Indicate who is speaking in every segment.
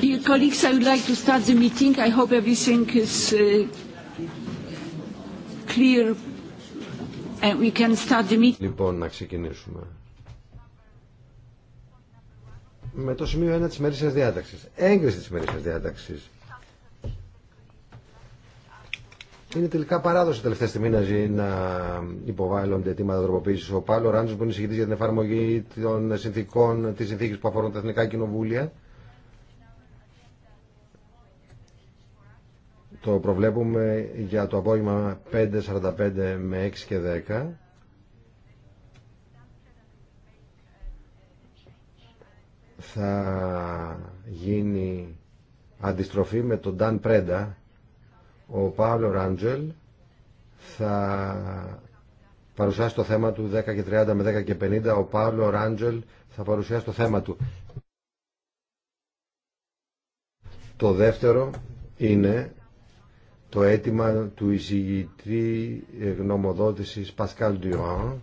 Speaker 1: Dear colleagues, I would like to start the meeting. I hope everything is clear and we can start the meeting.
Speaker 2: Λοιπόν, να ξεκινήσουμε. Με το σημείο 1 της μερίσιας διάταξης. Έγκριση της μερίσιας διάταξης. είναι τελικά παράδοση τελευταία στιγμή να, να υποβάλλονται αιτήματα τροποποίηση. Ο Πάλο Ράντζο, που είναι συγκεκριτή για την εφαρμογή των συνθήκων, τη συνθήκη που αφορούν τα εθνικά κοινοβούλια, το προβλέπουμε για το απόγευμα 5.45 με 6 και 10. Θα γίνει αντιστροφή με τον Νταν Πρέντα ο Παύλο Ράντζελ θα παρουσιάσει το θέμα του 10 και 30 με 10 Ο Παύλο Ράντζελ θα παρουσιάσει το θέμα του. Το δεύτερο είναι το αίτημα του εισηγητή γνωμοδότησης Πασκάλ Ντιουάν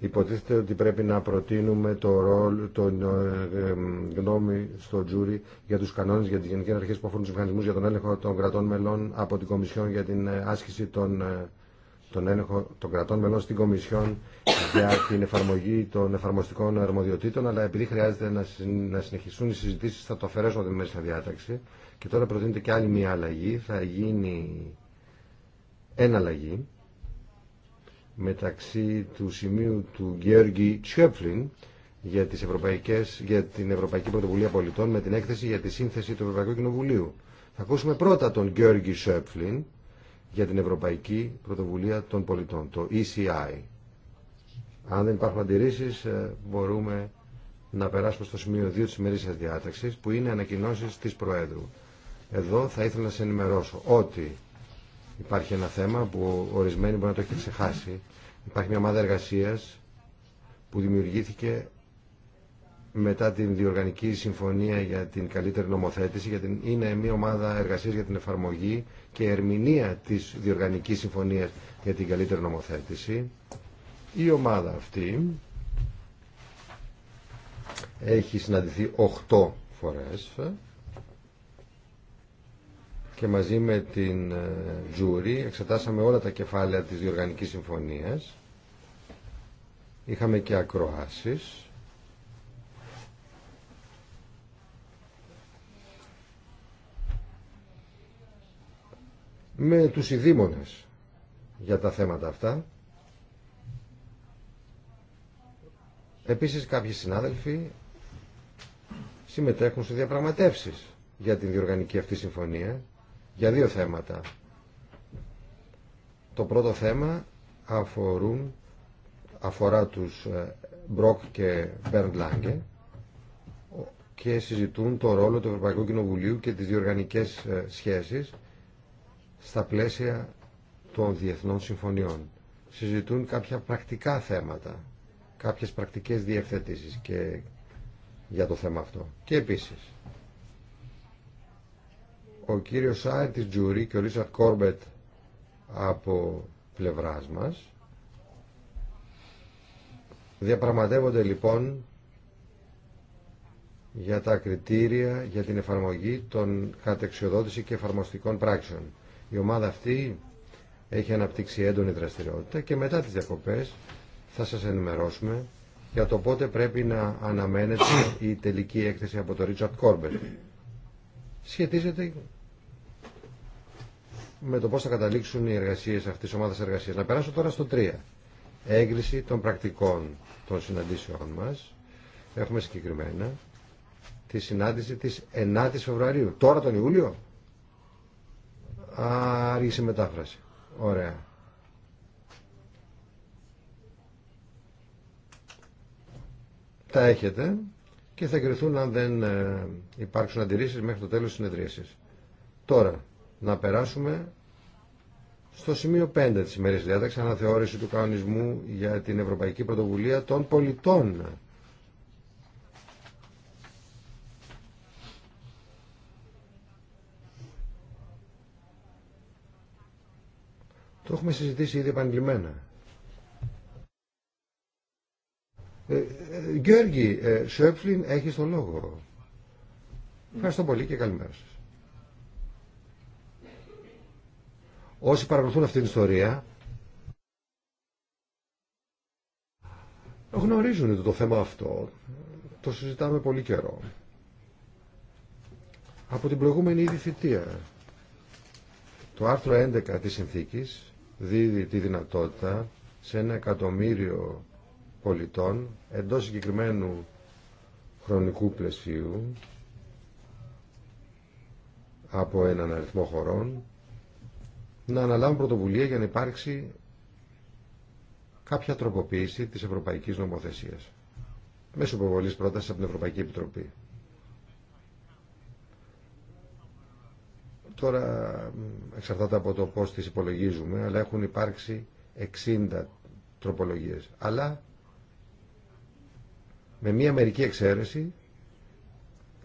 Speaker 2: Υποτίθεται ότι πρέπει να προτείνουμε το ρόλο, τον ε, γνώμη στο τζούρι για τους κανόνες, για τις γενικές αρχές που αφορούν τους μηχανισμού για τον έλεγχο των κρατών μελών από την Κομισιόν για την ε, άσκηση των, ε, τον έλεγχο των κρατών μελών στην Κομισιόν για την εφαρμογή των εφαρμοστικών αρμοδιοτήτων, αλλά επειδή χρειάζεται να, να συνεχιστούν οι συζητήσεις θα το αφαιρέσουμε από τη μέσα διάταξη και τώρα προτείνεται και άλλη μια αλλαγή, θα γίνει ένα αλλαγή μεταξύ του σημείου του Γκέργη Τσιόπλιν για, τις ευρωπαϊκές, για την Ευρωπαϊκή Πρωτοβουλία Πολιτών με την έκθεση για τη σύνθεση του Ευρωπαϊκού Κοινοβουλίου. Θα ακούσουμε πρώτα τον Γκέργη Τσιόπλιν για την Ευρωπαϊκή Πρωτοβουλία των Πολιτών, το ECI. Αν δεν υπάρχουν αντιρρήσει, ε, μπορούμε να περάσουμε στο σημείο 2 τη ημερήσια διάταξη, που είναι ανακοινώσει τη Προέδρου. Εδώ θα ήθελα να σε ενημερώσω ότι Υπάρχει ένα θέμα που ορισμένοι μπορεί να το έχετε ξεχάσει. Υπάρχει μια ομάδα εργασία που δημιουργήθηκε μετά την διοργανική συμφωνία για την καλύτερη νομοθέτηση, για είναι μια ομάδα εργασία για την εφαρμογή και ερμηνεία της διοργανικής συμφωνίας για την καλύτερη νομοθέτηση. Η ομάδα αυτή έχει συναντηθεί 8 φορές και μαζί με την Τζούρι ε, εξετάσαμε όλα τα κεφάλαια της διοργανικής συμφωνίας. Είχαμε και ακροάσεις. με τους ειδήμονες για τα θέματα αυτά. Επίσης κάποιοι συνάδελφοι συμμετέχουν σε διαπραγματεύσεις για την διοργανική αυτή συμφωνία για δύο θέματα. Το πρώτο θέμα αφορούν, αφορά τους ε, Μπροκ και Μπέρντ Λάγκε και συζητούν το ρόλο του Ευρωπαϊκού Κοινοβουλίου και τις διοργανικές ε, σχέσεις στα πλαίσια των διεθνών συμφωνιών. Συζητούν κάποια πρακτικά θέματα, κάποιες πρακτικές διευθετήσεις και για το θέμα αυτό. Και επίσης, ο κύριος Σάιρ της Τζουρί και ο από πλευράς μας. Διαπραγματεύονται λοιπόν για τα κριτήρια για την εφαρμογή των κατεξιοδότηση και εφαρμοστικών πράξεων. Η ομάδα αυτή έχει αναπτύξει έντονη δραστηριότητα και μετά τις διακοπές θα σας ενημερώσουμε για το πότε πρέπει να αναμένεται η τελική έκθεση από τον Ρίτσαρτ Κόρμπετ. Σχετίζεται με το πώς θα καταλήξουν οι εργασίες αυτής της ομάδας εργασίας. Να περάσω τώρα στο 3. Έγκριση των πρακτικών των συναντήσεων μας. Έχουμε συγκεκριμένα τη συνάντηση της 9ης Φεβρουαρίου. Τώρα τον Ιούλιο. άργησε μετάφραση. Ωραία. Τα έχετε και θα κρυθούν αν δεν ε, υπάρξουν αντιρρήσεις μέχρι το τέλος της συνεδρίασης. Τώρα, να περάσουμε στο σημείο 5 της ημέρης διάταξης αναθεώρηση του κανονισμού για την Ευρωπαϊκή Πρωτοβουλία των Πολιτών. Το έχουμε συζητήσει ήδη επανειλημμένα. Ε, ε Γιώργη, ε, Σόπφλιν, έχεις τον λόγο. Ευχαριστώ πολύ και καλημέρα Όσοι παρακολουθούν αυτή την ιστορία γνωρίζουν το θέμα αυτό το συζητάμε πολύ καιρό. Από την προηγούμενη ήδη θητεία. Το άρθρο 11 της συνθήκης δίδει τη δυνατότητα σε ένα εκατομμύριο πολιτών εντός συγκεκριμένου χρονικού πλαισίου από έναν αριθμό χωρών να αναλάβουν πρωτοβουλία για να υπάρξει κάποια τροποποίηση της ευρωπαϊκής νομοθεσίας μέσω υποβολής πρότασης από την Ευρωπαϊκή Επιτροπή. Τώρα εξαρτάται από το πώς τις υπολογίζουμε, αλλά έχουν υπάρξει 60 τροπολογίες. Αλλά με μία μερική εξαίρεση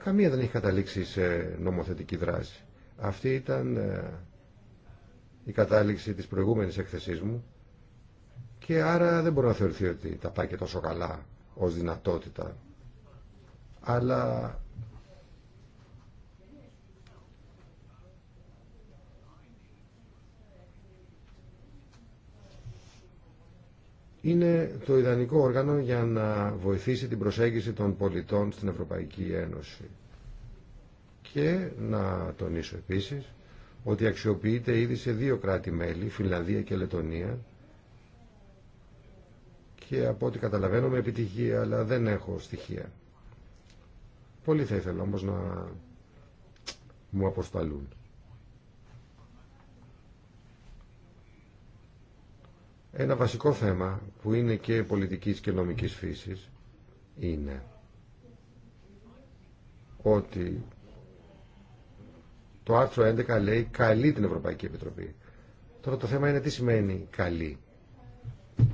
Speaker 2: καμία δεν έχει καταλήξει σε νομοθετική δράση. Αυτή ήταν ε, η κατάληξη της προηγούμενης εκθεσής μου και άρα δεν μπορεί να θεωρηθεί ότι τα πάει και τόσο καλά ως δυνατότητα. Αλλά είναι το ιδανικό όργανο για να βοηθήσει την προσέγγιση των πολιτών στην Ευρωπαϊκή Ένωση. Και να τονίσω επίσης ότι αξιοποιείται ήδη σε δύο κράτη-μέλη, Φιλανδία και Λετωνία, και από ό,τι καταλαβαίνω με επιτυχία, αλλά δεν έχω στοιχεία. Πολύ θα ήθελα όμως να μου αποσταλούν. Ένα βασικό θέμα που είναι και πολιτικής και νομικής φύσης είναι ότι το άρθρο 11 λέει «Καλή την Ευρωπαϊκή Επιτροπή. Τώρα το θέμα είναι τι σημαίνει καλή.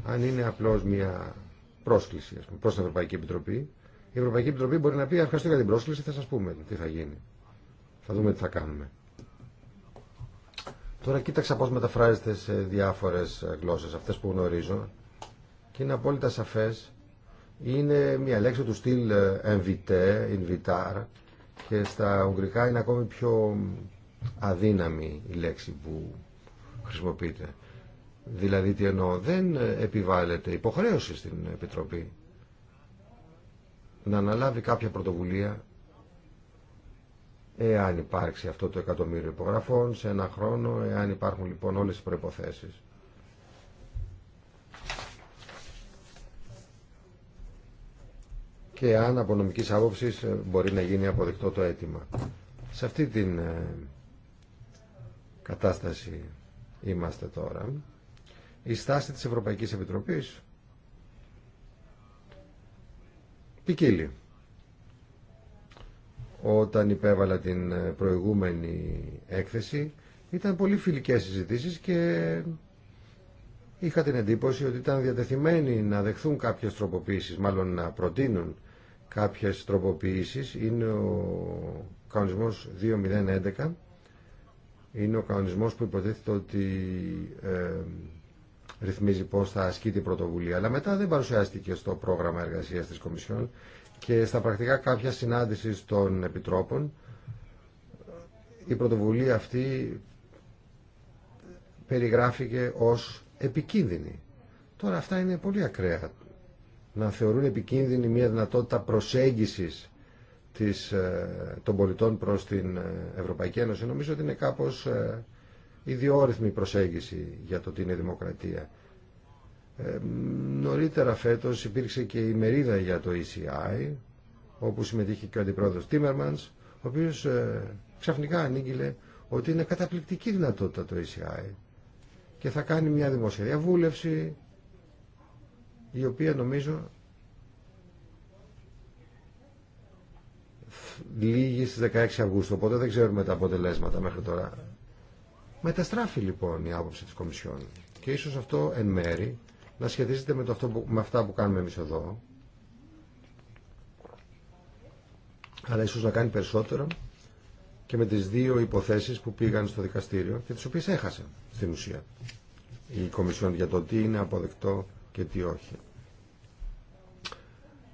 Speaker 2: Αν είναι απλώ μια πρόσκληση προ την Ευρωπαϊκή Επιτροπή, η Ευρωπαϊκή Επιτροπή μπορεί να πει ευχαριστώ για την πρόσκληση, θα σα πούμε τι θα γίνει. Θα δούμε τι θα κάνουμε. Τώρα κοίταξα πώ μεταφράζεται σε διάφορε γλώσσε, αυτέ που γνωρίζω, και είναι απόλυτα σαφέ. Είναι μια λέξη του στυλ ε, invité, invitar, και στα ουγγρικά είναι ακόμη πιο αδύναμη η λέξη που χρησιμοποιείται. Δηλαδή τι εννοώ, δεν επιβάλλεται υποχρέωση στην Επιτροπή να αναλάβει κάποια πρωτοβουλία εάν υπάρξει αυτό το εκατομμύριο υπογραφών σε ένα χρόνο, εάν υπάρχουν λοιπόν όλες οι προϋποθέσεις. και αν από νομική άποψη ε, μπορεί να γίνει αποδεκτό το αίτημα. Σε αυτή την ε, κατάσταση είμαστε τώρα. Η στάση της Ευρωπαϊκής Επιτροπής ποικίλει. Όταν υπέβαλα την ε, προηγούμενη έκθεση ήταν πολύ φιλικές συζητήσεις και είχα την εντύπωση ότι ήταν διατεθειμένοι να δεχθούν κάποιες τροποποίησεις, μάλλον να προτείνουν κάποιες τροποποιήσεις είναι ο κανονισμός 2011 είναι ο κανονισμός που υποτίθεται ότι ε, ρυθμίζει πώς θα ασκεί την πρωτοβουλία αλλά μετά δεν παρουσιάστηκε στο πρόγραμμα εργασίας της Κομισιόν και στα πρακτικά κάποια συνάντηση των επιτρόπων η πρωτοβουλία αυτή περιγράφηκε ως επικίνδυνη. Τώρα αυτά είναι πολύ ακραία να θεωρούν επικίνδυνη μια δυνατότητα προσέγγισης της, ε, των πολιτών προς την ε, Ευρωπαϊκή Ένωση. Νομίζω ότι είναι κάπως ε, ιδιόρυθμη προσέγγιση για το τι είναι δημοκρατία. Νωρίτερα φέτος υπήρξε και η μερίδα για το ECI, όπου συμμετείχε και ο αντιπρόεδρος Τίμερμανς, ο οποίος ξαφνικά ανήγγειλε ότι είναι καταπληκτική δυνατότητα το ECI και θα κάνει μια δημοσιακή βούλευση η οποία νομίζω λύγει στις 16 Αυγούστου, οπότε δεν ξέρουμε τα αποτελέσματα μέχρι τώρα. Μεταστράφει λοιπόν η άποψη της Κομισιόν και ίσως αυτό εν μέρη να σχετίζεται με, το αυτό με αυτά που κάνουμε εμείς εδώ, αλλά ίσως να κάνει περισσότερο και με τις δύο υποθέσεις που πήγαν στο δικαστήριο και τις οποίες έχασε στην ουσία η Κομισιόν για το τι είναι αποδεκτό και τι όχι.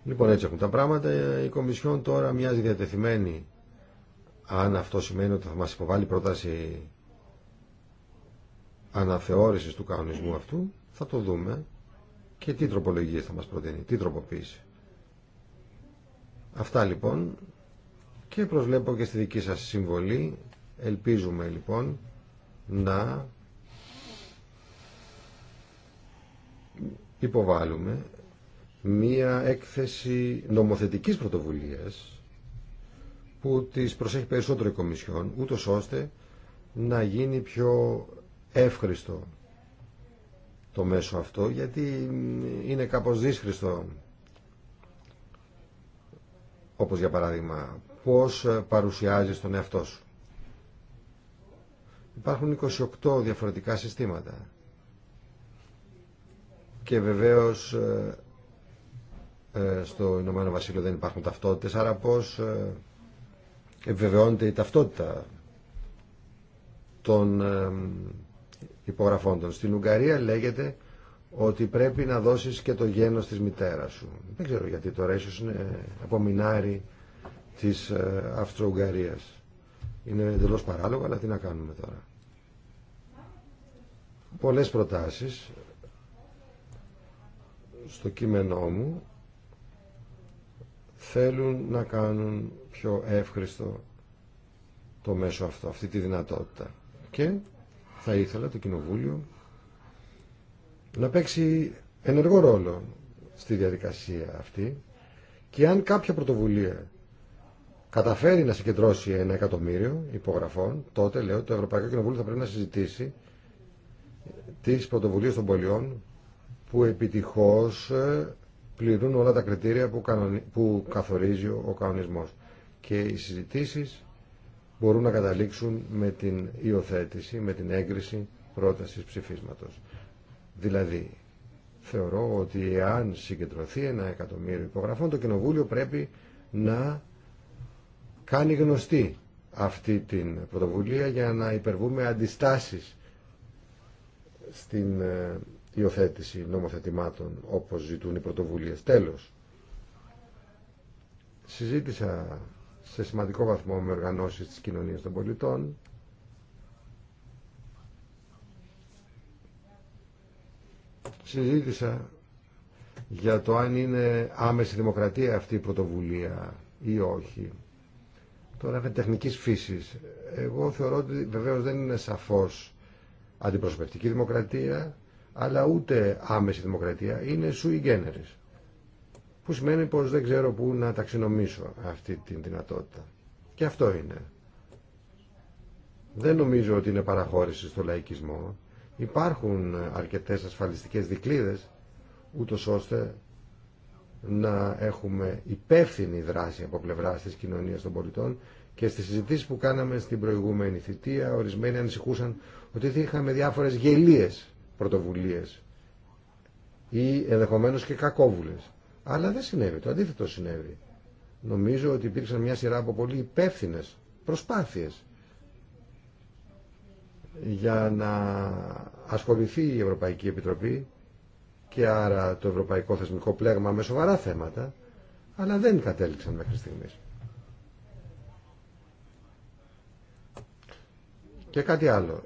Speaker 2: Λοιπόν, έτσι έχουν τα πράγματα. Η Κομισιόν τώρα μοιάζει διατεθειμένη, αν αυτό σημαίνει ότι θα μας υποβάλει πρόταση αναθεώρησης του κανονισμού αυτού, θα το δούμε και τι τροπολογίε θα μας προτείνει, τι τροποποίηση. Αυτά λοιπόν και προσβλέπω και στη δική σας συμβολή. Ελπίζουμε λοιπόν να Υποβάλλουμε μία έκθεση νομοθετικής πρωτοβουλίας που τις προσέχει περισσότερο η Κομισιόν, ούτως ώστε να γίνει πιο εύχριστο το μέσο αυτό, γιατί είναι κάπως δύσχριστο, όπως για παράδειγμα, πώς παρουσιάζεις τον εαυτό σου. Υπάρχουν 28 διαφορετικά συστήματα και βεβαίως ε, ε, στο Ηνωμένο Βασίλειο δεν υπάρχουν ταυτότητες, άρα πώς ε, επιβεβαιώνεται η ταυτότητα των υπογραφών Στην Ουγγαρία λέγεται ότι πρέπει να δώσεις και το γένος της μητέρας σου. Δεν ξέρω γιατί τώρα, ίσως είναι απομεινάρι της Αυστρο-Ουγγαρίας. Είναι εντελώς παράλογο, αλλά τι να κάνουμε τώρα. Πολλές προτάσεις στο κείμενό μου θέλουν να κάνουν πιο εύχριστο το μέσο αυτό, αυτή τη δυνατότητα. Και θα ήθελα το Κοινοβούλιο να παίξει ενεργό ρόλο στη διαδικασία αυτή και αν κάποια πρωτοβουλία καταφέρει να συγκεντρώσει ένα εκατομμύριο υπογραφών, τότε λέω το Ευρωπαϊκό Κοινοβούλιο θα πρέπει να συζητήσει τις πρωτοβουλίες των πολιών που επιτυχώς ε, πληρούν όλα τα κριτήρια που, που καθορίζει ο κανονισμός. Και οι συζητήσεις μπορούν να καταλήξουν με την υιοθέτηση, με την έγκριση πρότασης ψηφίσματος. Δηλαδή, θεωρώ ότι εάν συγκεντρωθεί ένα εκατομμύριο υπογραφών, το Κοινοβούλιο πρέπει να κάνει γνωστή αυτή την πρωτοβουλία για να υπερβούμε αντιστάσεις στην ε, υιοθέτηση νομοθετημάτων όπως ζητούν οι πρωτοβουλίες. Τέλος, συζήτησα σε σημαντικό βαθμό με οργανώσεις της κοινωνίας των πολιτών συζήτησα για το αν είναι άμεση δημοκρατία αυτή η πρωτοβουλία ή όχι. Τώρα είναι τεχνικής φύσης. Εγώ θεωρώ ότι βεβαίω δεν είναι σαφώς αντιπροσωπευτική δημοκρατία αλλά ούτε άμεση δημοκρατία. Είναι sui generis. Που σημαίνει πως δεν ξέρω πού να ταξινομήσω αυτή την δυνατότητα. Και αυτό είναι. Δεν νομίζω ότι είναι παραχώρηση στο λαϊκισμό. Υπάρχουν αρκετές ασφαλιστικές δικλίδες, ούτως ώστε να έχουμε υπεύθυνη δράση από πλευρά τη κοινωνία των πολιτών και στι συζητήσει που κάναμε στην προηγούμενη θητεία, ορισμένοι ανησυχούσαν ότι είχαμε διάφορε γελίε πρωτοβουλίες ή ενδεχομένως και κακόβουλες. Αλλά δεν συνέβη, το αντίθετο συνέβη. Νομίζω ότι υπήρξαν μια σειρά από πολύ υπεύθυνε προσπάθειες για να ασχοληθεί η Ευρωπαϊκή Επιτροπή και άρα το Ευρωπαϊκό Θεσμικό Πλέγμα με σοβαρά θέματα, αλλά δεν κατέληξαν μέχρι στιγμής. Και κάτι άλλο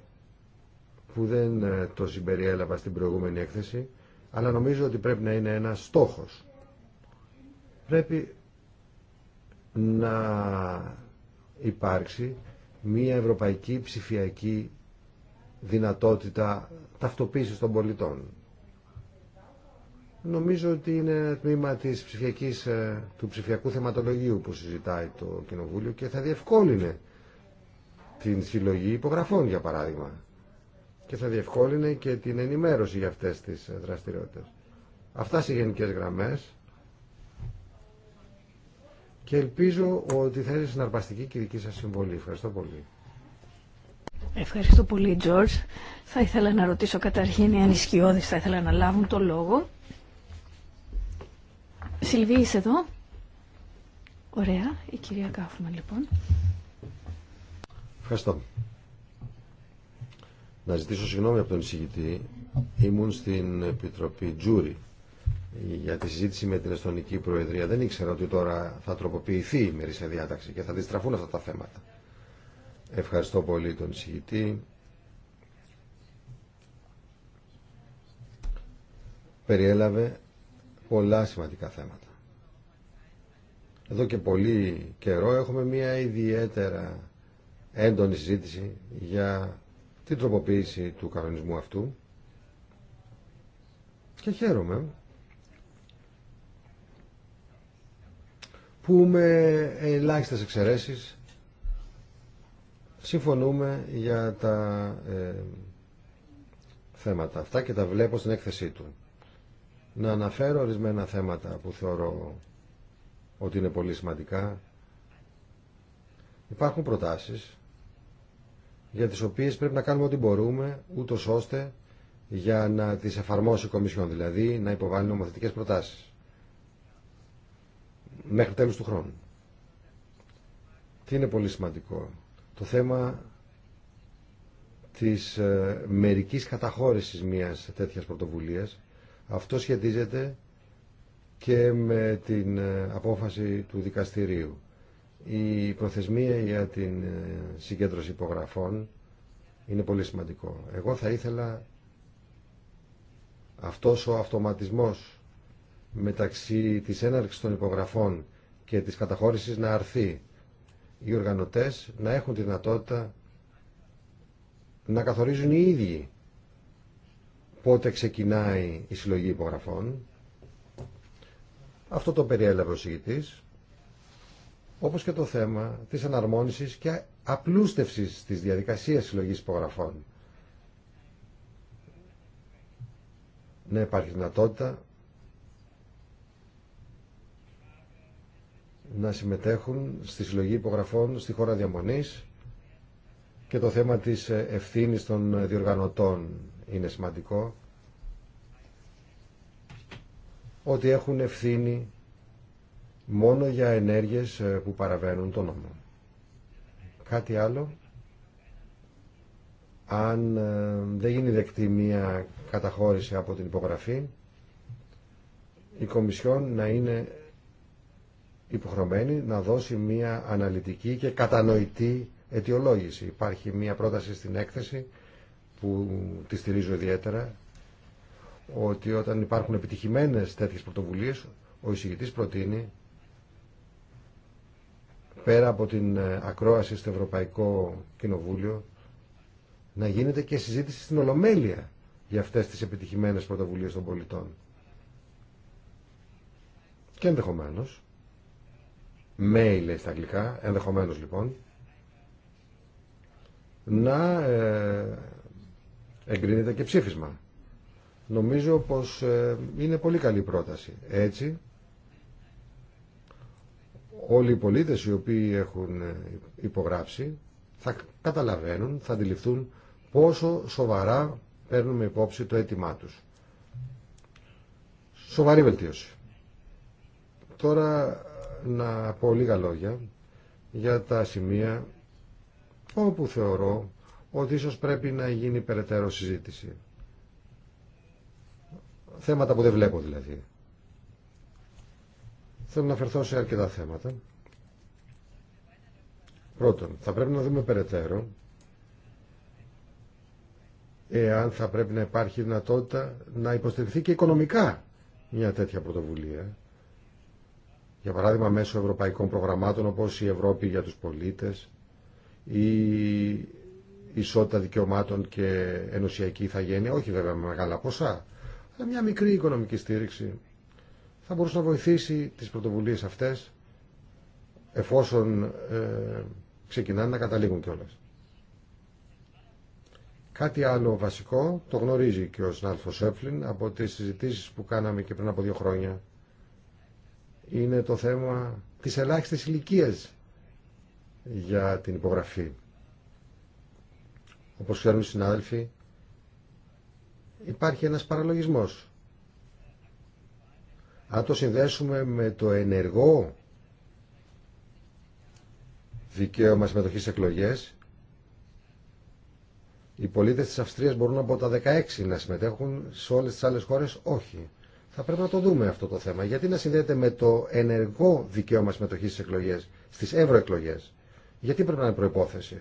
Speaker 2: που δεν ε, το συμπεριέλαβα στην προηγούμενη έκθεση, αλλά νομίζω ότι πρέπει να είναι ένας στόχος. Πρέπει να υπάρξει μια ευρωπαϊκή ψηφιακή δυνατότητα ταυτοποίησης των πολιτών. Νομίζω ότι είναι τμήμα της ψηφιακής, ε, του ψηφιακού θεματολογίου που συζητάει το Κοινοβούλιο και θα διευκόλυνε την συλλογή υπογραφών, για παράδειγμα και θα διευκόλυνε και την ενημέρωση για αυτές τις δραστηριότητες. Αυτά σε γενικές γραμμές και ελπίζω ότι θα είναι συναρπαστική και δική σας συμβολή. Ευχαριστώ πολύ.
Speaker 1: Ευχαριστώ πολύ, Τζορτζ. Θα ήθελα να ρωτήσω καταρχήν οι ανισχυώδεις θα ήθελα να λάβουν το λόγο. Σιλβί, είσαι εδώ. Ωραία, η κυρία Κάφουμα, λοιπόν.
Speaker 2: Ευχαριστώ να ζητήσω συγγνώμη από τον εισηγητή. Ήμουν στην Επιτροπή Τζούρι για τη συζήτηση με την Εστονική Προεδρία. Δεν ήξερα ότι τώρα θα τροποποιηθεί η μερίσια διάταξη και θα αντιστραφούν αυτά τα θέματα. Ευχαριστώ πολύ τον εισηγητή. Περιέλαβε πολλά σημαντικά θέματα. Εδώ και πολύ καιρό έχουμε μια ιδιαίτερα έντονη συζήτηση για την τροποποίηση του κανονισμού αυτού και χαίρομαι που με ελάχιστες εξαιρέσεις συμφωνούμε για τα ε, θέματα αυτά και τα βλέπω στην έκθεσή του. Να αναφέρω ορισμένα θέματα που θεωρώ ότι είναι πολύ σημαντικά. Υπάρχουν προτάσεις για τις οποίες πρέπει να κάνουμε ό,τι μπορούμε, ούτω ώστε για να τις εφαρμόσει η Κομισιόν, δηλαδή να υποβάλει νομοθετικές προτάσεις μέχρι τέλους του χρόνου. Τι είναι πολύ σημαντικό. Το θέμα της ε, μερικής καταχώρησης μιας τέτοιας πρωτοβουλίας, αυτό σχετίζεται και με την ε, απόφαση του δικαστηρίου. Η προθεσμία για την ε, συγκέντρωση υπογραφών είναι πολύ σημαντικό. Εγώ θα ήθελα αυτός ο αυτοματισμός μεταξύ της έναρξης των υπογραφών και της καταχώρησης να αρθεί. Οι οργανωτές να έχουν τη δυνατότητα να καθορίζουν οι ίδιοι πότε ξεκινάει η συλλογή υπογραφών. Αυτό το περιέλαβε ο όπως και το θέμα της εναρμόνισης και απλούστευσης της διαδικασίας συλλογής υπογραφών. Ναι, υπάρχει δυνατότητα να συμμετέχουν στη συλλογή υπογραφών στη χώρα διαμονής και το θέμα της ευθύνης των διοργανωτών είναι σημαντικό ότι έχουν ευθύνη μόνο για ενέργειες ε, που παραβαίνουν τον νόμο. Κάτι άλλο, αν ε, δεν γίνει δεκτή μία καταχώρηση από την υπογραφή, η Κομισιόν να είναι υποχρεωμένη να δώσει μία αναλυτική και κατανοητή αιτιολόγηση. Υπάρχει μία πρόταση στην έκθεση που τη στηρίζω ιδιαίτερα, ότι όταν υπάρχουν επιτυχημένες τέτοιες πρωτοβουλίες, ο εισηγητής προτείνει πέρα από την ε, ακρόαση στο Ευρωπαϊκό Κοινοβούλιο να γίνεται και συζήτηση στην Ολομέλεια για αυτές τις επιτυχημένες πρωτοβουλίες των πολιτών. Και ενδεχομένως, mail λέει στα αγγλικά, ενδεχομένως λοιπόν, να ε, εγκρίνεται και ψήφισμα. Νομίζω πως ε, είναι πολύ καλή πρόταση. Έτσι όλοι οι πολίτες οι οποίοι έχουν ε, υπογράψει θα καταλαβαίνουν, θα αντιληφθούν πόσο σοβαρά παίρνουμε υπόψη το αίτημά τους. Σοβαρή βελτίωση. Τώρα να πω λίγα λόγια για τα σημεία όπου θεωρώ ότι ίσως πρέπει να γίνει περαιτέρω συζήτηση. Θέματα που δεν βλέπω δηλαδή. Θέλω να αφαιρθώ σε αρκετά θέματα. Πρώτον, θα πρέπει να δούμε περαιτέρω εάν θα πρέπει να υπάρχει δυνατότητα να υποστηριχθεί και οικονομικά μια τέτοια πρωτοβουλία. Για παράδειγμα, μέσω ευρωπαϊκών προγραμμάτων όπως η Ευρώπη για τους πολίτες ή ισότητα δικαιωμάτων και ενωσιακή ηθαγένεια, όχι βέβαια με μεγάλα ποσά, αλλά μια μικρή οικονομική στήριξη θα μπορούσε να βοηθήσει τις πρωτοβουλίες αυτές εφόσον ε, ξεκινάνε να καταλήγουν κιόλα. Κάτι άλλο βασικό το γνωρίζει και ο συνάδελφος Σέπφλιν από τις συζητήσεις που κάναμε και πριν από δύο χρόνια. Είναι το θέμα της ελάχιστης ηλικία για την υπογραφή. Όπως ξέρουν οι συνάδελφοι, υπάρχει ένας παραλογισμός. Αν το συνδέσουμε με το ενεργό δικαίωμα συμμετοχής σε εκλογές, οι πολίτες της Αυστρίας μπορούν από τα 16 να συμμετέχουν, σε όλες τις άλλες χώρες όχι. Θα πρέπει να το δούμε αυτό το θέμα. Γιατί να συνδέεται με το ενεργό δικαίωμα συμμετοχή στι εκλογέ, στι ευρωεκλογέ. Γιατί πρέπει να είναι προπόθεση.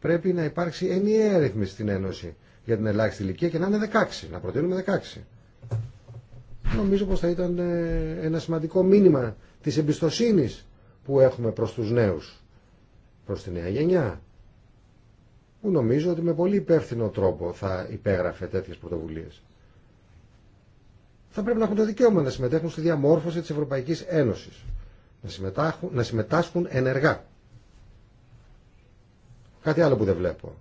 Speaker 2: Πρέπει να υπάρξει ενιαία ρύθμιση στην Ένωση για την ελάχιστη ηλικία και να είναι 16, να προτείνουμε 16 νομίζω πως θα ήταν ε, ένα σημαντικό μήνυμα της εμπιστοσύνης που έχουμε προς τους νέους, προς τη νέα γενιά, που νομίζω ότι με πολύ υπεύθυνο τρόπο θα υπέγραφε τέτοιες πρωτοβουλίες. Θα πρέπει να έχουν το δικαίωμα να συμμετέχουν στη διαμόρφωση της Ευρωπαϊκής Ένωσης, να συμμετάσχουν, να συμμετάσχουν ενεργά. Κάτι άλλο που δεν βλέπω.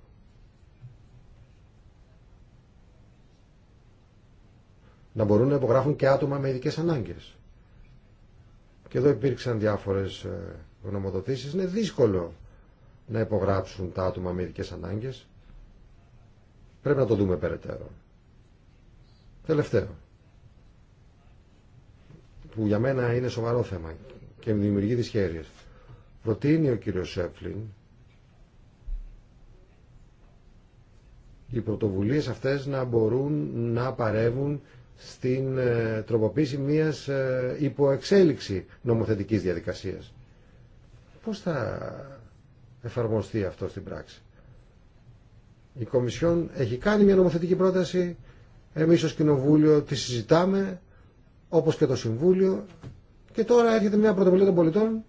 Speaker 2: να μπορούν να υπογράφουν και άτομα με ειδικές ανάγκες. Και εδώ υπήρξαν διάφορες ε, γνωμοδοτήσεις. Είναι δύσκολο να υπογράψουν τα άτομα με ειδικές ανάγκες. Πρέπει να το δούμε περαιτέρω. Τελευταίο. Που για μένα είναι σοβαρό θέμα και δημιουργεί δυσχέρειε. Προτείνει ο κύριο Σέπφλιν οι πρωτοβουλίες αυτές να μπορούν να παρεύουν στην ε, τροποποίηση μιας ε, υποεξέλιξη νομοθετικής διαδικασίας. Πώς θα εφαρμοστεί αυτό στην πράξη. Η Κομισιόν έχει κάνει μια νομοθετική πρόταση, εμείς ως Κοινοβούλιο τη συζητάμε, όπως και το Συμβούλιο, και τώρα έρχεται μια πρωτοβουλία των πολιτών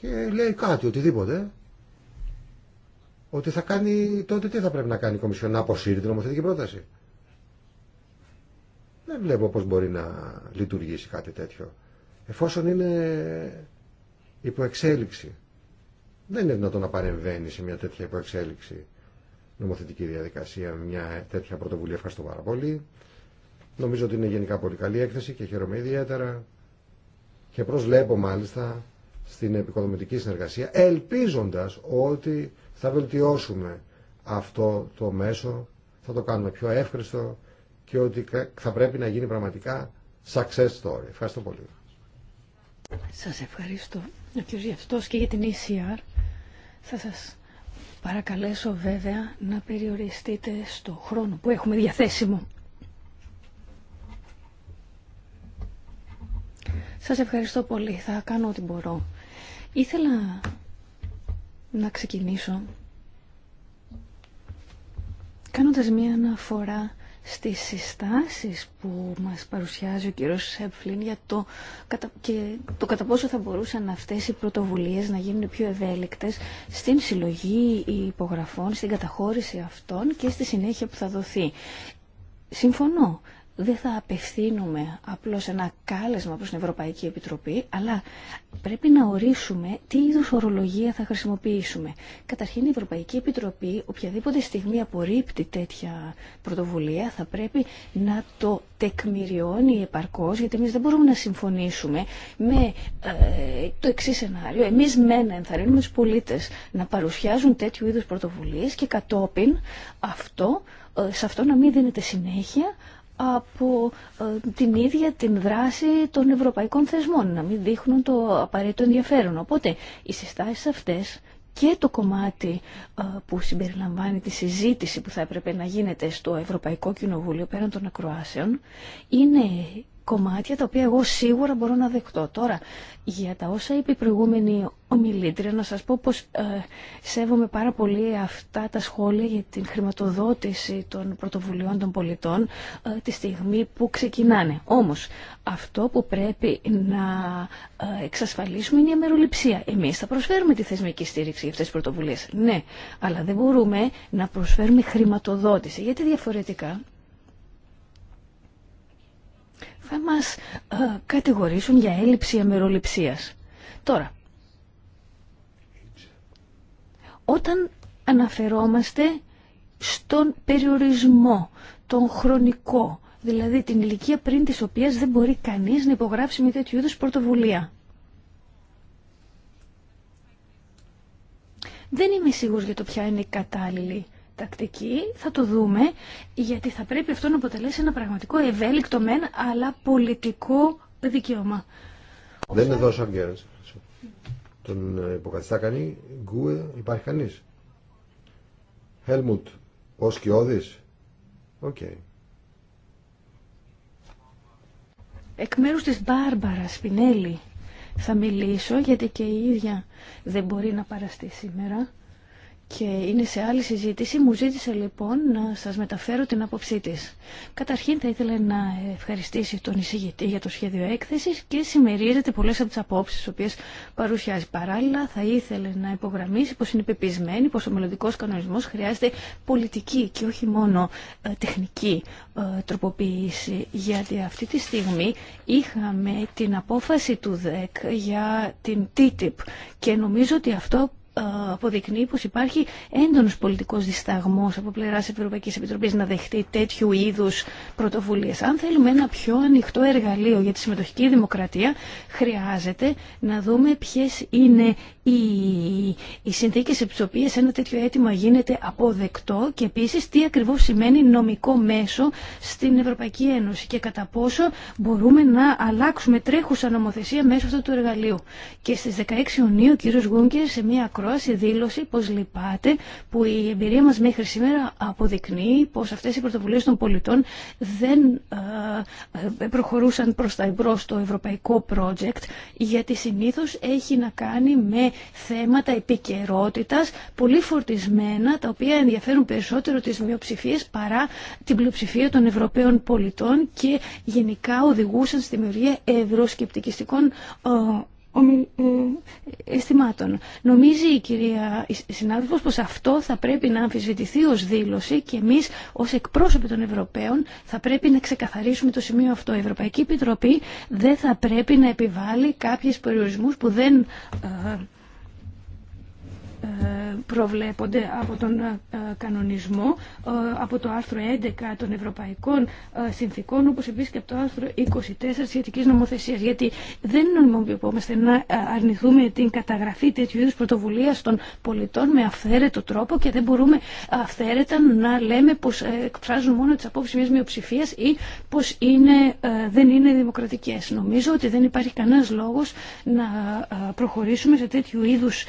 Speaker 2: και λέει κάτι, οτιδήποτε, ότι θα κάνει τότε τι θα πρέπει να κάνει η Κομισιόν, να αποσύρει την νομοθετική πρόταση. Δεν βλέπω πώς μπορεί να λειτουργήσει κάτι τέτοιο. Εφόσον είναι υποεξέλιξη. Δεν είναι δυνατόν να παρεμβαίνει σε μια τέτοια υποεξέλιξη νομοθετική διαδικασία, μια τέτοια πρωτοβουλία. Ευχαριστώ πάρα πολύ. Νομίζω ότι είναι γενικά πολύ καλή έκθεση και χαίρομαι ιδιαίτερα. Και προσβλέπω μάλιστα στην επικοδομητική συνεργασία, ελπίζοντας ότι θα βελτιώσουμε αυτό το μέσο, θα το κάνουμε πιο εύχριστο και ότι θα πρέπει να γίνει πραγματικά success story. Ευχαριστώ πολύ.
Speaker 1: Σας ευχαριστώ. Ο κ. Γευτός και για την ECR θα σας παρακαλέσω βέβαια να περιοριστείτε στο χρόνο που έχουμε διαθέσιμο. Σας ευχαριστώ πολύ. Θα κάνω ό,τι μπορώ. Ήθελα να ξεκινήσω κάνοντας μία αναφορά στις συστάσεις που μας παρουσιάζει ο κύριος Σέπφλιν για το, και το κατά πόσο θα μπορούσαν αυτές οι πρωτοβουλίες να γίνουν πιο ευέλικτες στην συλλογή υπογραφών, στην καταχώρηση αυτών και στη συνέχεια που θα δοθεί. Συμφωνώ δεν θα απευθύνουμε απλώς ένα κάλεσμα προς την Ευρωπαϊκή Επιτροπή, αλλά πρέπει να ορίσουμε τι είδους ορολογία θα χρησιμοποιήσουμε. Καταρχήν η Ευρωπαϊκή Επιτροπή οποιαδήποτε στιγμή απορρίπτει τέτοια πρωτοβουλία θα πρέπει να το τεκμηριώνει επαρκώς, γιατί εμείς δεν μπορούμε να συμφωνήσουμε με ε, το εξή σενάριο. Εμείς μένα ενθαρρύνουμε τους πολίτες να παρουσιάζουν τέτοιου είδους πρωτοβουλίες και κατόπιν αυτό, ε, σε αυτό να μην δίνεται συνέχεια, από ε, την ίδια την δράση των ευρωπαϊκών θεσμών, να μην δείχνουν το απαραίτητο ενδιαφέρον. Οπότε οι συστάσεις αυτές και το κομμάτι ε, που συμπεριλαμβάνει τη συζήτηση που θα έπρεπε να γίνεται στο Ευρωπαϊκό Κοινοβούλιο πέραν των ακροάσεων είναι κομμάτια τα οποία εγώ σίγουρα μπορώ να δεχτώ. Τώρα, για τα όσα είπε η προηγούμενη ομιλήτρια, να σας πω πως ε, σέβομαι πάρα πολύ αυτά τα σχόλια για την χρηματοδότηση των πρωτοβουλειών των πολιτών ε, τη στιγμή που ξεκινάνε. Όμως, αυτό που πρέπει να ε, εξασφαλίσουμε είναι η αμεροληψία. Εμείς θα προσφέρουμε τη θεσμική στήριξη για αυτές τις πρωτοβουλίες. Ναι, αλλά δεν μπορούμε να προσφέρουμε χρηματοδότηση, γιατί διαφορετικά θα μας ε, κατηγορήσουν για έλλειψη αμεροληψίας. Τώρα, όταν αναφερόμαστε στον περιορισμό, τον χρονικό, δηλαδή την ηλικία πριν της οποίας δεν μπορεί κανείς να υπογράψει με τέτοιου είδους πρωτοβουλία. Δεν είμαι σίγουρος για το ποια είναι η κατάλληλη τακτική, θα το δούμε, γιατί θα πρέπει αυτό να αποτελέσει ένα πραγματικό ευέλικτο μεν, αλλά πολιτικό δικαίωμα.
Speaker 2: Δεν είναι εδώ Τον ε, υποκαθιστά κανεί, Γκούε, υπάρχει κανείς. Χέλμουτ, ως σκιώδης.
Speaker 1: Εκ μέρους της Μπάρμπαρα Σπινέλη θα μιλήσω, γιατί και η ίδια δεν μπορεί να παραστεί σήμερα και είναι σε άλλη συζήτηση, μου ζήτησε λοιπόν να σας μεταφέρω την άποψή της. Καταρχήν θα ήθελε να ευχαριστήσει τον εισηγητή για το σχέδιο έκθεσης και συμμερίζεται πολλές από τις απόψεις τις οποίες παρουσιάζει. Παράλληλα θα ήθελε να υπογραμμίσει πως είναι πεπισμένη πως ο μελλοντικός κανονισμός χρειάζεται πολιτική και όχι μόνο ε, τεχνική ε, τροποποίηση γιατί αυτή τη στιγμή είχαμε την απόφαση του ΔΕΚ για την TTIP και νομίζω ότι αυτό αποδεικνύει πως υπάρχει έντονος πολιτικός δισταγμός από πλευράς Ευρωπαϊκής Επιτροπής να δεχτεί τέτοιου είδους πρωτοβουλίες. Αν θέλουμε ένα πιο ανοιχτό εργαλείο για τη συμμετοχική δημοκρατία, χρειάζεται να δούμε ποιες είναι οι, οι συνθήκες επί τις οποίες ένα τέτοιο αίτημα γίνεται αποδεκτό και επίσης τι ακριβώς σημαίνει νομικό μέσο στην Ευρωπαϊκή Ένωση και κατά πόσο μπορούμε να αλλάξουμε τρέχουσα νομοθεσία μέσω αυτού του εργαλείου. Και στις 16 Ιουνίου ο κ. σε μια ακρόαση ακρόαση δήλωση πως λυπάται που η εμπειρία μας μέχρι σήμερα αποδεικνύει πως αυτές οι πρωτοβουλίες των πολιτών δεν ε, προχωρούσαν προς τα εμπρός το ευρωπαϊκό project γιατί συνήθως έχει να κάνει με θέματα επικαιρότητα πολύ φορτισμένα τα οποία ενδιαφέρουν περισσότερο τις μειοψηφίες παρά την πλειοψηφία των Ευρωπαίων πολιτών και γενικά οδηγούσαν στη δημιουργία ευρωσκεπτικιστικών ε, αισθημάτων. Νομίζει η κυρία συνάδελφος πως αυτό θα πρέπει να αμφισβητηθεί ως δήλωση και εμείς ως εκπρόσωποι των Ευρωπαίων θα πρέπει να ξεκαθαρίσουμε το σημείο αυτό. Η Ευρωπαϊκή Επιτροπή δεν θα πρέπει να επιβάλλει κάποιες περιορισμούς που δεν ε, προβλέπονται από τον ε, κανονισμό, ε, από το άρθρο 11 των Ευρωπαϊκών ε, Συνθήκων, όπως επίσης και από το άρθρο 24 σχετικής νομοθεσίας. Γιατί δεν νομιμοποιούμαστε να αρνηθούμε την καταγραφή τέτοιου είδους πρωτοβουλίας των πολιτών με αυθαίρετο τρόπο και δεν μπορούμε αυθαίρετα να λέμε πως εκφράζουν μόνο τις απόψεις μιας μειοψηφίας ή πως δεν είναι δημοκρατικές. Νομίζω ότι δεν υπάρχει κανένας λόγος να προχωρήσουμε σε τέτοιου είδους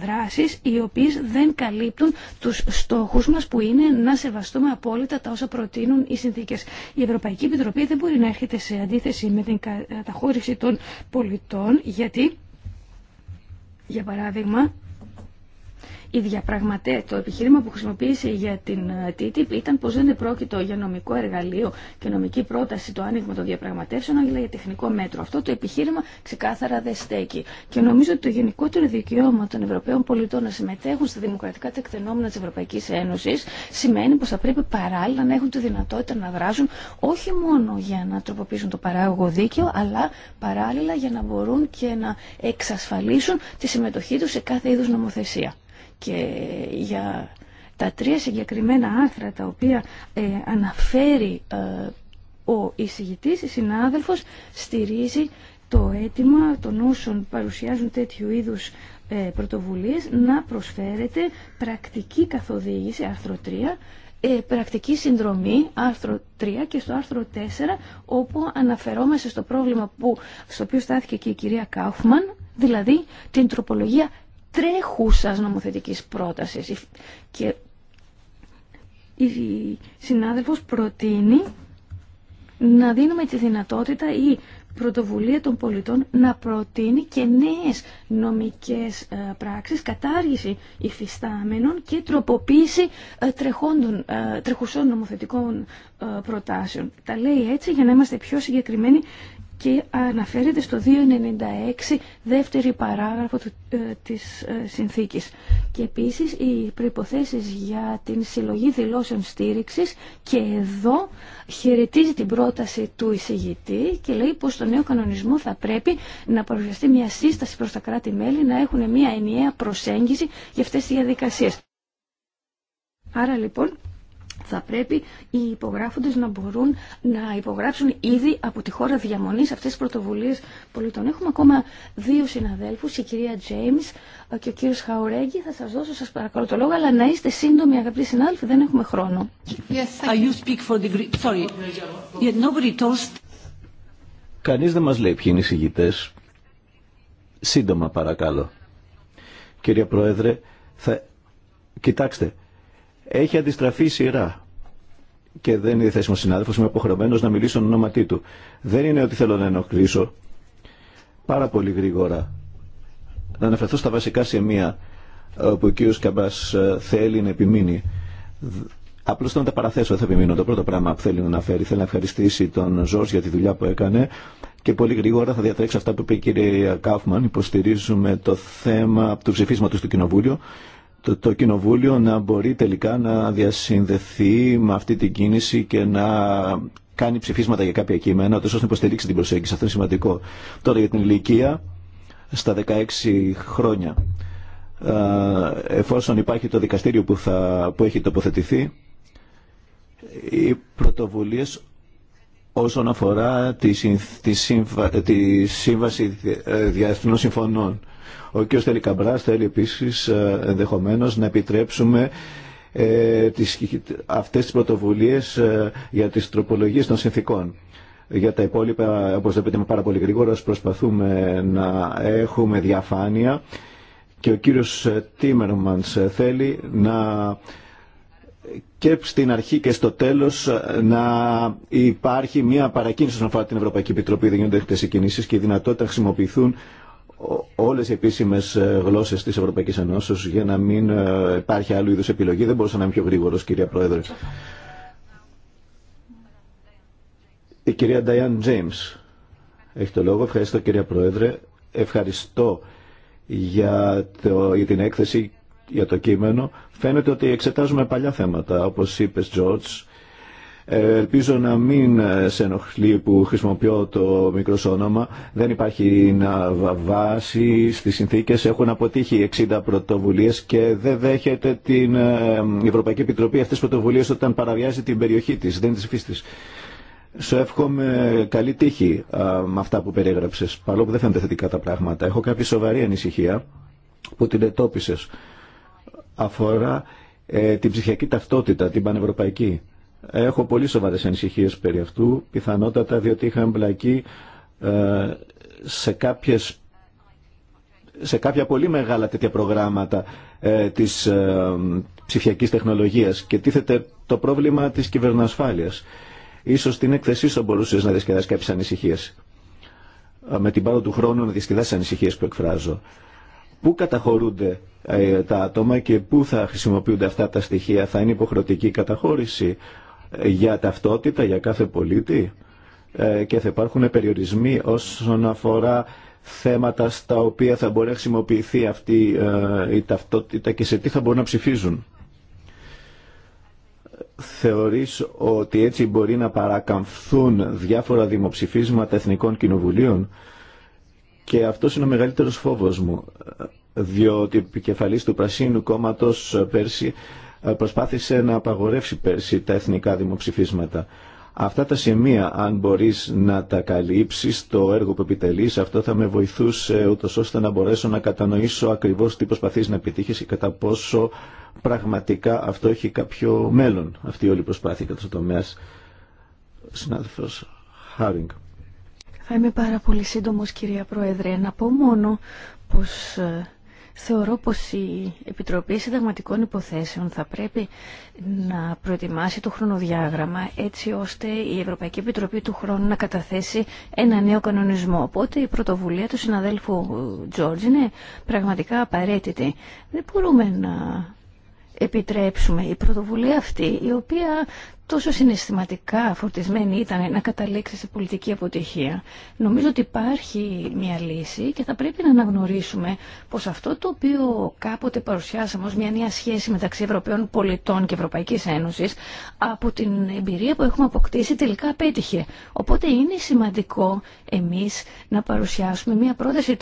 Speaker 1: δράσεις οι οποίε δεν καλύπτουν τους στόχους μας που είναι να σεβαστούμε απόλυτα τα όσα προτείνουν οι συνθήκες. Η Ευρωπαϊκή Επιτροπή δεν μπορεί να έρχεται σε αντίθεση με την καταχώρηση των πολιτών γιατί για παράδειγμα, η το επιχείρημα που χρησιμοποίησε για την ε, TTIP ήταν πω δεν επρόκειτο για νομικό εργαλείο και νομική πρόταση το άνοιγμα των διαπραγματεύσεων, αλλά για τεχνικό μέτρο. Αυτό το επιχείρημα ξεκάθαρα δεν στέκει. Και νομίζω ότι το γενικότερο δικαίωμα των Ευρωπαίων πολιτών να συμμετέχουν στα δημοκρατικά τεκτενόμενα τη Ευρωπαϊκή Ένωση σημαίνει πως θα πρέπει παράλληλα να έχουν τη δυνατότητα να δράσουν όχι μόνο για να τροποποιήσουν το παράγωγο δίκαιο, αλλά παράλληλα για να μπορούν και να εξασφαλίσουν τη συμμετοχή του σε κάθε είδου νομοθεσία και για τα τρία συγκεκριμένα άρθρα τα οποία ε, αναφέρει ε, ο εισηγητής, η συνάδελφος, στηρίζει το αίτημα των όσων παρουσιάζουν τέτοιου είδους ε, να προσφέρεται πρακτική καθοδήγηση, άρθρο 3, ε, πρακτική συνδρομή, άρθρο 3 και στο άρθρο 4, όπου αναφερόμαστε στο πρόβλημα που, στο οποίο στάθηκε και η κυρία Κάουφμαν, δηλαδή την τροπολογία τρέχουσας νομοθετικής πρότασης. Και η συνάδελφος προτείνει να δίνουμε τη δυνατότητα η πρωτοβουλία των πολιτών να προτείνει και νέες νομικές ε, πράξεις, κατάργηση υφιστάμενων και τροποποίηση ε, τρεχόντων, ε, τρεχουσών νομοθετικών προτάσεων. Τα λέει έτσι για να είμαστε πιο συγκεκριμένοι και αναφέρεται στο 296 δεύτερη παράγραφο του, ε, της ε, συνθήκης. Και επίσης οι προϋποθέσεις για την συλλογή δηλώσεων στήριξης και εδώ χαιρετίζει την πρόταση του εισηγητή και λέει πως στο νέο κανονισμό θα πρέπει να παρουσιαστεί μια σύσταση προς τα κράτη-μέλη να έχουν μια ενιαία προσέγγιση για αυτές τις διαδικασίες. Άρα λοιπόν θα πρέπει οι υπογράφοντες να μπορούν να υπογράψουν ήδη από τη χώρα διαμονής αυτές τις πρωτοβουλίες πολιτών. Έχουμε ακόμα δύο συναδέλφους, η κυρία Τζέιμς και ο κύριος Χαουρέγγι. Θα σας δώσω, σας παρακαλώ το λόγο, αλλά να είστε σύντομοι αγαπητοί συνάδελφοι, δεν έχουμε χρόνο.
Speaker 3: Κανείς δεν μας λέει ποιοι είναι οι συγγητές. Σύντομα παρακαλώ. Κυρία Πρόεδρε, θα... κοιτάξτε, έχει αντιστραφεί σειρά. Και δεν είναι διθέσιμο συνάδελφο, είμαι υποχρεωμένο να μιλήσω ονόματί του. Δεν είναι ότι θέλω να ενοχλήσω. Πάρα πολύ γρήγορα. Να αναφερθώ στα βασικά σημεία ε, που ο κ. Καμπά ε, θέλει να επιμείνει. Απλώ θέλω να τα παραθέσω, θα επιμείνω. Το πρώτο πράγμα που θέλει να αναφέρει, θέλει να ευχαριστήσει τον Ζορ για τη δουλειά που έκανε και πολύ γρήγορα θα διατρέξω αυτά που είπε η κυρία Κάφμαν. Υποστηρίζουμε το θέμα του ψηφίσματο του Κοινοβούλιο το, το Κοινοβούλιο να μπορεί τελικά να διασυνδεθεί με αυτή την κίνηση και να κάνει ψηφίσματα για κάποια κείμενα, ώστε να υποστηρίξει την προσέγγιση. Αυτό είναι σημαντικό. Τώρα για την ηλικία, στα 16 χρόνια. Εφόσον υπάρχει το δικαστήριο που, θα, που έχει τοποθετηθεί, οι πρωτοβουλίες όσον αφορά τη, τη Σύμβαση ε, Διεθνών Συμφωνών ο κ. Στέλι Καμπράς θέλει επίση ε, ενδεχομένω να επιτρέψουμε ε, τις, αυτές τις πρωτοβουλίες ε, για τις τροπολογίες των συνθήκων. Για τα υπόλοιπα, όπως το πείτε πάρα πολύ γρήγορα, προσπαθούμε να έχουμε διαφάνεια και ο κύριος ε, Τίμερμανς θέλει να και στην αρχή και στο τέλος να υπάρχει μια παρακίνηση όσον αφορά την Ευρωπαϊκή Επιτροπή, δεν γίνονται οι και η δυνατότητα να χρησιμοποιηθούν όλες οι επίσημες ε, γλώσσες της Ευρωπαϊκής Ενώσεως για να μην ε, υπάρχει άλλου είδους επιλογή. Δεν μπορούσα να είμαι πιο γρήγορος, κυρία Πρόεδρε. Η κυρία Νταϊάν Τζέιμς έχει το λόγο. Ευχαριστώ κυρία Πρόεδρε. Ευχαριστώ για, το, για την έκθεση, για το κείμενο. Φαίνεται ότι εξετάζουμε παλιά θέματα, όπως είπες George ε, ελπίζω να μην σε ενοχλεί που χρησιμοποιώ το μικρό όνομα. Δεν υπάρχει να βάση στις συνθήκες. Έχουν αποτύχει 60 πρωτοβουλίες και δεν δέχεται την ε, Ευρωπαϊκή Επιτροπή αυτές τις πρωτοβουλίες όταν παραβιάζει την περιοχή της, δεν της φύστης. Σου εύχομαι καλή τύχη με αυτά που περιέγραψες, παρόλο που δεν φαίνονται θετικά τα πράγματα. Έχω κάποια σοβαρή ανησυχία που την ετόπισες. Αφορά ε, την ψυχιακή ταυτότητα, την πανευρωπαϊκή Έχω πολύ σοβαρέ ανησυχίε περί αυτού, πιθανότατα διότι είχα εμπλακεί ε, σε κάποιες σε κάποια πολύ μεγάλα τέτοια προγράμματα ε, της ε, τεχνολογίας και τίθεται το πρόβλημα τη κυβερνοασφάλειας. Ίσως την έκθεσή σου μπορούσε να διασκεδάσει κάποιες ανησυχίες. Ε, με την πάρο του χρόνου να διασκεδάσει ανησυχίε που εκφράζω. Πού καταχωρούνται ε, τα άτομα και πού θα χρησιμοποιούνται αυτά τα στοιχεία. Θα είναι υποχρεωτική καταχώρηση για ταυτότητα για κάθε πολίτη ε, και θα υπάρχουν περιορισμοί όσον αφορά θέματα στα οποία θα μπορεί να χρησιμοποιηθεί αυτή ε, η ταυτότητα και σε τι θα μπορούν να ψηφίζουν. Θεωρείς ότι έτσι μπορεί να παρακαμφθούν διάφορα δημοψηφίσματα εθνικών κοινοβουλίων και αυτό είναι ο μεγαλύτερος φόβος μου ε, διότι επικεφαλής του Πρασίνου Κόμματος πέρσι προσπάθησε να απαγορεύσει πέρσι τα εθνικά δημοψηφίσματα. Αυτά τα σημεία, αν μπορείς να τα καλύψεις το έργο που επιτελείς, αυτό θα με βοηθούσε ούτως ώστε να μπορέσω να κατανοήσω ακριβώς τι προσπαθείς να επιτύχεις και κατά πόσο πραγματικά αυτό έχει κάποιο μέλλον, αυτή η όλη προσπάθεια κατά το τομέα. Συνάδελφος Χάρινγκ.
Speaker 1: Θα είμαι πάρα πολύ σύντομος κυρία Πρόεδρε. Να πω μόνο πως ε, Θεωρώ πως η Επιτροπή Συνταγματικών Υποθέσεων θα πρέπει να προετοιμάσει το χρονοδιάγραμμα έτσι ώστε η Ευρωπαϊκή Επιτροπή του χρόνου να καταθέσει ένα νέο κανονισμό. Οπότε η πρωτοβουλία του συναδέλφου Τζόρτζ είναι πραγματικά απαραίτητη. Δεν μπορούμε να επιτρέψουμε η πρωτοβουλία αυτή η οποία τόσο συναισθηματικά φορτισμένη ήταν να καταλήξει σε πολιτική αποτυχία. Νομίζω ότι υπάρχει μια λύση και θα πρέπει να αναγνωρίσουμε πως αυτό το οποίο κάποτε παρουσιάσαμε ως μια νέα σχέση μεταξύ Ευρωπαίων πολιτών και Ευρωπαϊκής Ένωσης από την εμπειρία που έχουμε αποκτήσει τελικά απέτυχε. Οπότε είναι σημαντικό εμείς να παρουσιάσουμε μια πρόταση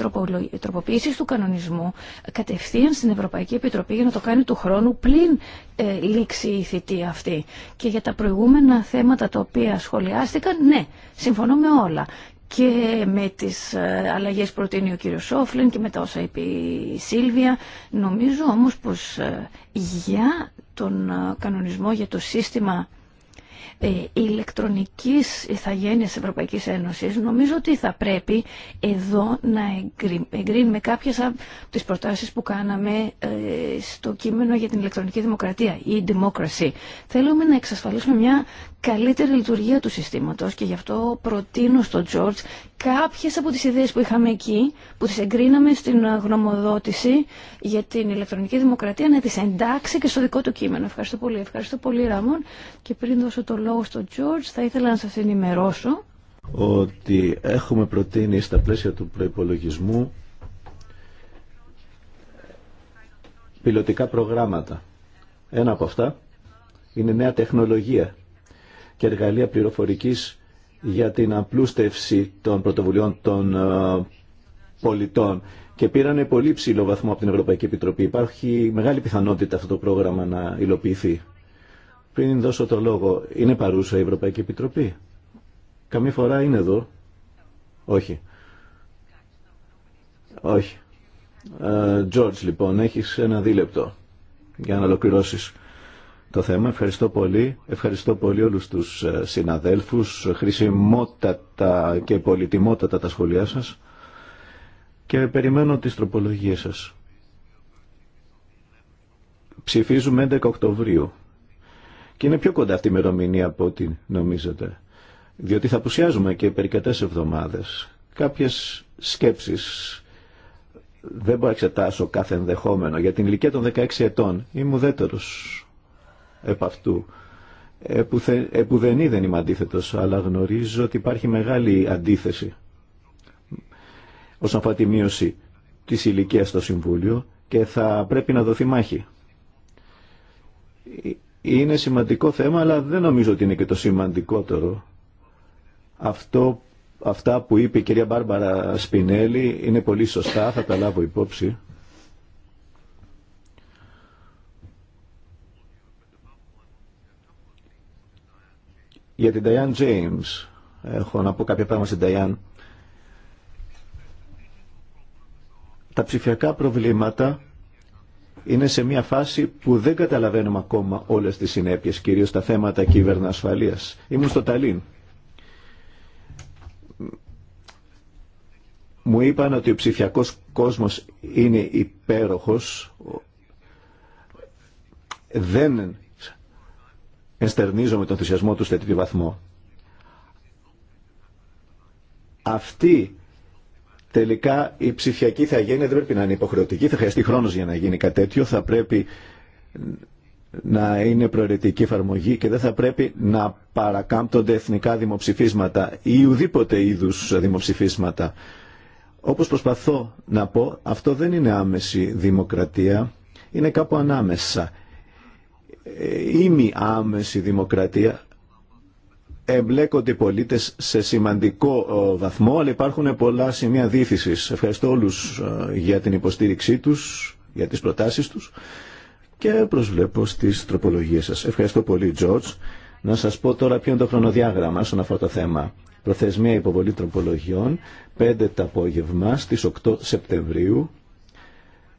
Speaker 1: τροποποίησης του κανονισμού κατευθείαν στην Ευρωπαϊκή Επιτροπή για να το κάνει του χρόνου πλην ε, λήξει η θητεία αυτή. Και για τα προηγούμενα θέματα τα οποία σχολιάστηκαν, ναι, συμφωνώ με όλα και με τις ε, αλλαγές προτείνει ο κύριος Σόφλεν και με τα όσα είπε η Σίλβια. Νομίζω όμως πως ε, για τον κανονισμό, για το σύστημα ε, ηλεκτρονικής ηθαγένειας Ευρωπαϊκής Ένωσης, νομίζω ότι θα πρέπει εδώ να εγκρίνουμε κάποιες από τις προτάσεις που κάναμε ε, στο κείμενο για την ηλεκτρονική δημοκρατία ή democracy. Θέλουμε να εξασφαλίσουμε μια καλύτερη λειτουργία του συστήματος και γι' αυτό προτείνω στον Τζόρτζ κάποιες από τις ιδέες που είχαμε εκεί, που τις εγκρίναμε στην γνωμοδότηση για την ηλεκτρονική δημοκρατία, να τις εντάξει και στο δικό του κείμενο. Ευχαριστώ πολύ. Ευχαριστώ πολύ, Ράμον. Και πριν δώσω το λόγο στον Τζόρτζ, θα ήθελα να σας ενημερώσω
Speaker 3: ότι έχουμε προτείνει στα πλαίσια του προϋπολογισμού πιλωτικά προγράμματα. Ένα από αυτά είναι νέα τεχνολογία και εργαλεία πληροφορικής για την απλούστευση των πρωτοβουλειών των ε, πολιτών και πήραν πολύ ψηλό βαθμό από την Ευρωπαϊκή Επιτροπή. Υπάρχει μεγάλη πιθανότητα αυτό το πρόγραμμα να υλοποιηθεί. Πριν δώσω το λόγο, είναι παρούσα η Ευρωπαϊκή Επιτροπή. Καμία φορά είναι εδώ. Όχι. Όχι. Τζόρτζ, ε, λοιπόν, έχεις ένα δίλεπτο για να ολοκληρώσεις το θέμα. Ευχαριστώ πολύ. Ευχαριστώ πολύ όλους τους ε, συναδέλφους. Χρησιμότατα και πολυτιμότατα τα σχόλιά σας. Και περιμένω τις τροπολογίες σας. Ψηφίζουμε 11 Οκτωβρίου. Και είναι πιο κοντά αυτή η ημερομηνία από ό,τι νομίζετε. Διότι θα απουσιάζουμε και περικατές εβδομάδες. Κάποιες σκέψεις δεν μπορώ να εξετάσω κάθε ενδεχόμενο. Για την ηλικία των 16 ετών είμαι ουδέτερος επ' αυτού. Επουδενή ε, δεν είμαι αντίθετος, αλλά γνωρίζω ότι υπάρχει μεγάλη αντίθεση όσον αφορά τη μείωση της ηλικία στο Συμβούλιο και θα πρέπει να δοθεί μάχη. Ε, είναι σημαντικό θέμα, αλλά δεν νομίζω ότι είναι και το σημαντικότερο. Αυτό, αυτά που είπε η κυρία Μπάρμπαρα Σπινέλη είναι πολύ σωστά, θα τα λάβω υπόψη. Για την Diane James έχω να πω κάποια πράγματα στην Diane. Τα ψηφιακά προβλήματα είναι σε μια φάση που δεν καταλαβαίνουμε ακόμα όλες τις συνέπειες, κυρίως τα θέματα ασφαλείας. Ήμουν στο Ταλίν. Μου είπαν ότι ο ψηφιακός κόσμος είναι υπέροχος. Δεν με τον θυσιασμό του σε τέτοιο βαθμό. Αυτή τελικά η ψηφιακή θα γίνει, δεν πρέπει να είναι υποχρεωτική, θα χρειαστεί χρόνος για να γίνει κάτι τέτοιο, θα πρέπει να είναι προαιρετική εφαρμογή και δεν θα πρέπει να παρακάμπτονται εθνικά δημοψηφίσματα ή ουδήποτε είδους δημοψηφίσματα. Όπως προσπαθώ να πω, αυτό δεν είναι άμεση δημοκρατία, είναι κάπου ανάμεσα ήμι άμεση δημοκρατία εμπλέκονται οι πολίτες σε σημαντικό ε, βαθμό, αλλά υπάρχουν πολλά σημεία δίθησης. Ευχαριστώ όλους ε, για την υποστήριξή τους, για τις προτάσεις τους και προσβλέπω στις τροπολογίες σας. Ευχαριστώ πολύ, George. Να σας πω τώρα ποιο είναι το χρονοδιάγραμμα στον αυτό το θέμα. Προθεσμία υποβολή τροπολογιών, 5 το απόγευμα στις 8 Σεπτεμβρίου.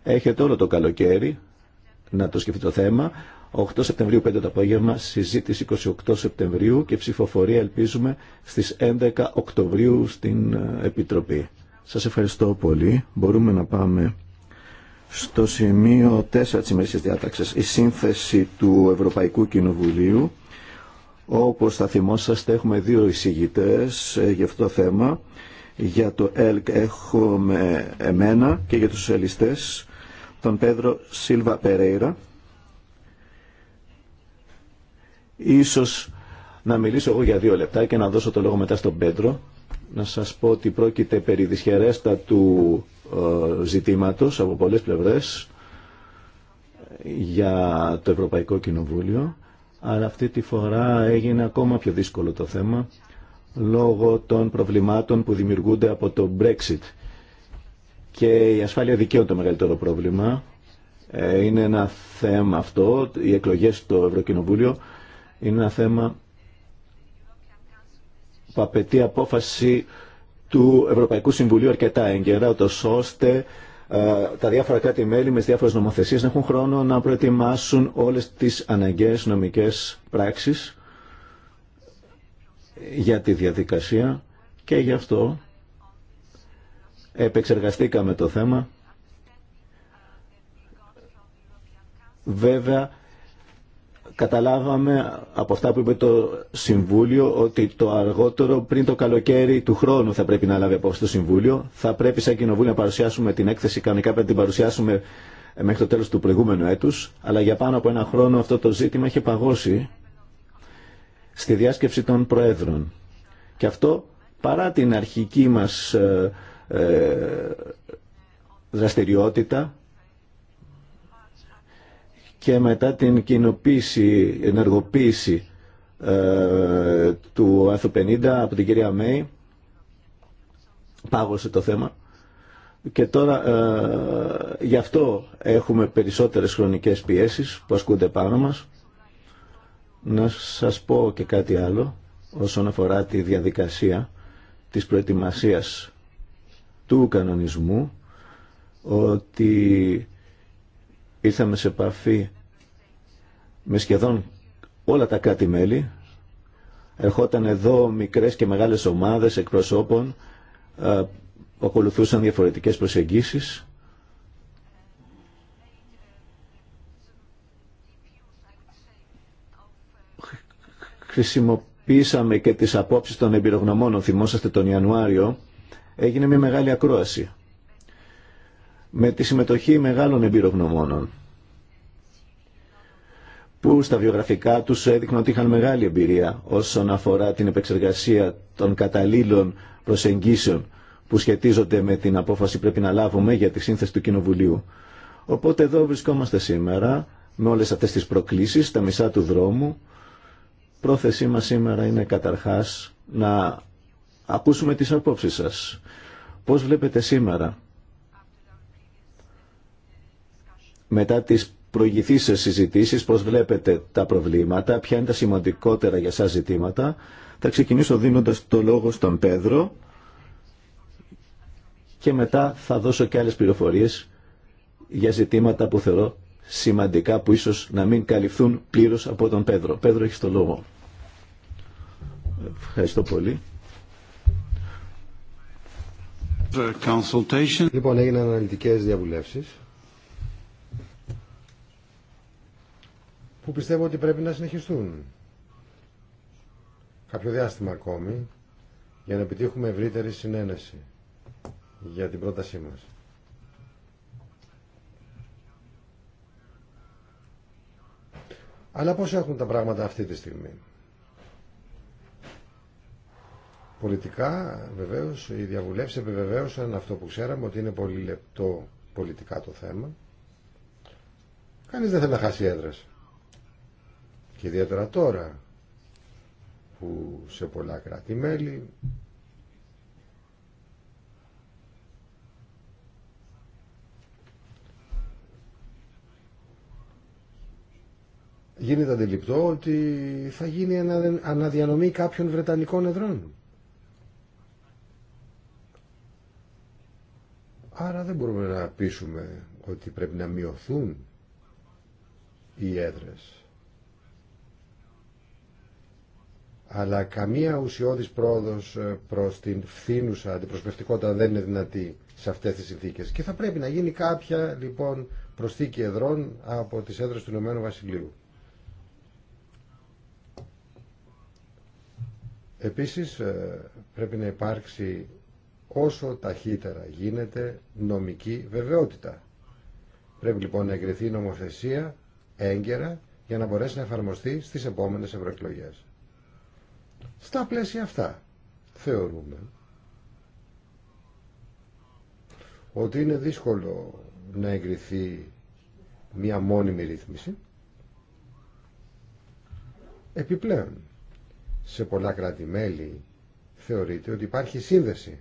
Speaker 3: Έχετε όλο το καλοκαίρι να το σκεφτείτε το θέμα. 8 Σεπτεμβρίου 5 το απόγευμα, συζήτηση 28 Σεπτεμβρίου και ψηφοφορία ελπίζουμε στις 11 Οκτωβρίου στην ε, Επιτροπή. Σας ευχαριστώ πολύ. Μπορούμε να πάμε στο σημείο 4 της διάταξης. Η σύνθεση του Ευρωπαϊκού Κοινοβουλίου. Όπως θα θυμόσαστε έχουμε δύο εισηγητές ε, για αυτό το θέμα. Για το ΕΛΚ έχουμε εμένα και για τους σοσιαλιστές τον Πέδρο Σίλβα Περέιρα Ίσως να μιλήσω εγώ για δύο λεπτά και να δώσω το λόγο μετά στον Πέντρο. Να σας πω ότι πρόκειται περί δυσχερέστα του ε, ζητήματος από πολλές πλευρές ε, για το Ευρωπαϊκό Κοινοβούλιο αλλά αυτή τη φορά έγινε ακόμα πιο δύσκολο το θέμα λόγω των προβλημάτων που δημιουργούνται από το Brexit. Και η ασφάλεια δικαίων το μεγαλύτερο πρόβλημα. Ε, είναι ένα θέμα αυτό, οι εκλογές στο Ευρωκοινοβούλιο είναι ένα θέμα που απαιτεί απόφαση του Ευρωπαϊκού Συμβουλίου αρκετά έγκαιρα, ώστε ε, τα διάφορα κράτη-μέλη με τι διάφορε νομοθεσίε να έχουν χρόνο να προετοιμάσουν όλε τι αναγκαίε νομικέ πράξει για τη διαδικασία και γι' αυτό επεξεργαστήκαμε το θέμα. Βέβαια, Καταλάβαμε από αυτά που είπε το Συμβούλιο ότι το αργότερο πριν το καλοκαίρι του χρόνου θα πρέπει να λάβει απόψη το Συμβούλιο. Θα πρέπει σαν Κοινοβούλιο να παρουσιάσουμε την έκθεση. Κανονικά πρέπει να την παρουσιάσουμε μέχρι το τέλος του προηγούμενου έτους. Αλλά για πάνω από ένα χρόνο αυτό το ζήτημα έχει παγώσει στη διάσκεψη των Προέδρων. Και αυτό παρά την αρχική μας ε, ε, δραστηριότητα και μετά την κοινοποίηση, ενεργοποίηση ε, του άρθρου 50 από την κυρία Μέη πάγωσε το θέμα και τώρα ε, γι' αυτό έχουμε περισσότερες χρονικές πιέσεις που ασκούνται πάνω μας να σας πω και κάτι άλλο όσον αφορά τη διαδικασία της προετοιμασίας του κανονισμού ότι Ήρθαμε σε επαφή με σχεδόν όλα τα κάτι μελη Ερχόταν εδώ μικρές και μεγάλες ομάδες εκπροσώπων ε, που ακολουθούσαν διαφορετικές προσεγγίσεις. Χρησιμοποίησαμε και τις απόψεις των εμπειρογνωμών. Θυμόσαστε τον Ιανουάριο. Έγινε μια μεγάλη ακρόαση με τη συμμετοχή μεγάλων εμπειρογνωμόνων που στα βιογραφικά τους έδειχναν ότι είχαν μεγάλη εμπειρία όσον αφορά την επεξεργασία των καταλήλων προσεγγίσεων που σχετίζονται με την απόφαση πρέπει να λάβουμε για τη σύνθεση του Κοινοβουλίου. Οπότε εδώ βρισκόμαστε σήμερα με όλες αυτές τις προκλήσεις, τα μισά του δρόμου. Πρόθεσή μας σήμερα είναι καταρχάς να ακούσουμε τις απόψεις σας. Πώς βλέπετε σήμερα μετά τις προηγηθήσεις συζητήσεις, πώς βλέπετε τα προβλήματα, ποια είναι τα σημαντικότερα για σας ζητήματα. Θα ξεκινήσω δίνοντας το λόγο στον Πέδρο και μετά θα δώσω και άλλες πληροφορίες για ζητήματα που θεωρώ σημαντικά που ίσως να μην καλυφθούν πλήρως από τον Πέδρο. Πέδρο, έχει το λόγο. Ευχαριστώ πολύ. Λοιπόν, έγιναν αναλυτικές
Speaker 2: διαβουλεύσεις που πιστεύω ότι πρέπει να συνεχιστούν κάποιο διάστημα ακόμη για να επιτύχουμε ευρύτερη συνένεση για την πρότασή μας. Αλλά πώς έχουν τα πράγματα αυτή τη στιγμή. Πολιτικά, βεβαίως, οι διαβουλεύσεις επιβεβαίωσαν αυτό που ξέραμε, ότι είναι πολύ λεπτό πολιτικά το θέμα. Κανείς δεν θέλει να χάσει έδραση. Και ιδιαίτερα τώρα που σε πολλά κράτη-μέλη γίνεται αντιληπτό ότι θα γίνει αναδιανομή κάποιων Βρετανικών εδρών. Άρα δεν μπορούμε να πείσουμε ότι πρέπει να μειωθούν οι έδρες. αλλά καμία ουσιώδης πρόοδος ε, προς την φθήνουσα αντιπροσπευτικότητα δεν είναι δυνατή σε αυτές τις συνθήκες. Και θα πρέπει να γίνει κάποια λοιπόν προσθήκη εδρών από τις έδρες του Ηνωμένου Βασιλείου. Επίσης ε, πρέπει να υπάρξει όσο ταχύτερα γίνεται νομική βεβαιότητα. Πρέπει λοιπόν να εγκριθεί η νομοθεσία έγκαιρα για να μπορέσει να εφαρμοστεί στις επόμενες ευρωεκλογές. Στα πλαίσια αυτά θεωρούμε ότι είναι δύσκολο να εγκριθεί μία μόνιμη ρύθμιση. Επιπλέον, σε πολλά κράτη-μέλη θεωρείται ότι υπάρχει σύνδεση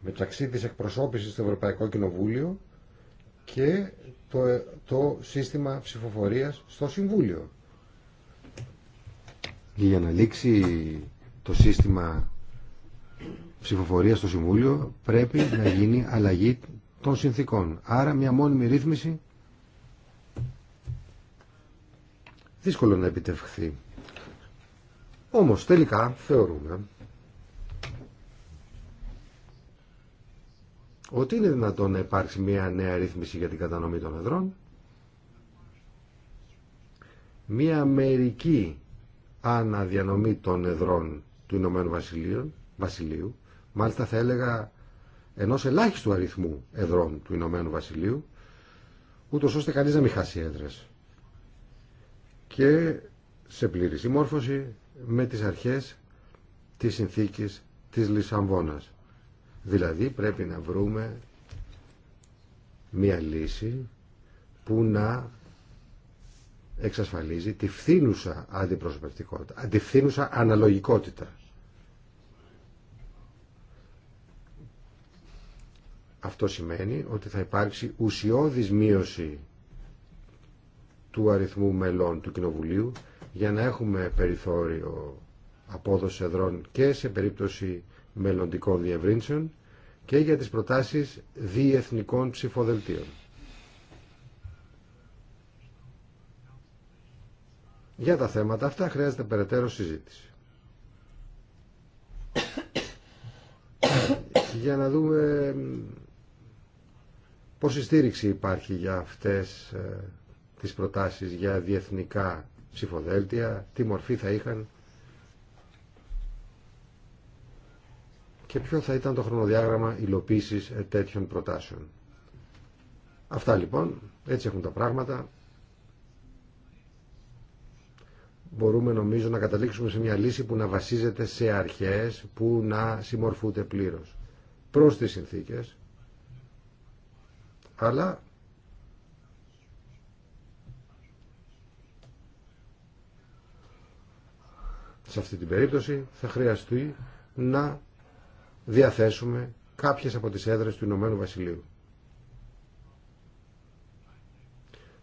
Speaker 2: μεταξύ της εκπροσώπησης στο Ευρωπαϊκό Κοινοβούλιο και το, το σύστημα ψηφοφορίας στο Συμβούλιο για να λήξει το σύστημα ψηφοφορίας στο Συμβούλιο πρέπει να γίνει αλλαγή των συνθήκων. Άρα μια μόνιμη ρύθμιση δύσκολο να επιτευχθεί. Όμως τελικά θεωρούμε ότι είναι δυνατόν να υπάρξει μια νέα ρύθμιση για την κατανομή των εδρών, μια μερική αναδιανομή των εδρών του Ηνωμένου Βασιλείου, μάλιστα θα έλεγα ενό ελάχιστου αριθμού εδρών του Ηνωμένου Βασιλείου, ούτως ώστε κανεί να μην χάσει έδρε. Και σε πλήρη συμμόρφωση με τις αρχές της συνθήκης της Λισαμβόνα. Δηλαδή πρέπει να βρούμε μία λύση που να εξασφαλίζει τη φθήνουσα αντιπροσωπευτικότητα, φθήνουσα αναλογικότητα. Αυτό σημαίνει ότι θα υπάρξει ουσιώδης μείωση του αριθμού μελών του Κοινοβουλίου για να έχουμε περιθώριο απόδοση εδρών και σε περίπτωση μελλοντικών διευρύνσεων και για τις προτάσεις διεθνικών ψηφοδελτίων. Για τα θέματα αυτά χρειάζεται περαιτέρω συζήτηση. για να δούμε πόση στήριξη υπάρχει για αυτές ε, τις προτάσεις για διεθνικά ψηφοδέλτια, τι μορφή θα είχαν και ποιο θα ήταν το χρονοδιάγραμμα υλοποίησης ε, τέτοιων προτάσεων. Αυτά λοιπόν, έτσι έχουν τα πράγματα. μπορούμε νομίζω να καταλήξουμε σε μια λύση που να βασίζεται σε αρχές που να συμμορφούνται πλήρως προς τις συνθήκες αλλά σε αυτή την περίπτωση θα χρειαστεί να διαθέσουμε κάποιες από τις έδρες του Ηνωμένου Βασιλείου.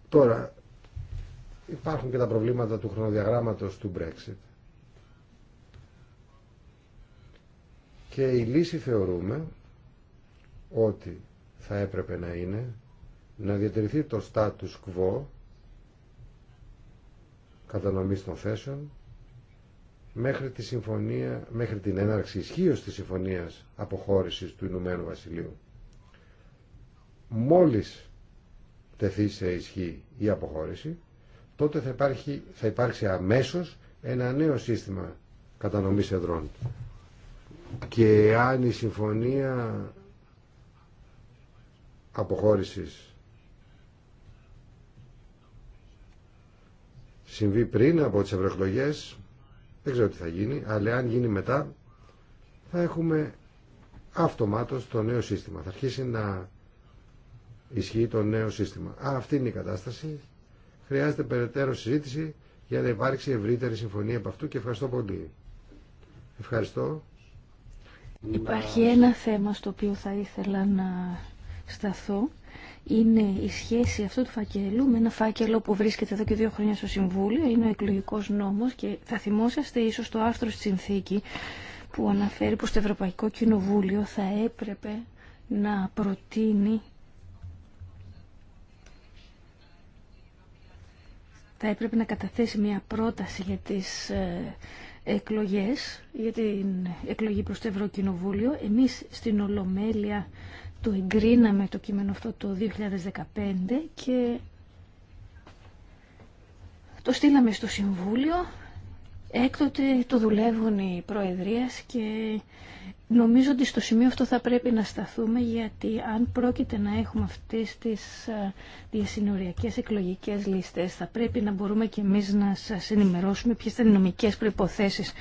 Speaker 2: Τώρα, Υπάρχουν και τα προβλήματα του χρονοδιαγράμματος του Brexit. Και η λύση θεωρούμε ότι θα έπρεπε να είναι να διατηρηθεί το status quo κατανομής των θέσεων μέχρι, τη συμφωνία, μέχρι την έναρξη ισχύως της συμφωνίας αποχώρησης του Ηνωμένου Βασιλείου. Μόλις τεθεί σε ισχύ η αποχώρηση, τότε θα, θα υπάρξει αμέσως ένα νέο σύστημα κατανομής εδρών. Και αν η συμφωνία αποχώρησης συμβεί πριν από τις ευρωεκλογέ, δεν ξέρω τι θα γίνει, αλλά αν γίνει μετά θα έχουμε αυτομάτως το νέο σύστημα. Θα αρχίσει να ισχύει το νέο σύστημα. Α, αυτή είναι η κατάσταση χρειάζεται περαιτέρω συζήτηση για να υπάρξει ευρύτερη συμφωνία από αυτού και ευχαριστώ πολύ. Ευχαριστώ.
Speaker 1: Υπάρχει ένα θέμα στο οποίο θα ήθελα να σταθώ. Είναι η σχέση αυτού του φακελού με ένα φάκελο που βρίσκεται εδώ και δύο χρόνια στο Συμβούλιο. Είναι ο εκλογικό νόμο και θα θυμόσαστε ίσω το άρθρο στη συνθήκη που αναφέρει πω το Ευρωπαϊκό Κοινοβούλιο θα έπρεπε να προτείνει θα έπρεπε να καταθέσει μια πρόταση για τις ε, εκλογές, για την εκλογή προς το Ευρωκοινοβούλιο. Εμείς στην Ολομέλεια το εγκρίναμε το κείμενο αυτό το 2015 και το στείλαμε στο Συμβούλιο. Έκτοτε το δουλεύουν οι Προεδρίας και Νομίζω ότι στο σημείο αυτό θα πρέπει να σταθούμε γιατί αν πρόκειται να έχουμε αυτές τις ε, διασυνοριακές εκλογικές λίστες θα πρέπει να μπορούμε και εμείς να σας ενημερώσουμε ποιες θα είναι οι νομικές προϋποθέσεις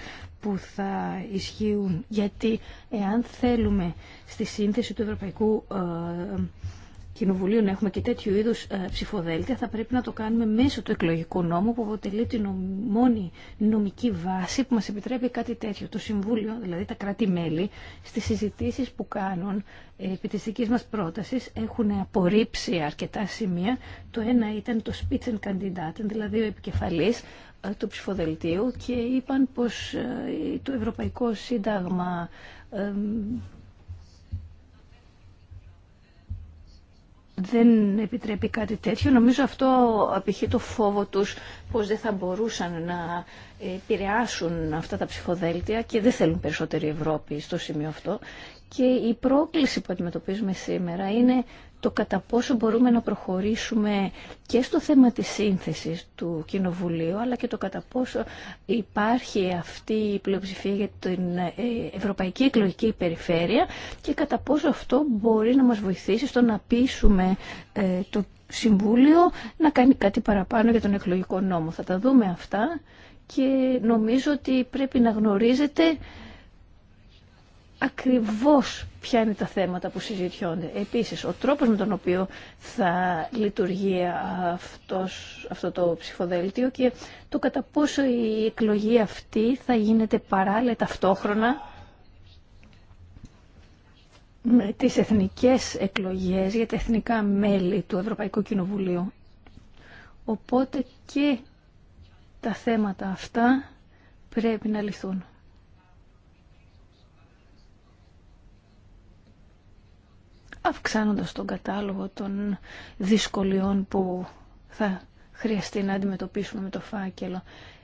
Speaker 1: που θα ισχύουν γιατί εάν θέλουμε στη σύνθεση του Ευρωπαϊκού ε, Κοινοβουλίου να έχουμε και τέτοιου είδους ε, ψηφοδέλτια θα πρέπει να το κάνουμε μέσω του εκλογικού νόμου που αποτελεί την μόνη νομική βάση που μας επιτρέπει κάτι τέτοιο. Το Συμβούλιο, δηλαδή τα κράτη-μέλη, στις συζητήσεις που κάνουν ε, επί της δικής μας πρότασης έχουν απορρίψει αρκετά σημεία. Το ένα ήταν το candidate, δηλαδή ο επικεφαλής ε, του ψηφοδελτίου και είπαν πως το Ευρωπαϊκό Σύνταγμα δεν επιτρέπει κάτι τέτοιο. Νομίζω αυτό απηχεί το φόβο τους πως δεν θα μπορούσαν να επηρεάσουν αυτά τα ψηφοδέλτια και δεν θέλουν περισσότερη Ευρώπη στο σημείο αυτό. Και η πρόκληση που αντιμετωπίζουμε σήμερα είναι το κατά πόσο μπορούμε να προχωρήσουμε και στο θέμα της σύνθεσης του Κοινοβουλίου, αλλά και το κατά πόσο υπάρχει αυτή η πλειοψηφία για την ε, Ευρωπαϊκή Εκλογική Περιφέρεια και κατά πόσο αυτό μπορεί να μας βοηθήσει στο να πείσουμε ε, το Συμβούλιο να κάνει κάτι παραπάνω για τον εκλογικό νόμο. Θα τα δούμε αυτά και νομίζω ότι πρέπει να γνωρίζετε ακριβώς ποια είναι τα θέματα που συζητιώνται. Επίσης, ο τρόπος με τον οποίο θα λειτουργεί αυτός, αυτό το ψηφοδέλτιο και το κατά πόσο η εκλογή αυτή θα γίνεται παράλληλα ταυτόχρονα με τις εθνικές εκλογές για τα εθνικά μέλη του Ευρωπαϊκού Κοινοβουλίου. Οπότε και τα θέματα αυτά πρέπει να λυθούν. αυξάνοντας τον κατάλογο των δυσκολιών που θα χρειαστεί να αντιμετωπίσουμε με το φάκελο.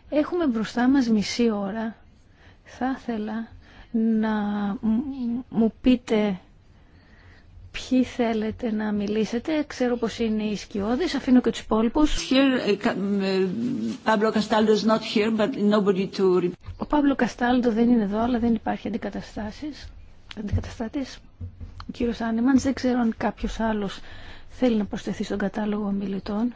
Speaker 1: Έχουμε μπροστά μας μισή ώρα. Θα ήθελα να μου πείτε ποιοι θέλετε να μιλήσετε. Ξέρω πως είναι οι σκιώδες. Αφήνω και τους υπόλοιπους. Ο Παύλο Καστάλτο δεν είναι εδώ, αλλά δεν υπάρχει αντικαταστάσεις. Αντικαταστάτης. Κύριο κύριος δεν ξέρω αν κάποιο άλλος θέλει να προσθεθεί στον κατάλογο ομιλητών.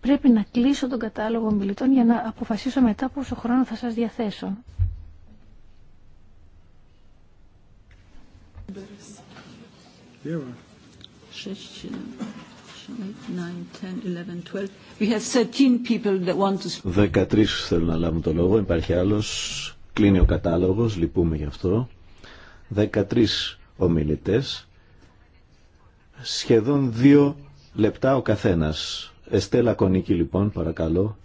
Speaker 1: Πρέπει να κλείσω τον κατάλογο ομιλητών για να αποφασίσω μετά πόσο χρόνο θα σας διαθέσω.
Speaker 3: Δεκατρεις θέλουν να λάβουν το λόγο, υπάρχει άλλος. Κλείνει ο κατάλογος, λυπούμε γι' αυτό. Δεκατρεις ομιλητές. Σχεδόν δύο λεπτά ο καθένας. Εστέλα Κονική λοιπόν, παρακαλώ.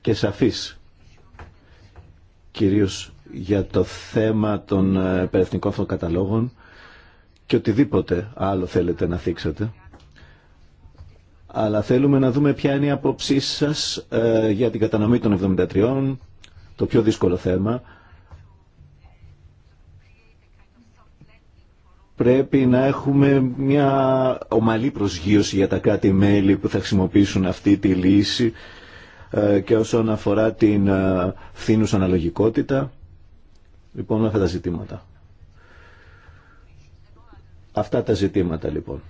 Speaker 3: Και σαφής. Κυρίως για το θέμα των ε, περιεθνικών αυτοκαταλόγων καταλόγων και οτιδήποτε άλλο θέλετε να θίξετε. Αλλά θέλουμε να δούμε ποια είναι η άποψή σας ε, για την κατανομή των 73, το πιο δύσκολο θέμα πρέπει να έχουμε μια ομαλή προσγείωση για τα κάτι μελη που θα χρησιμοποιήσουν αυτή τη λύση ε, και όσον αφορά την ε, φθήνους αναλογικότητα. Λοιπόν, αυτά τα ζητήματα. Αυτά τα ζητήματα λοιπόν.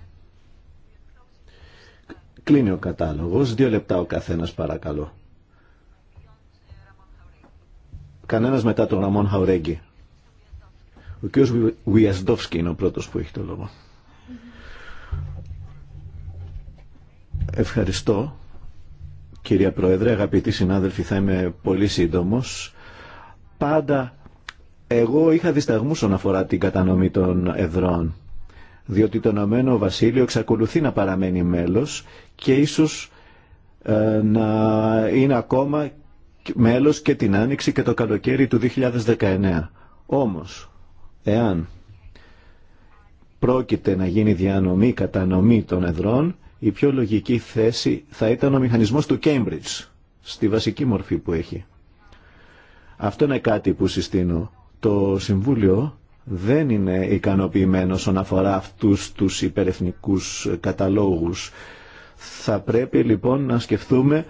Speaker 3: Κλείνει ο κατάλογος. Δύο λεπτά ο καθένας παρακαλώ. Κανένας μετά τον Ραμόν Χαουρέγγι. Ο κ. Βιασδόφσκι είναι ο πρώτος που έχει το λόγο. Ευχαριστώ. Κυρία Πρόεδρε, αγαπητοί συνάδελφοι, θα είμαι πολύ σύντομος. Πάντα εγώ είχα δισταγμού όσον αφορά την κατανομή των εδρών, διότι το Ηνωμένο Βασίλειο εξακολουθεί να παραμένει μέλος και ίσως ε, να είναι ακόμα μέλος και την Άνοιξη και το καλοκαίρι του 2019. Όμως, Εάν πρόκειται να γίνει διανομή, κατανομή των εδρών, η πιο λογική θέση θα ήταν ο μηχανισμός του Cambridge, στη βασική μορφή που έχει. Αυτό είναι κάτι που συστήνω. Το Συμβούλιο δεν είναι ικανοποιημένο όσον αφορά αυτούς τους υπερεθνικούς καταλόγους. Θα πρέπει λοιπόν να σκεφτούμε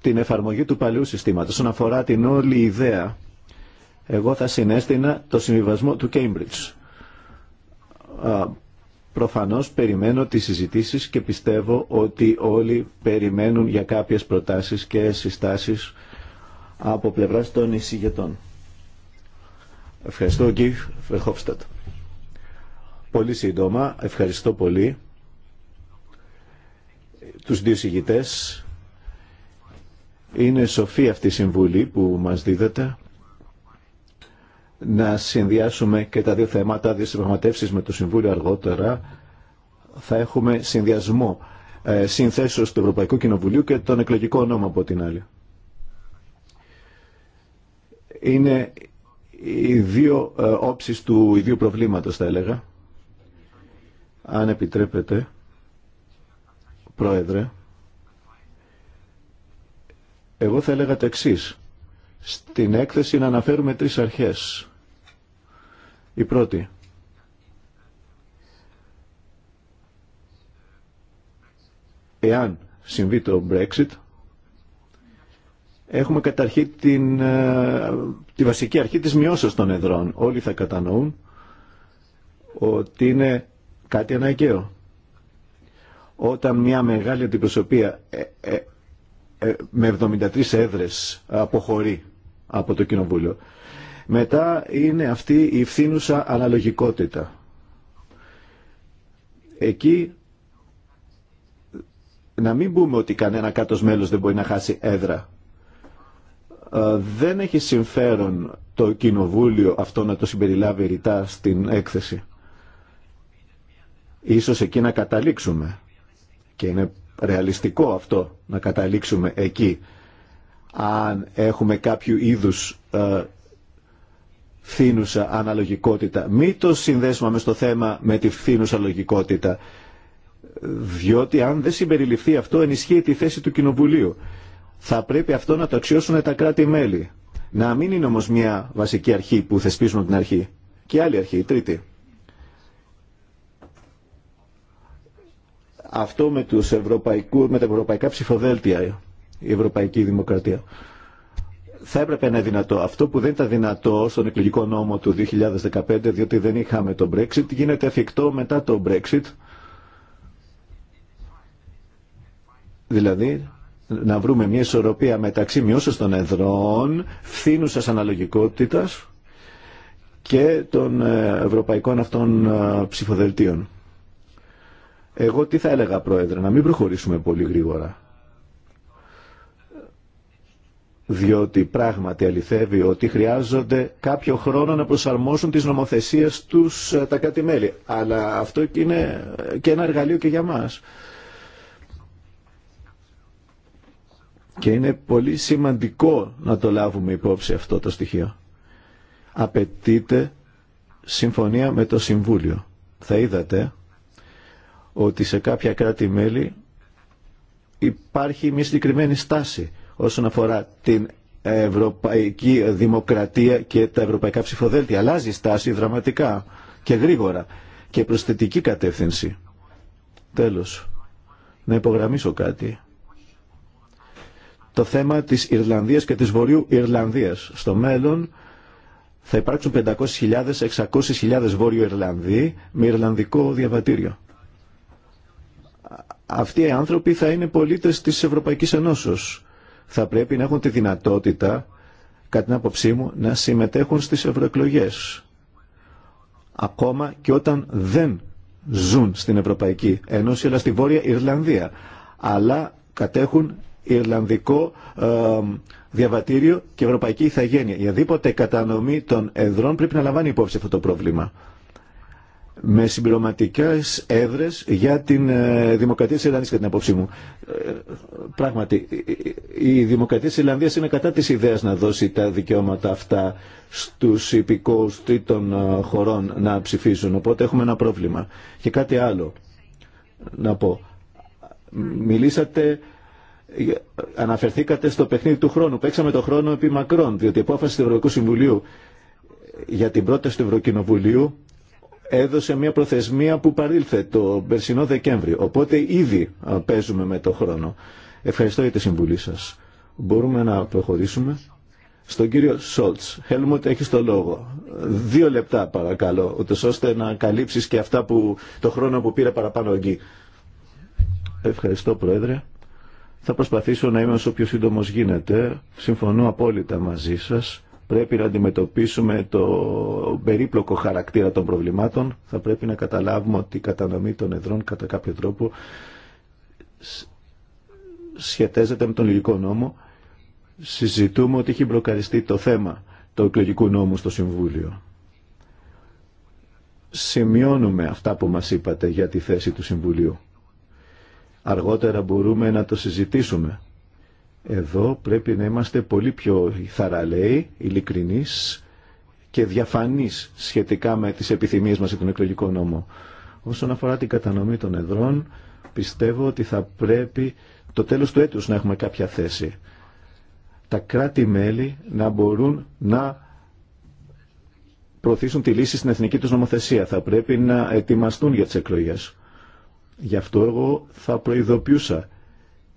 Speaker 3: την εφαρμογή του παλιού συστήματος, όσον αφορά την όλη ιδέα εγώ θα συνέστηνα το συμβιβασμό του Cambridge. Προφανώς περιμένω τις συζητήσεις και πιστεύω ότι όλοι περιμένουν για κάποιες προτάσεις και συστάσεις από πλευράς των εισηγετών. Ευχαριστώ κύριε Φερχόφστατ. Πολύ σύντομα, ευχαριστώ πολύ τους δύο συγητές. Είναι σοφή αυτή η συμβουλή που μας δίδεται να συνδυάσουμε και τα δύο θέματα, δύο με το Συμβούλιο αργότερα, θα έχουμε συνδυασμό ε, συνθέσεως του Ευρωπαϊκού Κοινοβουλίου και των εκλογικών νόμο, από την άλλη. Είναι οι δύο ε, όψεις του ιδίου προβλήματος θα έλεγα. Αν επιτρέπετε, Πρόεδρε, εγώ θα έλεγα το εξής. Στην έκθεση να αναφέρουμε τρεις αρχές η πρώτη. Εάν συμβεί το Brexit, έχουμε καταρχήν την, ε, τη βασική αρχή της μειώσεως των εδρών. Όλοι θα κατανοούν ότι είναι κάτι αναγκαίο. Όταν μια μεγάλη αντιπροσωπεία ε, ε, με 73 έδρες αποχωρεί από το Κοινοβούλιο. Μετά είναι αυτή η φθήνουσα αναλογικότητα. Εκεί να μην πούμε ότι κανένα κάτω μέλος δεν μπορεί να χάσει έδρα. Ε, δεν έχει συμφέρον το κοινοβούλιο αυτό να το συμπεριλάβει ρητά στην έκθεση. Ίσως εκεί να καταλήξουμε. Και είναι ρεαλιστικό αυτό να καταλήξουμε εκεί αν έχουμε κάποιο είδους ε, φθήνουσα αναλογικότητα. Μη το συνδέσουμε με στο θέμα με τη φθήνουσα λογικότητα. Διότι αν δεν συμπεριληφθεί αυτό ενισχύει τη θέση του Κοινοβουλίου. Θα πρέπει αυτό να το αξιώσουν τα κράτη-μέλη. Να μην είναι όμως μια βασική αρχή που θεσπίζουμε την αρχή. Και άλλη αρχή, η τρίτη. Αυτό με, τους με τα ευρωπαϊκά ψηφοδέλτια, η ευρωπαϊκή δημοκρατία θα έπρεπε να είναι δυνατό. Αυτό που δεν ήταν δυνατό στον εκλογικό νόμο του 2015, διότι δεν είχαμε το Brexit, γίνεται εφικτό μετά το Brexit. Δηλαδή, να βρούμε μια ισορροπία μεταξύ μειώσεως των εδρών, φθήνουσας αναλογικότητας και των ε, ευρωπαϊκών αυτών ε, ψηφοδελτίων. Εγώ τι θα έλεγα, Πρόεδρε, να μην προχωρήσουμε πολύ γρήγορα διότι πράγματι αληθεύει ότι χρειάζονται κάποιο χρόνο να προσαρμόσουν τις νομοθεσίες τους ε, τα κάτι μελη Αλλά αυτό είναι και ένα εργαλείο και για μας. Και είναι πολύ σημαντικό να το λάβουμε υπόψη αυτό το στοιχείο. Απαιτείται συμφωνία με το Συμβούλιο. Θα είδατε ότι σε κάποια κράτη-μέλη υπάρχει μια συγκεκριμένη στάση όσον αφορά την ευρωπαϊκή δημοκρατία και τα ευρωπαϊκά ψηφοδέλτια. Αλλάζει η στάση δραματικά και γρήγορα και προσθετική κατεύθυνση. Τέλος, να υπογραμμίσω κάτι. Το θέμα της Ιρλανδίας και της Βορείου Ιρλανδίας. Στο μέλλον θα υπάρξουν 500.000, 600.000 Βόρειο Ιρλανδοί με Ιρλανδικό διαβατήριο. Αυτοί οι άνθρωποι θα είναι πολίτες της Ευρωπαϊκής Ενώσεως θα πρέπει να έχουν τη δυνατότητα, κατά την άποψή μου, να συμμετέχουν στις ευρωεκλογέ. Ακόμα και όταν δεν ζουν στην Ευρωπαϊκή Ένωση, αλλά στη Βόρεια Ιρλανδία. Αλλά κατέχουν Ιρλανδικό ε, διαβατήριο και Ευρωπαϊκή Ιθαγένεια. Η αδίποτε κατανομή των εδρών πρέπει να λαμβάνει υπόψη αυτό το πρόβλημα με συμπληρωματικέ έδρε για την ε, Δημοκρατία τη Ιρλανδία, κατά την απόψη μου. Ε, πράγματι, η Δημοκρατία τη Ιρλανδία είναι κατά τη ιδέα να δώσει τα δικαιώματα αυτά στου υπηκόου τρίτων ε, χωρών να ψηφίζουν. Οπότε έχουμε ένα πρόβλημα. Και κάτι άλλο να πω. Μιλήσατε αναφερθήκατε στο παιχνίδι του χρόνου. Παίξαμε το χρόνο επί μακρόν, διότι η απόφαση του Ευρωπαϊκού Συμβουλίου για την πρόταση του Ευρωκοινοβουλίου έδωσε μια προθεσμία που παρήλθε το περσινό Δεκέμβριο. Οπότε ήδη παίζουμε με το χρόνο. Ευχαριστώ για τη συμβουλή σας. Μπορούμε να προχωρήσουμε. Στον κύριο Σόλτς. ότι έχεις το λόγο. Δύο λεπτά παρακαλώ, ώστε να καλύψεις και αυτά που, το χρόνο που πήρε παραπάνω εκεί. Ευχαριστώ Πρόεδρε. Θα προσπαθήσω να είμαι όσο πιο σύντομο γίνεται. Συμφωνώ απόλυτα μαζί σας πρέπει να αντιμετωπίσουμε το περίπλοκο χαρακτήρα των προβλημάτων. Θα πρέπει να καταλάβουμε ότι η κατανομή των εδρών κατά κάποιο τρόπο σχετίζεται με τον λογικό νόμο. Συζητούμε ότι έχει μπλοκαριστεί το θέμα του εκλογικού νόμου στο Συμβούλιο. Σημειώνουμε αυτά που μας είπατε για τη θέση του Συμβουλίου. Αργότερα μπορούμε να το συζητήσουμε εδώ πρέπει να είμαστε πολύ πιο θαραλέοι, ειλικρινείς και διαφανείς σχετικά με τις επιθυμίες μας για τον εκλογικό νόμο. Όσον αφορά την κατανομή των εδρών, πιστεύω ότι θα πρέπει το τέλος του έτους να έχουμε κάποια θέση. Τα κράτη-μέλη να μπορούν να προωθήσουν τη λύση στην εθνική τους νομοθεσία. Θα πρέπει να ετοιμαστούν για τις εκλογές. Γι' αυτό εγώ θα προειδοποιούσα.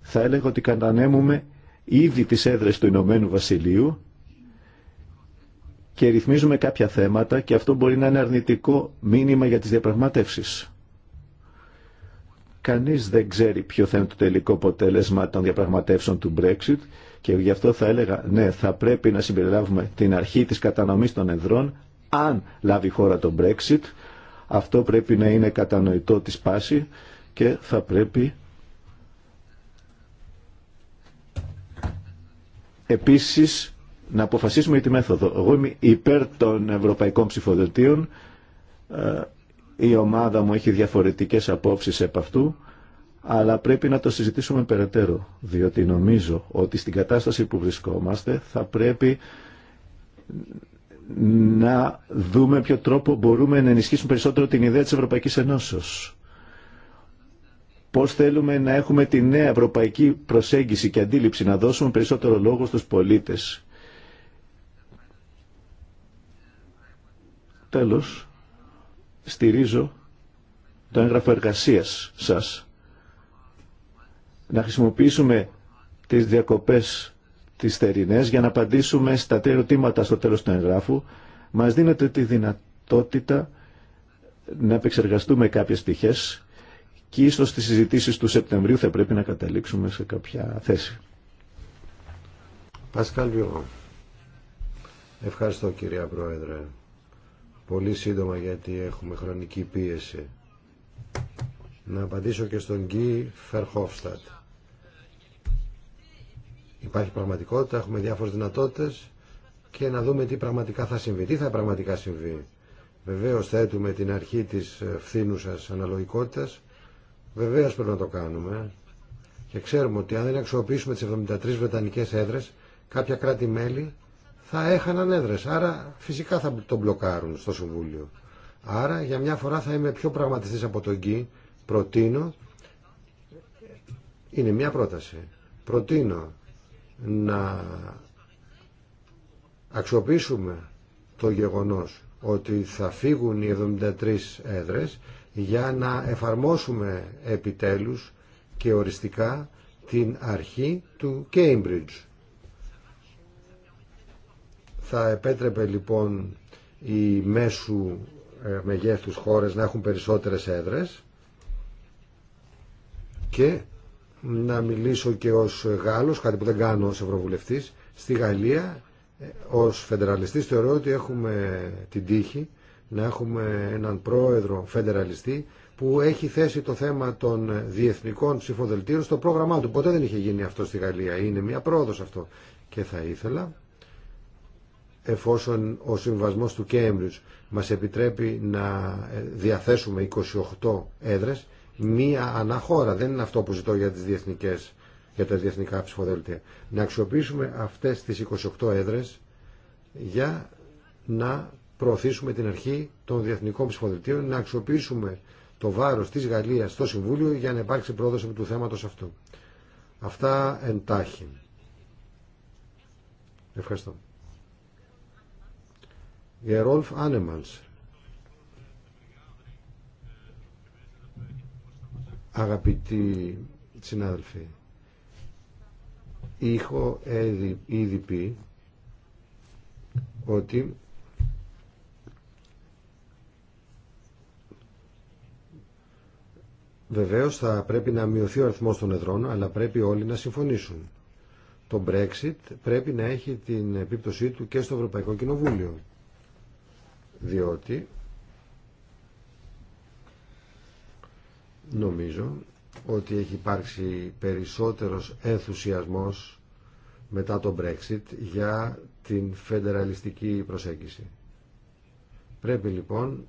Speaker 3: Θα έλεγα ότι κατανέμουμε ήδη τις έδρες του Ηνωμένου Βασιλείου και ρυθμίζουμε κάποια θέματα και αυτό μπορεί να είναι αρνητικό μήνυμα για τις διαπραγματεύσεις. Κανείς δεν ξέρει ποιο θα είναι το τελικό αποτέλεσμα των διαπραγματεύσεων του Brexit και γι' αυτό θα έλεγα ναι θα πρέπει να συμπεριλάβουμε την αρχή της κατανομής των εδρών αν λάβει χώρα το Brexit αυτό πρέπει να είναι κατανοητό της πάση και θα πρέπει Επίσης, να αποφασίσουμε για τη μέθοδο. Εγώ είμαι υπέρ των ευρωπαϊκών ψηφοδελτίων. Ε, η ομάδα μου έχει διαφορετικές απόψεις επ' αυτού, αλλά πρέπει να το συζητήσουμε περαιτέρω, διότι νομίζω ότι στην κατάσταση που βρισκόμαστε θα πρέπει να δούμε ποιο τρόπο μπορούμε να ενισχύσουμε περισσότερο την ιδέα της Ευρωπαϊκής Ενώσεως πώς θέλουμε να έχουμε τη νέα ευρωπαϊκή προσέγγιση και αντίληψη, να δώσουμε περισσότερο λόγο στους πολίτες. Τέλος, στηρίζω το έγγραφο εργασίας σας. Να χρησιμοποιήσουμε τις διακοπές της θερινές για να απαντήσουμε στα τρία ερωτήματα στο τέλος του εγγράφου. Μας δίνεται τη δυνατότητα να επεξεργαστούμε κάποιες πτυχέ και ίσως στις συζητήσεις του Σεπτεμβρίου θα πρέπει να καταλήξουμε σε κάποια θέση.
Speaker 2: Πασκάλ Ευχαριστώ κυρία Πρόεδρε. Πολύ σύντομα γιατί έχουμε χρονική πίεση. Να απαντήσω και στον Γκί Φερχόφστατ. Υπάρχει πραγματικότητα, έχουμε διάφορες δυνατότητες και να δούμε τι πραγματικά θα συμβεί. Τι θα πραγματικά συμβεί. Βεβαίως θέτουμε την αρχή της φθήνουσας αναλογικότητας Βεβαίω πρέπει να το κάνουμε και ξέρουμε ότι αν δεν αξιοποιήσουμε τις 73 βρετανικέ έδρε, έδρες, κάποια κράτη-μέλη θα έχαναν έδρε. Άρα φυσικά θα τον μπλοκάρουν στο Συμβούλιο. Άρα για μια φορά θα είμαι πιο πραγματιστή από τον Γκί. Προτείνω, είναι μια πρόταση, προτείνω να αξιοποιήσουμε το γεγονός ότι θα φύγουν οι 73 έδρες για να εφαρμόσουμε επιτέλους και οριστικά την αρχή του Cambridge. Θα επέτρεπε λοιπόν οι μέσου ε, μεγέθους χώρες να έχουν περισσότερες έδρες και να μιλήσω και ως Γάλλος, κάτι που δεν κάνω ως Ευρωβουλευτής, στη Γαλλία ε, ως φεντεραλιστής θεωρώ ότι έχουμε την τύχη να έχουμε έναν πρόεδρο φεντεραλιστή που έχει θέσει το θέμα των διεθνικών ψηφοδελτίων στο πρόγραμμά του. Ποτέ δεν είχε γίνει αυτό στη Γαλλία. Είναι μια πρόοδος αυτό. Και θα ήθελα, εφόσον ο συμβασμός του Κέμπριους μας επιτρέπει να ε, διαθέσουμε 28 έδρες, μία αναχώρα. Δεν είναι αυτό που ζητώ για, τις διεθνικές, για τα διεθνικά ψηφοδελτία. Να αξιοποιήσουμε αυτές τις 28 έδρες για να προωθήσουμε την αρχή των διεθνικών ψηφοδελτίων, να αξιοποιήσουμε το βάρος της Γαλλίας στο Συμβούλιο για να υπάρξει πρόοδος του θέματο αυτού. Αυτά εντάχει. Ευχαριστώ. Γερόλφ Άνεμανς. Αγαπητοί συνάδελφοι, είχα ήδη πει ότι Βεβαίως θα πρέπει να μειωθεί ο αριθμός των εδρών, αλλά πρέπει όλοι να συμφωνήσουν. Το Brexit πρέπει να έχει την επίπτωσή του και στο Ευρωπαϊκό Κοινοβούλιο. Διότι νομίζω ότι έχει υπάρξει περισσότερος ενθουσιασμός μετά το Brexit για την φεντεραλιστική προσέγγιση. Πρέπει λοιπόν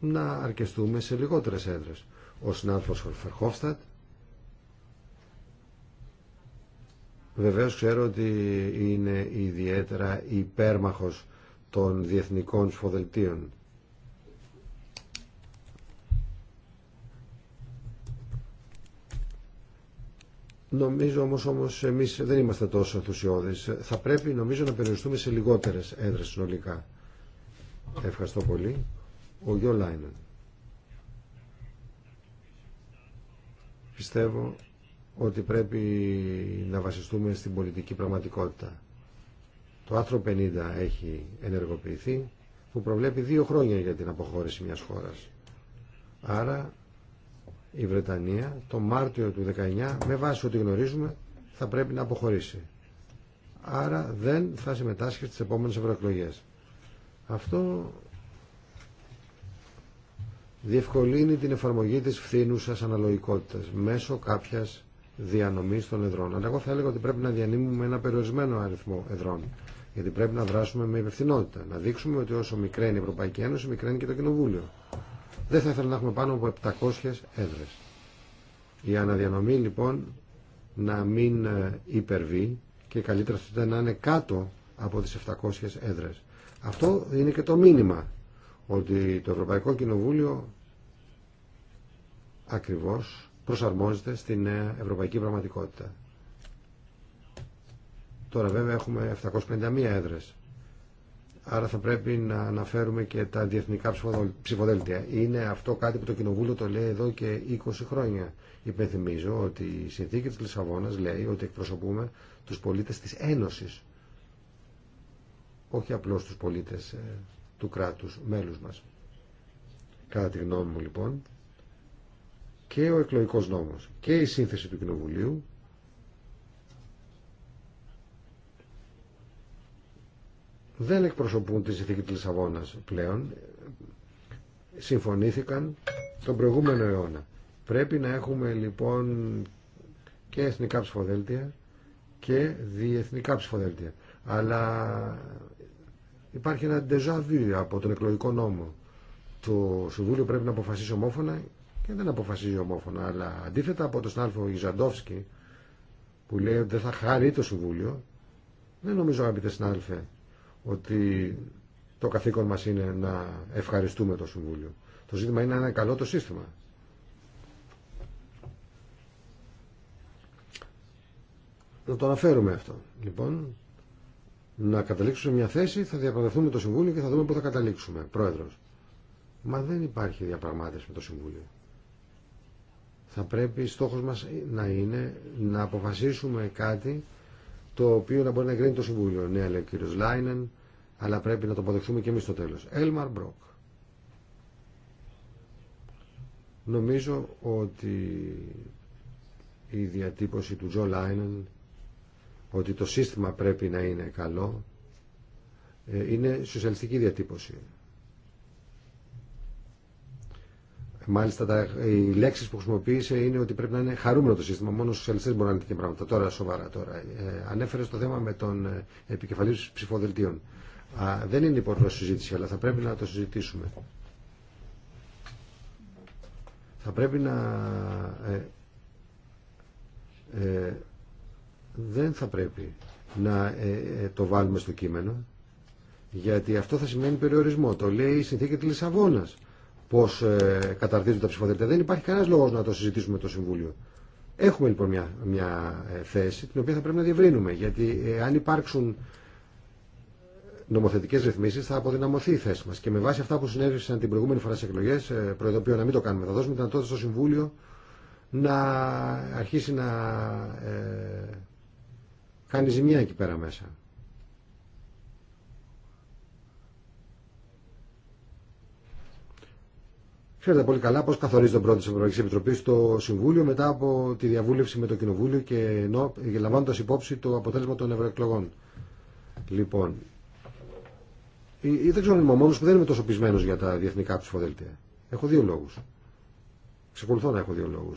Speaker 2: να αρκεστούμε σε λιγότερες έδρες ο συνάδελφος Φερχόφστατ. Βεβαίως ξέρω ότι είναι ιδιαίτερα υπέρμαχος των διεθνικών σφοδελτίων. Νομίζω όμως, όμως εμείς δεν είμαστε τόσο ενθουσιώδεις. Θα πρέπει νομίζω να περιοριστούμε σε λιγότερες έδρες συνολικά. Ευχαριστώ πολύ. Ο Γιώ Λάινεν. πιστεύω ότι πρέπει να βασιστούμε στην πολιτική πραγματικότητα. Το άρθρο 50 έχει ενεργοποιηθεί που προβλέπει δύο χρόνια για την αποχώρηση μιας χώρας. Άρα η Βρετανία το Μάρτιο του 19 με βάση ό,τι γνωρίζουμε θα πρέπει να αποχωρήσει. Άρα δεν θα συμμετάσχει στις επόμενες ευρωεκλογές. Αυτό διευκολύνει την εφαρμογή της φθήνουσας αναλογικότητας μέσω κάποιας διανομής των εδρών. Αλλά εγώ θα έλεγα ότι πρέπει να διανύμουμε ένα περιορισμένο αριθμό εδρών. Γιατί πρέπει να δράσουμε με υπευθυνότητα. Να δείξουμε ότι όσο μικραίνει η Ευρωπαϊκή Ένωση, μικραίνει και το Κοινοβούλιο. Δεν θα ήθελα να έχουμε πάνω από 700 έδρε. Η αναδιανομή λοιπόν να μην ε, υπερβεί και καλύτερα να είναι κάτω από τις 700 έδρες. Αυτό είναι και το μήνυμα ότι το Ευρωπαϊκό Κοινοβούλιο ακριβώς προσαρμόζεται στη νέα ευρωπαϊκή πραγματικότητα. Τώρα βέβαια έχουμε 751 έδρες. Άρα θα πρέπει να αναφέρουμε και τα διεθνικά ψηφοδέλτια. Είναι αυτό κάτι που το Κοινοβούλιο το λέει εδώ και 20 χρόνια. Υπενθυμίζω ότι η συνθήκη της Λισαβόνας λέει ότι εκπροσωπούμε τους πολίτες της Ένωσης. Όχι απλώς τους πολίτες ε, του κράτους μέλους μας. Κατά τη γνώμη μου λοιπόν και ο εκλογικός νόμος και η σύνθεση του Κοινοβουλίου δεν εκπροσωπούν τη συνθήκη της Λισαβόνας πλέον. Συμφωνήθηκαν τον προηγούμενο αιώνα. Πρέπει να έχουμε λοιπόν και εθνικά ψηφοδέλτια και διεθνικά ψηφοδέλτια. Αλλά Υπάρχει ένα déjà vu από τον εκλογικό νόμο. Το Συμβούλιο πρέπει να αποφασίσει ομόφωνα και δεν αποφασίζει ομόφωνα. Αλλά αντίθετα από τον Σνάλφο Γιζαντόφσκι που λέει ότι δεν θα χάρει το Συμβούλιο, δεν νομίζω αγαπητέ Σνάλφε, ότι το καθήκον μας είναι να ευχαριστούμε το Συμβούλιο. Το ζήτημα είναι να είναι καλό το σύστημα. Να το αναφέρουμε αυτό. Λοιπόν, να καταλήξουμε μια θέση, θα διαπραγματευτούμε το Συμβούλιο και θα δούμε πού θα καταλήξουμε. Πρόεδρο. Μα δεν υπάρχει διαπραγμάτευση με το Συμβούλιο. Θα πρέπει στόχος μας να είναι να αποφασίσουμε κάτι το οποίο να μπορεί να εγκρίνει το Συμβούλιο. Ναι, λέει ο κύριο Λάινεν, αλλά πρέπει να το αποδεχθούμε και εμεί στο τέλο. Έλμαρ Μπροκ. Νομίζω ότι η διατύπωση του Τζο Λάινεν ότι το σύστημα πρέπει να είναι καλό, ε, είναι σοσιαλιστική διατύπωση. Μάλιστα τα, οι λέξεις που χρησιμοποίησε είναι ότι πρέπει να είναι χαρούμενο το σύστημα, μόνο οι σοσιαλιστές μπορούν να είναι τέτοια πράγματα. Τώρα σοβαρά τώρα. Ε, ανέφερε στο θέμα με τον ε, επικεφαλής ψηφοδελτίων. Α, δεν είναι υπόρρο συζήτηση, αλλά θα πρέπει να το συζητήσουμε. Θα πρέπει να... ε, ε δεν θα πρέπει να ε, ε, το βάλουμε στο κείμενο γιατί αυτό θα σημαίνει περιορισμό. Το λέει η συνθήκη της Λισαβόνας πώς ε, καταρτίζουν τα ψηφοδέλτια. Δεν υπάρχει κανένας λόγος να το συζητήσουμε με το Συμβούλιο. Έχουμε λοιπόν μια, μια θέση την οποία θα πρέπει να διευρύνουμε γιατί αν υπάρξουν νομοθετικέ ρυθμίσει θα αποδυναμωθεί η θέση μα. Και με βάση αυτά που συνέβησαν την προηγούμενη φορά στι εκλογέ, προεδοποιώ να μην το κάνουμε. Θα δώσουμε δυνατότητα στο Συμβούλιο να αρχίσει να κάνει ζημιά εκεί πέρα μέσα. Ξέρετε πολύ καλά πώ καθορίζει τον πρόεδρο τη Ευρωπαϊκή Επιτροπή το Συμβούλιο μετά από τη διαβούλευση με το Κοινοβούλιο και, ενώ, λαμβάνοντα υπόψη το αποτέλεσμα των ευρωεκλογών. Λοιπόν, ή, ε, ε, δεν ξέρω αν είμαι ο που δεν είμαι τόσο πεισμένο για τα διεθνικά ψηφοδέλτια. Έχω δύο λόγου. Ξεκολουθώ να έχω δύο λόγου.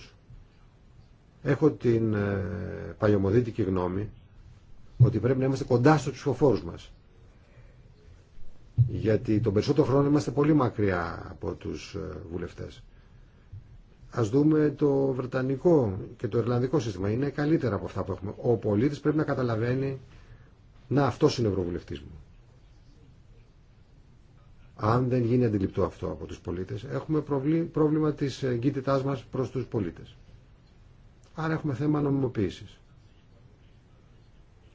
Speaker 2: Έχω την ε, παλιωμοδίτικη γνώμη ότι πρέπει να είμαστε κοντά στους ψηφοφόρους μας. Γιατί τον περισσότερο χρόνο είμαστε πολύ μακριά από τους ε, βουλευτές. Ας δούμε το βρετανικό και το ιρλανδικό σύστημα. Είναι καλύτερα από αυτά που έχουμε. Ο πολίτης πρέπει να καταλαβαίνει να αυτός είναι ο ευρωβουλευτής μου. Αν δεν γίνει αντιληπτό αυτό από τους πολίτες, έχουμε πρόβλημα της εγκύτητάς μας προς τους πολίτες. Άρα έχουμε θέμα νομιμοποίησης.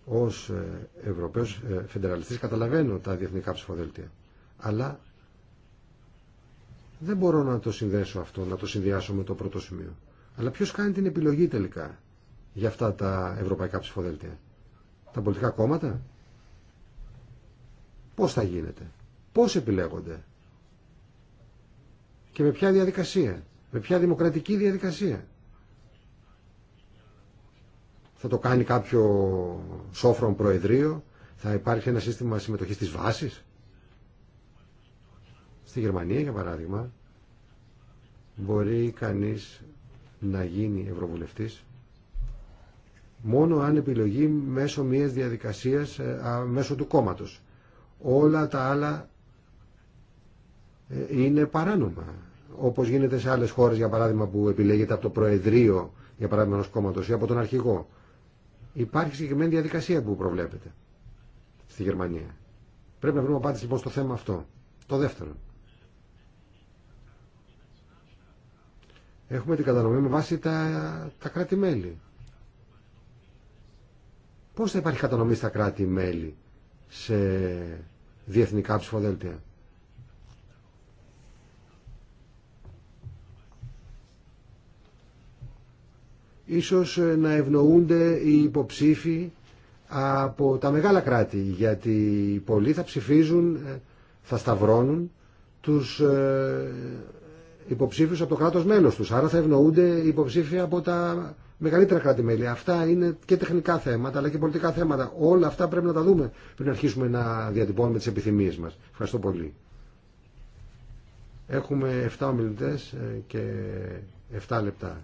Speaker 2: Ως ε, Ευρωπαίο ε, Φεντεραλιστή καταλαβαίνω τα διεθνικά ψηφοδέλτια. Αλλά δεν μπορώ να το συνδέσω αυτό, να το συνδυάσω με το πρώτο σημείο. Αλλά ποιο κάνει την επιλογή τελικά για αυτά τα ευρωπαϊκά ψηφοδέλτια. Τα πολιτικά κόμματα. Πώς θα γίνεται. Πώς επιλέγονται. Και με ποια διαδικασία. Με ποια δημοκρατική διαδικασία θα το κάνει κάποιο σόφρον προεδρείο, θα υπάρχει ένα σύστημα συμμετοχής της βάσης. Στη Γερμανία, για παράδειγμα, μπορεί κανείς να γίνει ευρωβουλευτής μόνο αν επιλογεί μέσω μιας διαδικασίας, ε, μέσω του κόμματος. Όλα τα άλλα ε, είναι παράνομα. Όπως γίνεται σε άλλες χώρες, για παράδειγμα, που επιλέγεται από το Προεδρείο, για παράδειγμα, ενός κόμματος ή από τον αρχηγό. Υπάρχει συγκεκριμένη διαδικασία που προβλέπεται στη Γερμανία. Πρέπει να βρούμε απάντηση λοιπόν στο θέμα αυτό. Το δεύτερο. Έχουμε την κατανομή με βάση τα, τα κράτη-μέλη. Πώς θα υπάρχει κατανομή στα κράτη-μέλη σε διεθνικά ψηφοδέλτια. ίσως ε, να ευνοούνται οι υποψήφοι από τα μεγάλα κράτη, γιατί πολλοί θα ψηφίζουν, ε, θα σταυρώνουν τους ε, υποψήφιους από το κράτος μέλος τους. Άρα θα ευνοούνται οι υποψήφοι από τα μεγαλύτερα κράτη-μέλη. Αυτά είναι και τεχνικά θέματα, αλλά και πολιτικά θέματα. Όλα αυτά πρέπει να τα δούμε πριν αρχίσουμε να διατυπώνουμε τις επιθυμίες μας. Ευχαριστώ πολύ. Έχουμε 7 ομιλητές και 7 λεπτά.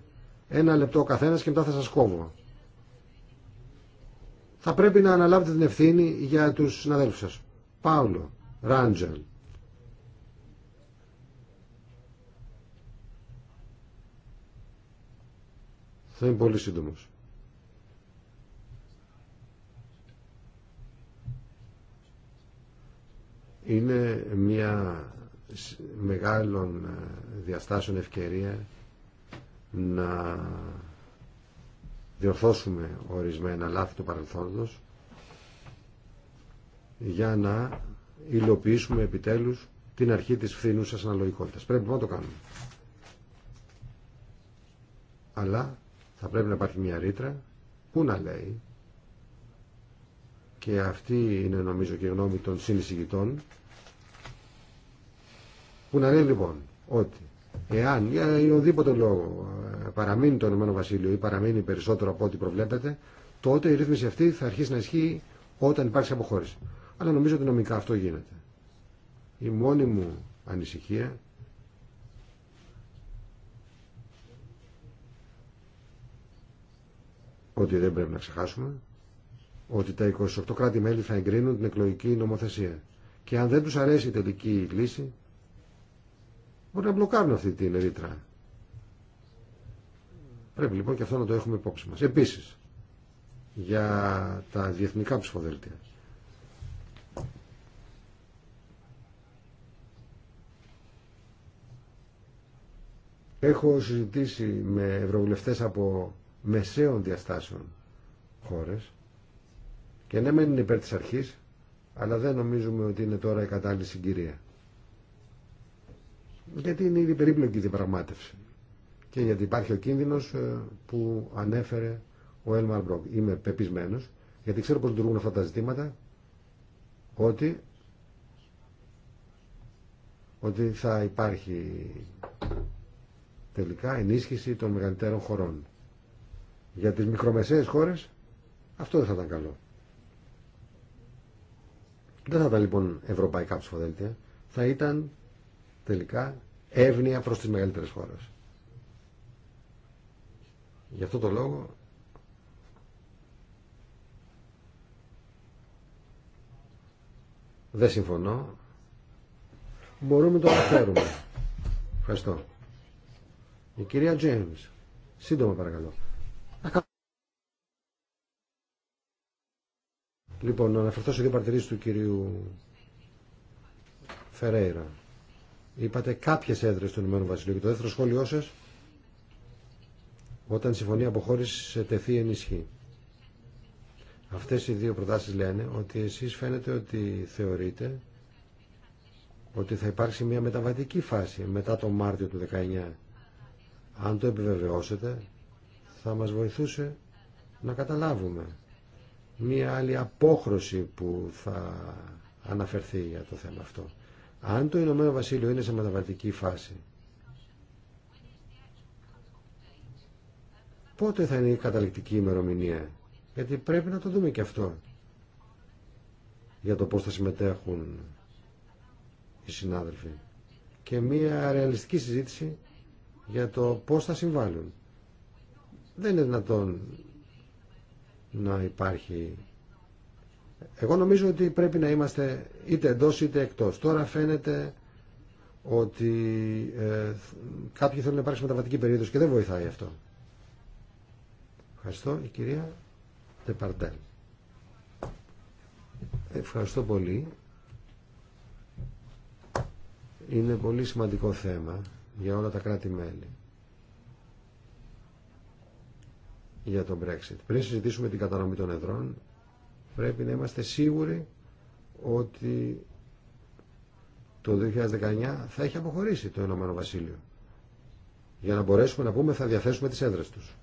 Speaker 2: Ένα λεπτό ο καθένας και μετά θα σας κόβω. Θα πρέπει να αναλάβετε την ευθύνη για τους συναδέλφους σας. Πάουλο, Ράντζελ. Θα είμαι πολύ σύντομος. Είναι μια μεγάλων ε, διαστάσεων ευκαιρία να διορθώσουμε ορισμένα λάθη του παρελθόντος για να υλοποιήσουμε επιτέλους την αρχή της φθήνουσας αναλογικότητας. Πρέπει λοιπόν να το κάνουμε. Αλλά θα πρέπει να υπάρχει μια ρήτρα που να λέει και αυτή είναι νομίζω και η γνώμη των συνεισηγητών που να λέει λοιπόν ότι Εάν για οδήποτε λόγο ε, παραμείνει το Ηνωμένο Βασίλειο ή παραμείνει περισσότερο από ό,τι προβλέπεται, τότε η ρύθμιση αυτή θα αρχίσει να ισχύει όταν υπάρξει αποχώρηση. Αλλά νομίζω ότι νομικά αυτό γίνεται. Η μόνη μου ανησυχία ότι δεν πρέπει να ξεχάσουμε ότι τα 28 κράτη-μέλη θα εγκρίνουν την εκλογική νομοθεσία. Και αν δεν τους αρέσει η τελική λύση, μπορεί να μπλοκάρουν αυτή την ερήτρα Πρέπει λοιπόν και αυτό να το έχουμε υπόψη μας. Επίσης, για τα διεθνικά ψηφοδέλτια. Έχω συζητήσει με ευρωβουλευτές από μεσαίων διαστάσεων χώρες και ναι μένουν υπέρ της αρχής, αλλά δεν νομίζουμε ότι είναι τώρα η κατάλληλη συγκυρία γιατί είναι ήδη περίπλοκη διαπραγμάτευση και γιατί υπάρχει ο κίνδυνος ε, που ανέφερε ο Έλμαρ Μπρόκ. Είμαι πεπισμένος, γιατί ξέρω πώς λειτουργούν αυτά τα ζητήματα, ότι, ότι θα υπάρχει τελικά ενίσχυση των μεγαλύτερων χωρών. Για τις μικρομεσαίες χώρες αυτό δεν θα ήταν καλό. Δεν θα ήταν λοιπόν ευρωπαϊκά ψηφοδέλτια, θα ήταν τελικά εύνοια προς τις μεγαλύτερες χώρες. Γι' αυτό το λόγο δεν συμφωνώ. Μπορούμε το φέρουμε. Ευχαριστώ. Η κυρία Τζέιμς. Σύντομα παρακαλώ. Λοιπόν, να αναφερθώ σε δύο παρατηρήσεις του κυρίου Φερέιρα. Είπατε κάποιες έδρες του Ηνωμένου Βασιλείου. Και το δεύτερο σχόλιο σα όταν η συμφωνία σε τεθεί ενισχύ. Αυτές οι δύο προτάσεις λένε ότι εσείς φαίνεται ότι θεωρείτε ότι θα υπάρξει μια μεταβατική φάση μετά τον Μάρτιο του 19. Αν το επιβεβαιώσετε, θα μας βοηθούσε να καταλάβουμε μια άλλη απόχρωση που θα αναφερθεί για το θέμα αυτό. Αν το Ηνωμένο Βασίλειο είναι σε μεταβατική φάση, πότε θα είναι η καταληκτική ημερομηνία. Γιατί πρέπει να το δούμε και αυτό. Για το πώς θα συμμετέχουν οι συνάδελφοι. Και μία ρεαλιστική συζήτηση για το πώς θα συμβάλλουν. Δεν είναι δυνατόν να υπάρχει εγώ νομίζω ότι πρέπει να είμαστε είτε εντό είτε εκτός. Τώρα φαίνεται ότι ε, κάποιοι θέλουν να υπάρξει μεταβατική περίοδο και δεν βοηθάει αυτό. Ευχαριστώ η κυρία Τεπαρντέλ. Ευχαριστώ πολύ. Είναι πολύ σημαντικό θέμα για όλα τα κράτη-μέλη για τον Brexit. Πριν συζητήσουμε την κατανομή των εδρών, Πρέπει να είμαστε σίγουροι ότι το 2019 θα έχει αποχωρήσει το Ηνωμένο Βασίλειο. Για να μπορέσουμε να πούμε θα διαθέσουμε τις έδρες τους.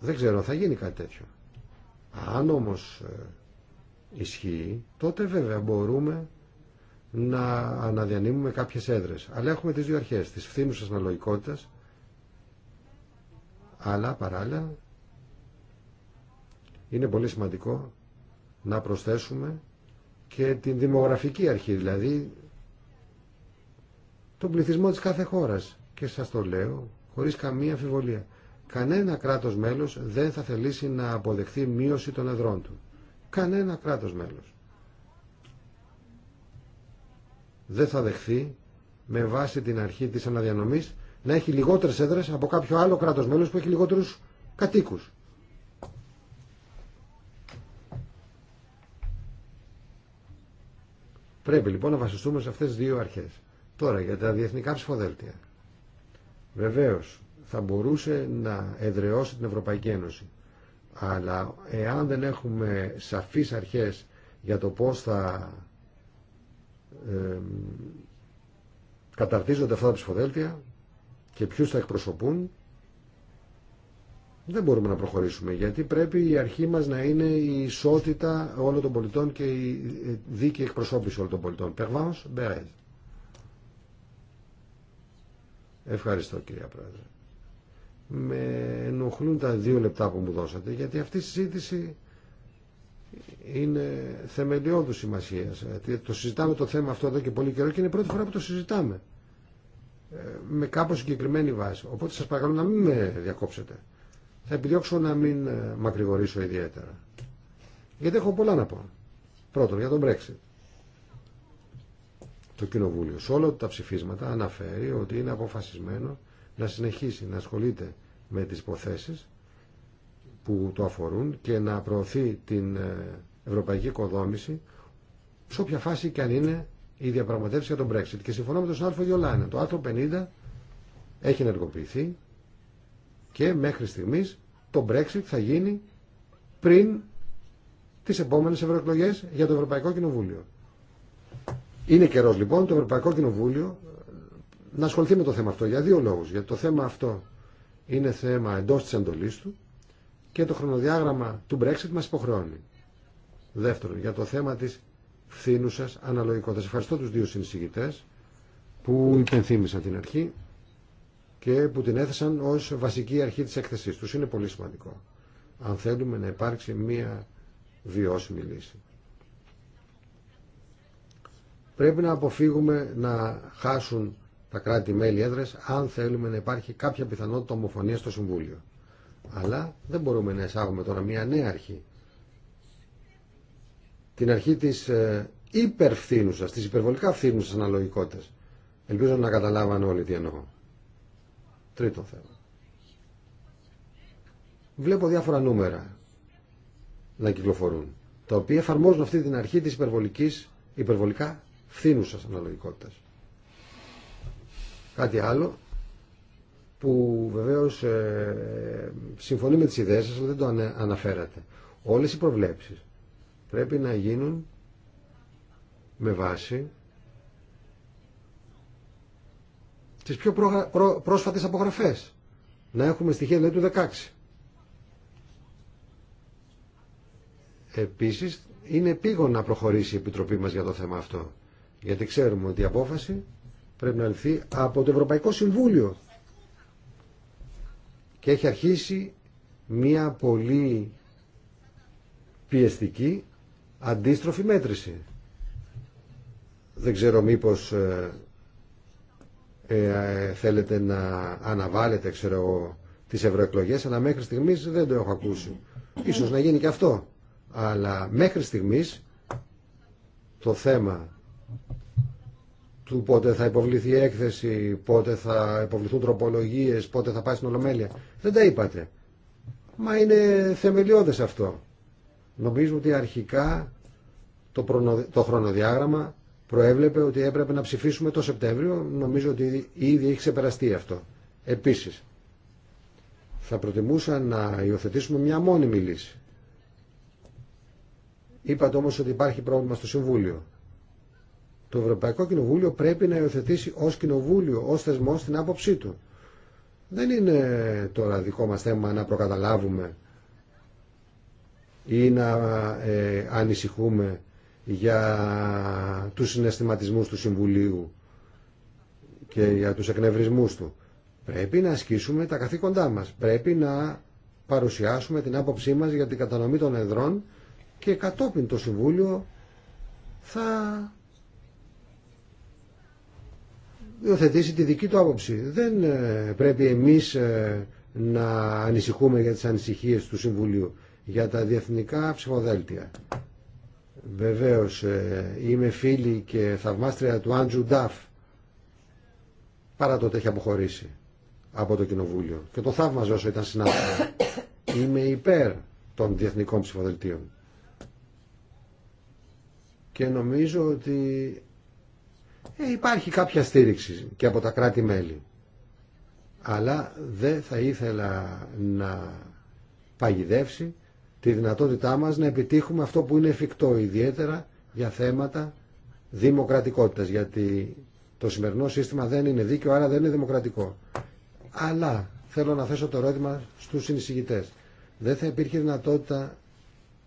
Speaker 2: Δεν ξέρω θα γίνει κάτι τέτοιο. Αν όμως ε, ισχύει, τότε βέβαια μπορούμε να αναδιανύμουμε κάποιες έδρες. Αλλά έχουμε τις δύο αρχές, της φθήνουσας αναλογικότητας, αλλά παράλληλα είναι πολύ σημαντικό να προσθέσουμε και την δημογραφική αρχή, δηλαδή τον πληθυσμό της κάθε χώρας. Και σας το λέω χωρίς καμία αμφιβολία. Κανένα κράτος μέλος δεν θα θελήσει να αποδεχθεί μείωση των εδρών του. Κανένα κράτος μέλος. Δεν θα δεχθεί με βάση την αρχή της αναδιανομής να έχει λιγότερες έδρες από κάποιο άλλο κράτος μέλος που έχει λιγότερους κατοίκους. Πρέπει λοιπόν να βασιστούμε σε αυτές τις δύο αρχές. Τώρα για τα διεθνικά ψηφοδέλτια. Βεβαίως θα μπορούσε να εδραιώσει την Ευρωπαϊκή Ένωση. Αλλά εάν δεν έχουμε σαφείς αρχές για το πώς θα καταρτίζονται αυτά τα ψηφοδέλτια και ποιους θα εκπροσωπούν, δεν μπορούμε να προχωρήσουμε γιατί πρέπει η αρχή μας να είναι η ισότητα όλων των πολιτών και η δίκαιη εκπροσώπηση όλων των πολιτών. Περβάνος Ευχαριστώ κυρία Πρόεδρε. Με ενοχλούν τα δύο λεπτά που μου δώσατε γιατί αυτή η συζήτηση είναι θεμελιώδου σημασία. Το συζητάμε το θέμα αυτό εδώ και πολύ καιρό και είναι η πρώτη φορά που το συζητάμε. Ε, με κάπως συγκεκριμένη βάση. Οπότε σας παρακαλώ να μην με διακόψετε. Θα επιδιώξω να μην ε, μακρηγορήσω ιδιαίτερα. Γιατί έχω πολλά να πω. Πρώτον, για τον Brexit. Το Κοινοβούλιο σε όλα τα ψηφίσματα αναφέρει ότι είναι αποφασισμένο να συνεχίσει να ασχολείται με τις υποθέσεις που το αφορούν και να προωθεί την ε, ευρωπαϊκή οικοδόμηση σε όποια φάση και αν είναι η διαπραγματεύση για τον Brexit. Και συμφωνώ με τον συνάδελφο Γιολάνε. Το άρθρο 50 έχει ενεργοποιηθεί και μέχρι στιγμής το Brexit θα γίνει πριν τις επόμενες ευρωεκλογέ για το Ευρωπαϊκό Κοινοβούλιο. Είναι καιρό λοιπόν το Ευρωπαϊκό Κοινοβούλιο ε, να ασχοληθεί με το θέμα αυτό για δύο λόγους. Γιατί το θέμα αυτό είναι θέμα εντός της εντολής του και το χρονοδιάγραμμα του Brexit μας υποχρεώνει. Δεύτερον, για το θέμα της φθήνουσας αναλογικότητας. Ευχαριστώ τους δύο συνεισηγητές που υπενθύμησαν την αρχή και που την έθεσαν ως βασική αρχή της έκθεσής τους. Είναι πολύ σημαντικό. Αν θέλουμε να υπάρξει μία βιώσιμη λύση. Πρέπει να αποφύγουμε να χάσουν τα κράτη-μέλη έδρες αν θέλουμε να υπάρχει κάποια πιθανότητα ομοφωνία στο Συμβούλιο. Αλλά δεν μπορούμε να εισάγουμε τώρα μια νέα αρχή. Την αρχή της ε, υπερφθήνουσας, της υπερβολικά φθήνουσας αναλογικότητας. Ελπίζω να καταλάβαν να εισαγουμε τωρα μια νεα αρχη την αρχη της υπερφθηνουσας της υπερβολικα φθηνουσας αναλογικοτητας ελπιζω να καταλάβανε ολοι τι εννοώ. Τρίτο θέμα. Βλέπω διάφορα νούμερα να κυκλοφορούν, τα οποία εφαρμόζουν αυτή την αρχή της υπερβολικής, υπερβολικά φθήνουσας αναλογικότητας. Κάτι άλλο που βεβαίως ε, συμφωνεί με τις ιδέες σας, αλλά δεν το αναφέρατε. Όλες οι προβλέψεις πρέπει να γίνουν με βάση τις πιο προ... Προ... απογραφές. Να έχουμε στοιχεία δηλαδή του 16. Επίσης είναι επίγον να προχωρήσει η Επιτροπή μας για το θέμα αυτό. Γιατί ξέρουμε ότι η απόφαση πρέπει να ληφθεί από το Ευρωπαϊκό Συμβούλιο. Και έχει αρχίσει μια πολύ πιεστική αντίστροφη μέτρηση. Δεν ξέρω μήπως ε, ε, ε, θέλετε να αναβάλλετε ξέρω εγώ, τις ευρωεκλογές αλλά μέχρι στιγμής δεν το έχω ακούσει ίσως να γίνει και αυτό αλλά μέχρι στιγμής το θέμα του πότε θα υποβληθεί η έκθεση, πότε θα υποβληθούν τροπολογίες, πότε θα πάει στην Ολομέλεια. Δεν τα είπατε. Μα είναι θεμελιώδες αυτό. Νομίζω ότι αρχικά το, χρονοδιάγραμμα προέβλεπε ότι έπρεπε να ψηφίσουμε το Σεπτέμβριο. Νομίζω ότι ήδη έχει ξεπεραστεί αυτό. Επίσης, θα προτιμούσα να υιοθετήσουμε μια μόνιμη λύση. Είπατε όμως ότι υπάρχει πρόβλημα στο Συμβούλιο. Το Ευρωπαϊκό Κοινοβούλιο πρέπει να υιοθετήσει ω κοινοβούλιο, ω θεσμό την άποψή του. Δεν είναι τώρα δικό μα θέμα να προκαταλάβουμε ή να ε, ανησυχούμε για τους συναισθηματισμούς του Συμβουλίου και για τους εκνευρισμούς του. Πρέπει να ασκήσουμε τα καθήκοντά μας. Πρέπει να παρουσιάσουμε την άποψή μας για την κατανομή των εδρών και κατόπιν το Συμβούλιο θα υιοθετήσει τη δική του άποψη. Δεν ε, πρέπει εμείς ε, να ανησυχούμε για τις ανησυχίες του Συμβουλίου για τα διεθνικά ψηφοδέλτια. Βεβαίως ε, είμαι φίλη και θαυμάστρια του Άντζου Νταφ παρά τότε έχει αποχωρήσει από το Κοινοβούλιο και το θαύμαζε όσο ήταν συνάδελφο. Είμαι υπέρ των διεθνικών ψηφοδελτίων. Και νομίζω ότι ε, υπάρχει κάποια στήριξη και από τα κράτη-μέλη. Αλλά δεν θα ήθελα να παγιδεύσει τη δυνατότητά μας να επιτύχουμε αυτό που είναι εφικτό, ιδιαίτερα για θέματα δημοκρατικότητας, γιατί το σημερινό σύστημα δεν είναι δίκαιο, άρα δεν είναι δημοκρατικό. Αλλά θέλω να θέσω το ερώτημα στους συνεισηγητές. Δεν θα υπήρχε δυνατότητα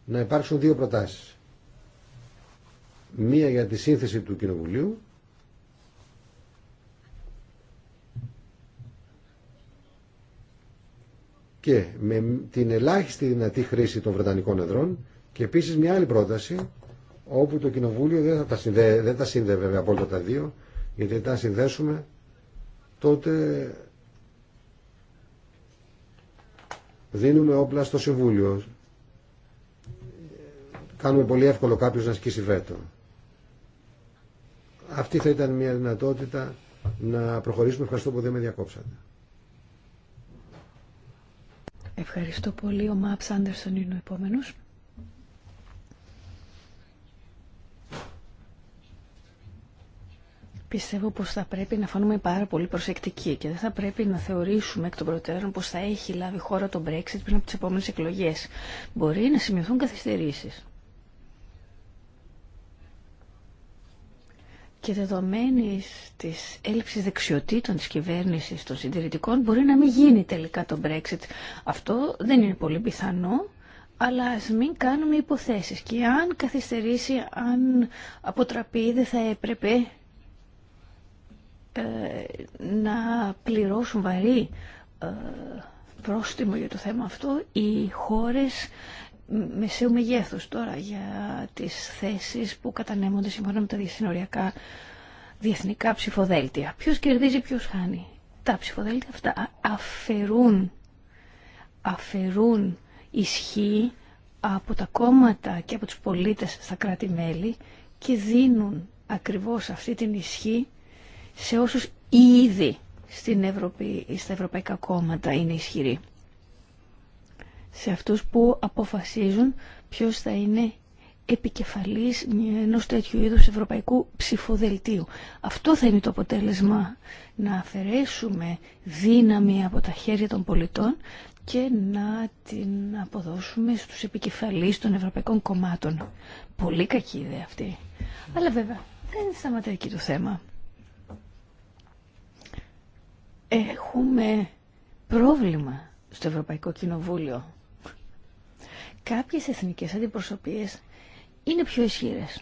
Speaker 2: να υπάρξουν δύο προτάσεις. Μία για τη σύνθεση του Κοινοβουλίου και με την ελάχιστη δυνατή χρήση των Βρετανικών εδρών και επίσης μια άλλη πρόταση όπου το Κοινοβούλιο δεν, θα τα, συνδέ, δεν τα απόλυτα τα δύο γιατί αν τα συνδέσουμε τότε δίνουμε όπλα στο Συμβούλιο κάνουμε πολύ εύκολο κάποιος να σκίσει βέτο αυτή θα ήταν μια δυνατότητα να προχωρήσουμε ευχαριστώ που δεν με διακόψατε
Speaker 1: Ευχαριστώ πολύ. Ο Μάπς Άντερσον είναι ο επόμενος. Πιστεύω πως θα πρέπει να φανούμε πάρα πολύ προσεκτικοί και δεν θα πρέπει να θεωρήσουμε εκ των προτέρων πως θα έχει λάβει χώρα το Brexit πριν από τις επόμενες εκλογές. Μπορεί να σημειωθούν καθυστερήσεις. και δεδομένη της έλλειψης δεξιοτήτων τη κυβέρνηση των συντηρητικών μπορεί να μην γίνει τελικά το Brexit. Αυτό δεν είναι πολύ πιθανό, αλλά α μην κάνουμε υποθέσεις. Και αν καθυστερήσει, αν αποτραπεί, δεν θα έπρεπε ε, να πληρώσουν βαρύ ε, πρόστιμο για το θέμα αυτό οι χώρες μεσαίου μεγέθους τώρα για τις θέσεις που κατανέμονται σύμφωνα με τα διεθνικά ψηφοδέλτια. Ποιος κερδίζει, ποιος χάνει. Τα ψηφοδέλτια αυτά αφαιρούν, αφαιρούν ισχύ από τα κόμματα και από τους πολίτες στα κράτη-μέλη και δίνουν ακριβώς αυτή την ισχύ σε όσους ήδη στην Ευρωπή, στα ευρωπαϊκά κόμματα είναι ισχυροί σε αυτούς που αποφασίζουν ποιος θα είναι επικεφαλής ενός τέτοιου είδους ευρωπαϊκού ψηφοδελτίου. Αυτό θα είναι το αποτέλεσμα να αφαιρέσουμε δύναμη από τα χέρια των πολιτών και να την αποδώσουμε στους επικεφαλείς των ευρωπαϊκών κομμάτων. Πολύ κακή ιδέα αυτή. Αλλά βέβαια δεν σταματάει εκεί το θέμα. Έχουμε πρόβλημα στο Ευρωπαϊκό Κοινοβούλιο κάποιες εθνικές αντιπροσωπείες είναι πιο ισχύρες.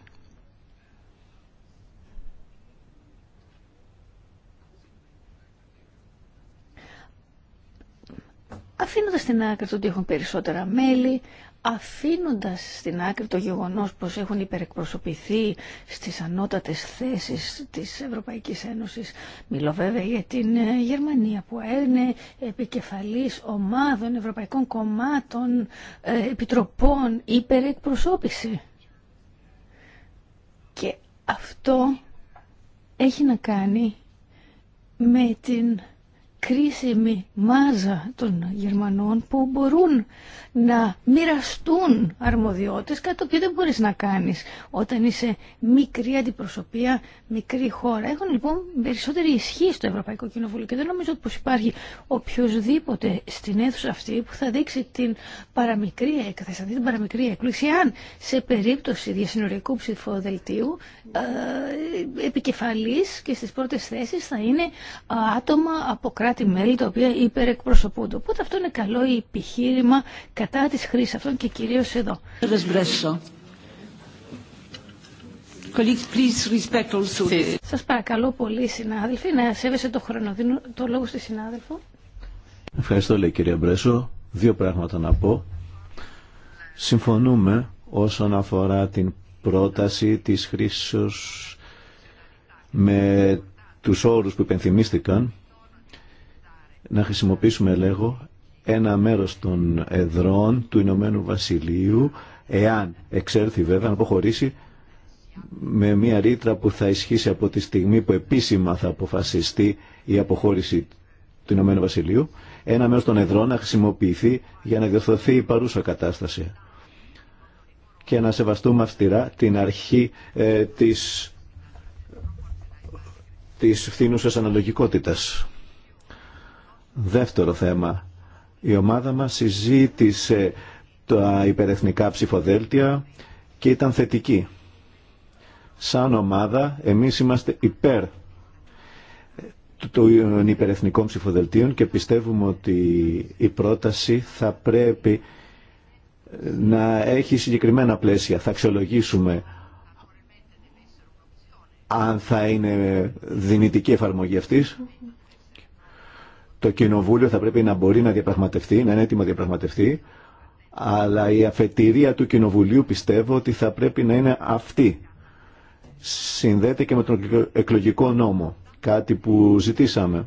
Speaker 1: Αφήνοντας την άκρη ότι έχουν περισσότερα μέλη, αφήνοντας στην άκρη το γεγονός πως έχουν υπερεκπροσωπηθεί στις ανώτατες θέσεις της Ευρωπαϊκής Ένωσης. Μιλώ βέβαια για την ε, Γερμανία που είναι επικεφαλής ομάδων ευρωπαϊκών κομμάτων, ε, επιτροπών, υπερεκπροσώπηση. Και αυτό έχει να κάνει με την κρίσιμη μάζα των Γερμανών που μπορούν να μοιραστούν αρμοδιότητες, κάτι το οποίο δεν μπορείς να κάνεις όταν είσαι μικρή αντιπροσωπεία, μικρή χώρα. Έχουν λοιπόν περισσότερη ισχύ στο Ευρωπαϊκό Κοινοβούλιο και δεν νομίζω πως υπάρχει οποιοδήποτε στην αίθουσα αυτή που θα δείξει την παραμικρή έκθεση, την παραμικρή έκπληξη, αν σε περίπτωση διασυνοριακού ψηφοδελτίου ε, επικεφαλής και στις πρώτες θέσεις θα είναι άτομα από κράτη κράτη-μέλη τα οποία υπερεκπροσωπούνται. Οπότε αυτό είναι καλό η επιχείρημα κατά της χρήσης αυτών και κυρίως εδώ. Σας παρακαλώ πολύ συνάδελφοι να σέβεσαι το χρόνο. Δίνω το λόγο στη συνάδελφο.
Speaker 3: Ευχαριστώ λέει κυρία Μπρέσο. Δύο πράγματα να πω. Συμφωνούμε όσον αφορά την πρόταση της χρήσης με τους όρους που υπενθυμίστηκαν να χρησιμοποιήσουμε, λέγω, ένα μέρος των εδρών του Ηνωμένου Βασιλείου, εάν εξέρθει βέβαια να αποχωρήσει με μια ρήτρα που θα ισχύσει από τη στιγμή που επίσημα θα αποφασιστεί η αποχώρηση του Ηνωμένου Βασιλείου, ένα μέρος των εδρών να χρησιμοποιηθεί για να διορθωθεί η παρούσα κατάσταση και να σεβαστούμε αυστηρά την αρχή ε, της, της φθήνουσας αναλογικότητας. Δεύτερο θέμα. Η ομάδα μας συζήτησε τα υπερεθνικά ψηφοδέλτια και ήταν θετική. Σαν ομάδα εμείς είμαστε υπέρ των υπερεθνικών ψηφοδελτίων και πιστεύουμε ότι η πρόταση θα πρέπει να έχει συγκεκριμένα πλαίσια. Θα αξιολογήσουμε αν θα είναι δυνητική εφαρμογή αυτής το Κοινοβούλιο θα πρέπει να μπορεί να διαπραγματευτεί, να είναι έτοιμο να διαπραγματευτεί, αλλά η αφετηρία του Κοινοβουλίου πιστεύω ότι θα πρέπει να είναι αυτή. Συνδέεται και με τον εκλογικό νόμο, κάτι που ζητήσαμε.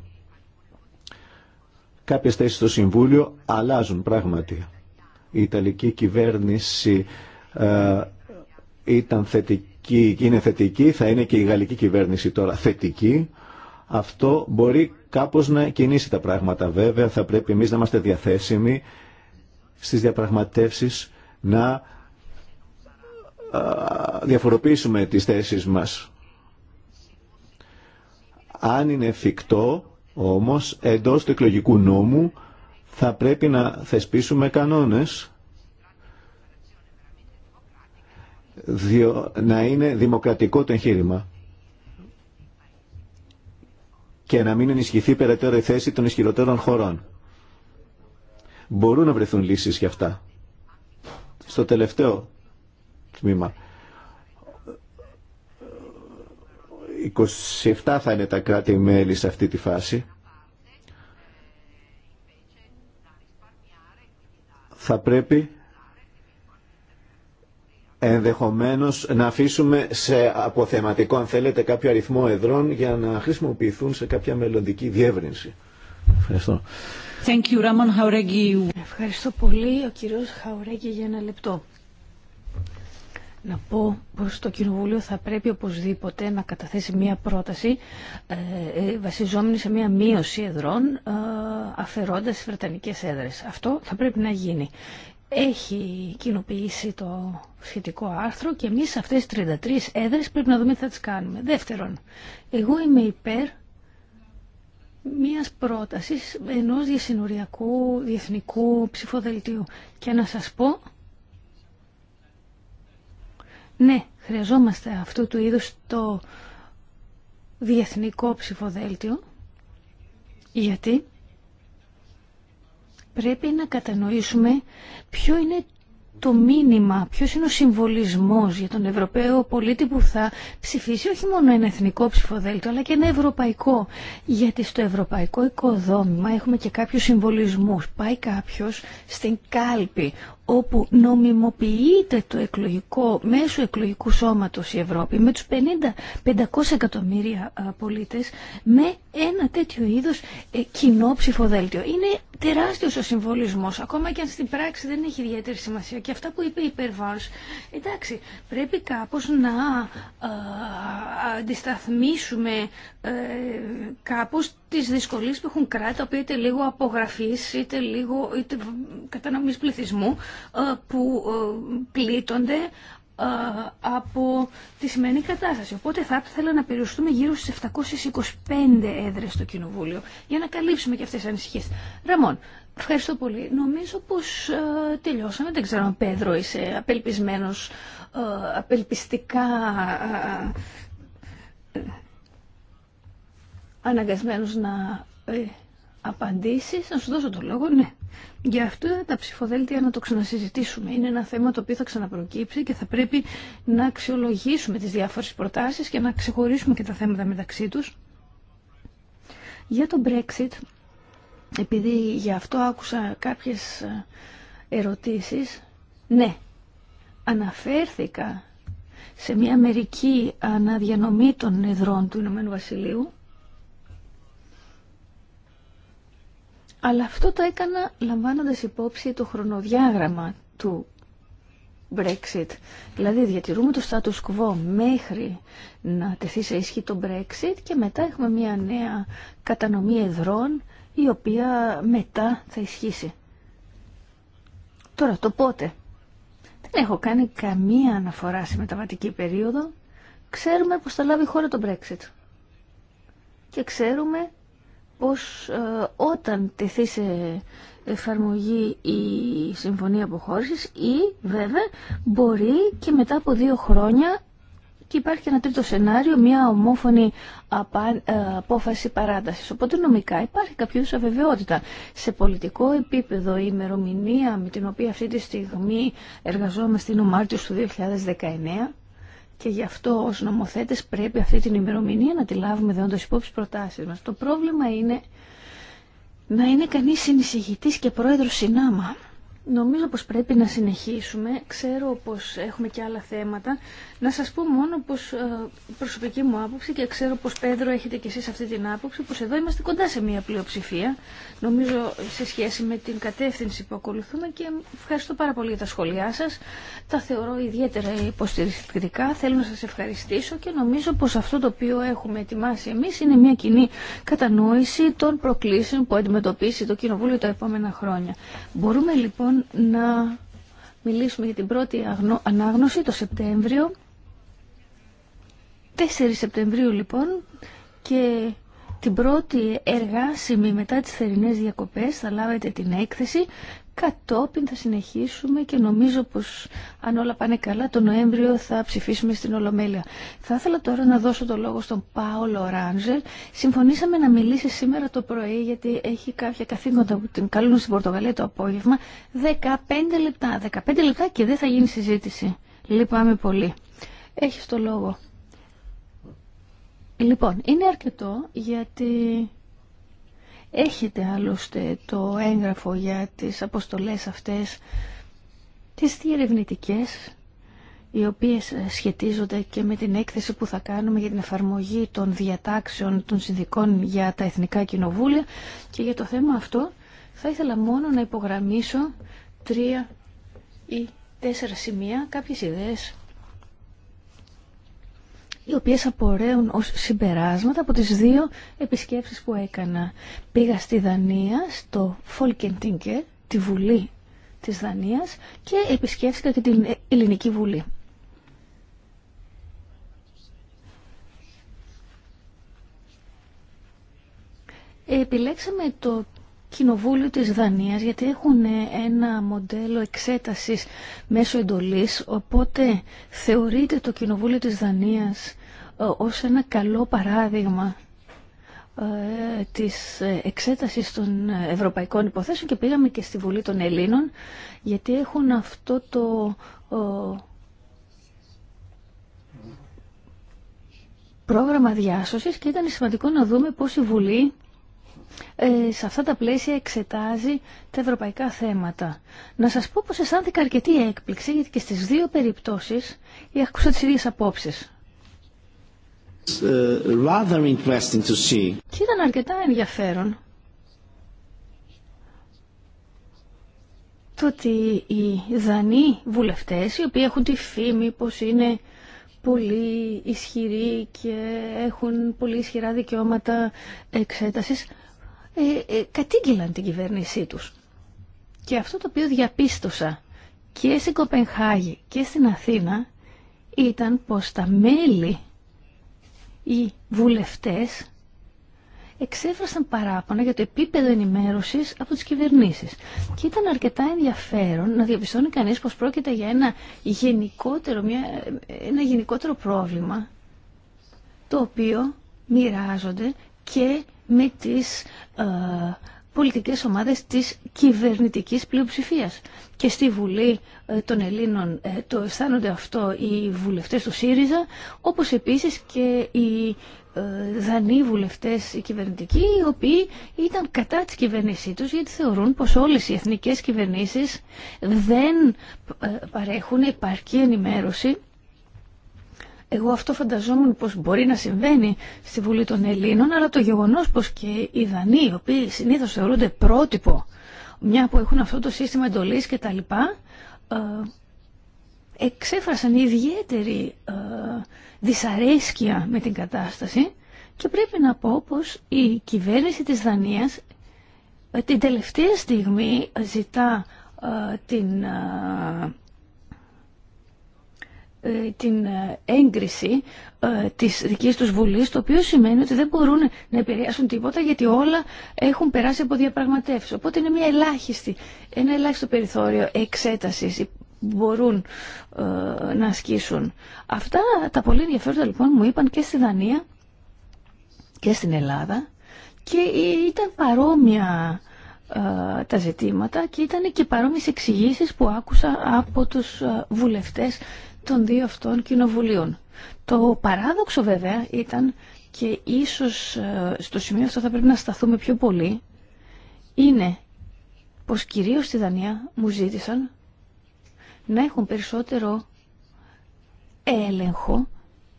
Speaker 3: Κάποιες θέσεις στο Συμβούλιο αλλάζουν πράγματι. Η Ιταλική κυβέρνηση ε, ήταν θετική, είναι θετική, θα είναι και η Γαλλική κυβέρνηση τώρα θετική. Αυτό μπορεί κάπως να κινήσει τα πράγματα. Βέβαια θα πρέπει εμείς να είμαστε διαθέσιμοι στις διαπραγματεύσεις να διαφοροποιήσουμε τις θέσεις μας. Αν είναι εφικτό όμως εντός του εκλογικού νόμου θα πρέπει να θεσπίσουμε κανόνες να είναι δημοκρατικό το εγχείρημα και να μην ενισχυθεί περαιτέρω η θέση των ισχυρότερων χωρών. Μπορούν να βρεθούν λύσεις για αυτά. Στο τελευταίο τμήμα. 27 θα είναι τα κράτη-μέλη σε αυτή τη φάση. Θα πρέπει ενδεχομένως να αφήσουμε σε αποθεματικό αν θέλετε κάποιο αριθμό εδρών για να χρησιμοποιηθούν σε κάποια μελλοντική διεύρυνση. Ευχαριστώ.
Speaker 1: Thank you, Ramon Ευχαριστώ πολύ ο κύριος Χαουρέγγι για ένα λεπτό. Να πω πως το Κοινοβούλιο θα πρέπει οπωσδήποτε να καταθέσει μία πρόταση ε, ε βασιζόμενη σε μία μείωση εδρών ε, αφαιρώντας τις Βρετανικές έδρες. Αυτό θα πρέπει να γίνει έχει κοινοποιήσει το σχετικό άρθρο και εμείς αυτές τις 33 έδρες πρέπει να δούμε τι θα τις κάνουμε. Δεύτερον, εγώ είμαι υπέρ μιας πρότασης ενός διασυνοριακού διεθνικού ψηφοδελτίου και να σας πω ναι, χρειαζόμαστε αυτού του είδους το διεθνικό ψηφοδέλτιο γιατί πρέπει να κατανοήσουμε ποιο είναι το μήνυμα, ποιο είναι ο συμβολισμός για τον Ευρωπαίο πολίτη που θα ψηφίσει όχι μόνο ένα εθνικό ψηφοδέλτιο αλλά και ένα ευρωπαϊκό. Γιατί στο ευρωπαϊκό οικοδόμημα έχουμε και κάποιους συμβολισμούς. Πάει κάποιο στην κάλπη όπου νομιμοποιείται το εκλογικό, μέσω εκλογικού σώματος η Ευρώπη, με τους 50-500 εκατομμύρια πολίτες, με ένα τέτοιο είδος ε, κοινό ψηφοδέλτιο. Είναι τεράστιος ο συμβολισμός, ακόμα και αν στην πράξη δεν έχει ιδιαίτερη σημασία. Και αυτά που είπε η Περβάρς, εντάξει, πρέπει κάπως να αντισταθμίσουμε ε, κάπως τις δυσκολίες που έχουν κράτη, οποία είτε λίγο απογραφής, είτε λίγο είτε κατανομής πληθυσμού, ε, που ε, πλήττονται ε, από τη σημερινή κατάσταση. Οπότε θα ήθελα να περιοριστούμε γύρω στις 725 έδρες στο Κοινοβούλιο για να καλύψουμε και αυτές τις ανησυχίες. Ραμόν, ευχαριστώ πολύ. Νομίζω πως τελειώσαμε. Δεν ξέρω αν Πέδρο είσαι απελπισμένος, απελπιστικά αναγκασμένος να ε, απαντήσεις, να σου δώσω το λόγο, ναι. Γι' αυτό τα ψηφοδέλτια να το ξανασυζητήσουμε. Είναι ένα θέμα το οποίο θα ξαναπροκύψει και θα πρέπει να αξιολογήσουμε τις διάφορες προτάσεις και να ξεχωρίσουμε και τα θέματα μεταξύ τους. Για το Brexit, επειδή γι' αυτό άκουσα κάποιες ε, ερωτήσεις, ναι, αναφέρθηκα σε μια μερική αναδιανομή των εδρών του Ηνωμένου Βασιλείου Αλλά αυτό το έκανα λαμβάνοντας υπόψη το χρονοδιάγραμμα του Brexit. Δηλαδή διατηρούμε το status quo μέχρι να τεθεί σε ισχύ το Brexit και μετά έχουμε μια νέα κατανομή εδρών η οποία μετά θα ισχύσει. Τώρα το πότε. Δεν έχω κάνει καμία αναφορά σε μεταβατική περίοδο. Ξέρουμε πως θα λάβει η χώρα το Brexit. Και ξέρουμε πως ε, όταν τεθεί σε εφαρμογή η συμφωνία αποχώρησης ή βέβαια μπορεί και μετά από δύο χρόνια και υπάρχει και ένα τρίτο σενάριο, μια ομόφωνη ε, απόφαση παράτασης. Οπότε νομικά υπάρχει κάποιο αβεβαιότητα. Σε πολιτικό επίπεδο η βεβαια μπορει και μετα απο δυο χρονια και υπαρχει ενα τριτο σεναριο μια ομοφωνη αποφαση παρατασης οποτε νομικα υπαρχει καποιο αβεβαιοτητα σε πολιτικο επιπεδο η ημερομηνια με την οποία αυτή τη στιγμή εργαζόμαστε είναι ο Μάρτιος του 2019 και γι' αυτό ως νομοθέτες πρέπει αυτή την ημερομηνία να τη λάβουμε δεόντως υπόψη προτάσεις μας. Το πρόβλημα είναι να είναι κανείς συνεισηγητής και πρόεδρος συνάμα. Νομίζω πως πρέπει να συνεχίσουμε. Ξέρω πως έχουμε και άλλα θέματα. Να σας πω μόνο πως ε, προσωπική μου άποψη και ξέρω πως Πέδρο έχετε και εσείς αυτή την άποψη πως εδώ είμαστε κοντά σε μια πλειοψηφία. Νομίζω σε σχέση με την κατεύθυνση που ακολουθούμε και ευχαριστώ πάρα πολύ για τα σχόλιά σας. Τα θεωρώ ιδιαίτερα υποστηρικτικά. Θέλω να σας ευχαριστήσω και νομίζω πως αυτό το οποίο έχουμε ετοιμάσει εμείς είναι μια κοινή κατανόηση των προκλήσεων που αντιμετωπίσει το Κοινοβούλιο τα επόμενα χρόνια. Μπορούμε λοιπόν Λοιπόν να μιλήσουμε για την πρώτη ανάγνωση το Σεπτέμβριο. 4 Σεπτεμβρίου λοιπόν και την πρώτη εργάσιμη μετά τις θερινές διακοπές θα λάβετε την έκθεση Κατόπιν θα συνεχίσουμε και νομίζω πως αν όλα πάνε καλά τον Νοέμβριο θα ψηφίσουμε στην Ολομέλεια. Θα ήθελα τώρα να δώσω το λόγο στον Πάολο Ράντζελ. Συμφωνήσαμε να μιλήσει σήμερα το πρωί γιατί έχει κάποια καθήκοντα που την καλούν στην Πορτογαλία το απόγευμα. 15 λεπτά. 15 λεπτά και δεν θα γίνει συζήτηση. Λυπάμαι πολύ. Έχεις το λόγο. Λοιπόν, είναι αρκετό γιατί Έχετε άλλωστε το έγγραφο για τις αποστολές αυτές, τις διερευνητικές, οι οποίες σχετίζονται και με την έκθεση που θα κάνουμε για την εφαρμογή των διατάξεων των συνδικών για τα Εθνικά Κοινοβούλια και για το θέμα αυτό θα ήθελα μόνο να υπογραμμίσω τρία ή τέσσερα σημεία, κάποιες ιδέες οι οποίες απορρέουν ως συμπεράσματα από τις δύο επισκέψεις που έκανα. Πήγα στη Δανία, στο Φόλκεντινκε τη Βουλή της Δανίας και επισκέφθηκα και την Ελληνική Βουλή. Επιλέξαμε το Κοινοβούλιο της Δανίας γιατί έχουν ένα μοντέλο εξέτασης μέσω εντολής οπότε θεωρείται το Κοινοβούλιο της Δανίας ε, ως ένα καλό παράδειγμα ε, της ε, εξέτασης των ευρωπαϊκών υποθέσεων και πήγαμε και στη Βουλή των Ελλήνων γιατί έχουν αυτό το πρόγραμμα διάσωσης και ήταν σημαντικό να δούμε πώς η Βουλή σε αυτά τα πλαίσια εξετάζει τα ευρωπαϊκά θέματα. Να σας πω πως αισθάνθηκα αρκετή έκπληξη γιατί και στις δύο περιπτώσεις άκουσα τις ίδιες απόψεις.
Speaker 3: Uh, rather interesting to see.
Speaker 1: Και ήταν αρκετά ενδιαφέρον το ότι οι Δανείοι βουλευτές, οι οποίοι έχουν τη φήμη πως είναι πολύ ισχυροί και έχουν πολύ ισχυρά δικαιώματα εξέτασης, ε, ε, κατήγγυλαν την κυβέρνησή τους. Και αυτό το οποίο διαπίστωσα και στην Κοπενχάγη και στην Αθήνα ήταν πως τα μέλη οι βουλευτές εξέφρασαν παράπονα για το επίπεδο ενημέρωσης από τις κυβερνήσεις. Και ήταν αρκετά ενδιαφέρον να διαπιστώνει κανείς πως πρόκειται για ένα γενικότερο, μια, ένα γενικότερο πρόβλημα το οποίο μοιράζονται και με τις ε, πολιτικές ομάδες της κυβερνητικής πλειοψηφίας. Και στη Βουλή ε, των Ελλήνων ε, το αισθάνονται αυτό οι βουλευτές του ΣΥΡΙΖΑ, όπως επίσης και οι ε, δανείοι βουλευτές κυβερνητικοί, οι οποίοι ήταν κατά της κυβέρνησή τους, γιατί θεωρούν πως όλες οι εθνικές κυβερνήσεις δεν παρέχουν επαρκή ενημέρωση εγώ αυτό φανταζόμουν πως μπορεί να συμβαίνει στη Βουλή των Ελλήνων, αλλά το γεγονός πως και οι Δανείοι, οι οποίοι συνήθως θεωρούνται πρότυπο, μια που έχουν αυτό το σύστημα εντολής και τα λοιπά, ε, εξέφρασαν ιδιαίτερη ε, δυσαρέσκεια με την κατάσταση και πρέπει να πω πως η κυβέρνηση της Δανίας ε, την τελευταία στιγμή ζητά την ε, την ε, έγκριση ε, της δικής τους βουλής, το οποίο σημαίνει ότι δεν μπορούν να επηρεάσουν τίποτα γιατί όλα έχουν περάσει από διαπραγματεύσεις. Οπότε είναι μια ελάχιστη, ένα ελάχιστο περιθώριο εξέτασης μπορούν να ασκήσουν. Αυτά τα πολύ ενδιαφέροντα λοιπόν μου είπαν και στη Δανία και στην Ελλάδα και ήταν παρόμοια τα ζητήματα και ήταν και παρόμοιες εξηγήσει που άκουσα από τους βουλευτές των δύο αυτών κοινοβουλίων. Το παράδοξο βέβαια ήταν και ίσως ε, στο σημείο αυτό θα πρέπει να σταθούμε πιο πολύ είναι πως κυρίως στη Δανία μου ζήτησαν να έχουν περισσότερο έλεγχο,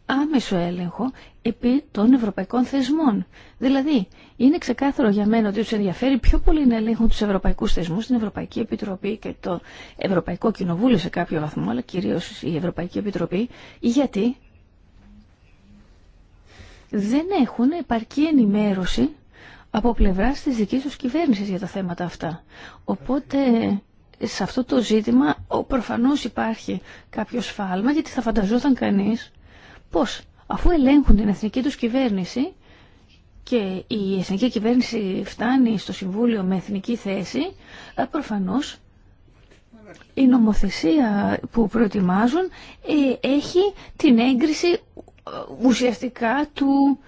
Speaker 1: άμεσο έλεγχο επί των ευρωπαϊκών θεσμών. Δηλαδή είναι ξεκάθαρο για μένα ότι του ενδιαφέρει πιο πολύ να ελέγχουν του ευρωπαϊκού θεσμού, την Ευρωπαϊκή Επιτροπή και το Ευρωπαϊκό Κοινοβούλιο σε κάποιο βαθμό, αλλά κυρίω η Ευρωπαϊκή Επιτροπή, γιατί δεν έχουν επαρκή ενημέρωση από πλευρά τη δική του κυβέρνηση για τα θέματα αυτά. Οπότε σε αυτό το ζήτημα προφανώ υπάρχει κάποιο σφάλμα γιατί θα φανταζόταν κανεί πώ αφού ελέγχουν την εθνική του κυβέρνηση και η εθνική κυβέρνηση φτάνει στο Συμβούλιο με εθνική θέση, ε, προφανώς η νομοθεσία που προετοιμάζουν ε, έχει την έγκριση ε, ουσιαστικά του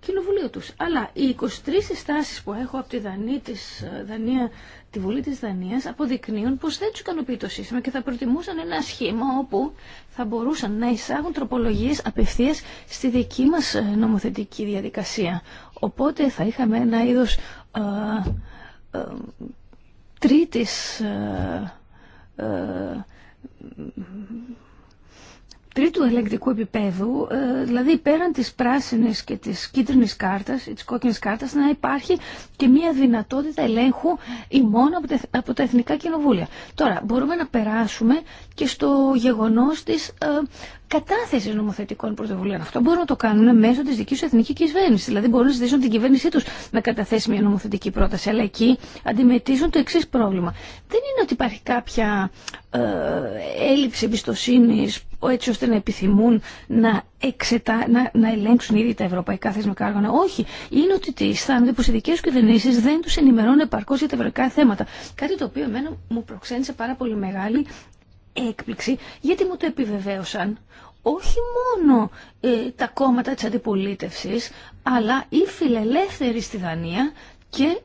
Speaker 1: κοινοβουλίου τους. Αλλά οι 23 συστάσεις που έχω από τη Δανία, της Δανία τη Βουλή της Δανίας αποδεικνύουν πως δεν τους ικανοποιεί το σύστημα και θα προτιμούσαν ένα σχήμα όπου θα μπορούσαν να εισάγουν τροπολογίες απευθείας στη δική μας ε, νομοθετική διαδικασία. Οπότε θα είχαμε ένα είδος ε, ε τρίτης ε, ε τρίτου ελεγκτικού επίπεδου, ε, δηλαδή πέραν της πράσινης και της κίτρινης κάρτας ή της κόκκινης κάρτας, να υπάρχει και μια δυνατότητα ελέγχου μόνο από τα Εθνικά Κοινοβούλια. Τώρα, μπορούμε να περάσουμε και στο γεγονός της ε, κατάθεση νομοθετικών πρωτοβουλίων. Αυτό μπορούν να το κάνουν μέσω τη δική σου εθνική κυβέρνηση. Δηλαδή μπορούν να ζητήσουν την κυβέρνησή του να καταθέσει μια νομοθετική πρόταση. Αλλά εκεί αντιμετήσουν το εξή πρόβλημα. Δεν είναι ότι υπάρχει κάποια ε, έλλειψη εμπιστοσύνη έτσι ώστε να επιθυμούν να, εξετα... να, να ελέγξουν ήδη τα ευρωπαϊκά θεσμικά όργανα. Όχι. Είναι ότι αισθάνονται πω οι δικέ του κυβερνήσει δεν του ενημερώνουν επαρκώ για τα ευρωπαϊκά θέματα. Κάτι το οποίο εμένα μου προξένησε πάρα πολύ μεγάλη έκπληξη γιατί μου το επιβεβαίωσαν όχι μόνο ε, τα κόμματα της αντιπολίτευσης, αλλά ή φιλελεύθεροι στη Δανία και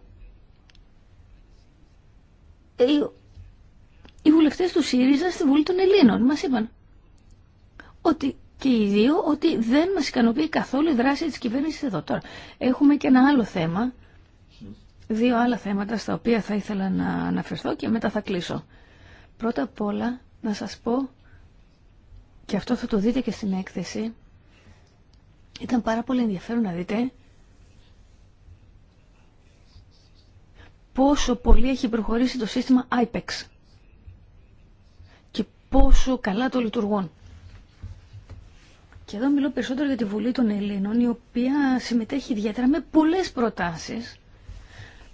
Speaker 1: οι βουλευτές του ΣΥΡΙΖΑ στη Βουλή των Ελλήνων. Μας είπαν ότι και οι δύο ότι δεν μας ικανοποιεί καθόλου η δράση της κυβέρνησης εδώ. Τώρα, έχουμε και ένα άλλο θέμα, δύο άλλα θέματα στα οποία θα ήθελα να αναφερθώ και μετά θα κλείσω. Πρώτα απ' όλα να σας πω και αυτό θα το δείτε και στην έκθεση, ήταν πάρα πολύ ενδιαφέρον να δείτε πόσο πολύ έχει προχωρήσει το σύστημα IPEX και πόσο καλά το λειτουργούν. Και εδώ μιλώ περισσότερο για τη Βουλή των Ελλήνων, η οποία συμμετέχει ιδιαίτερα με πολλές προτάσεις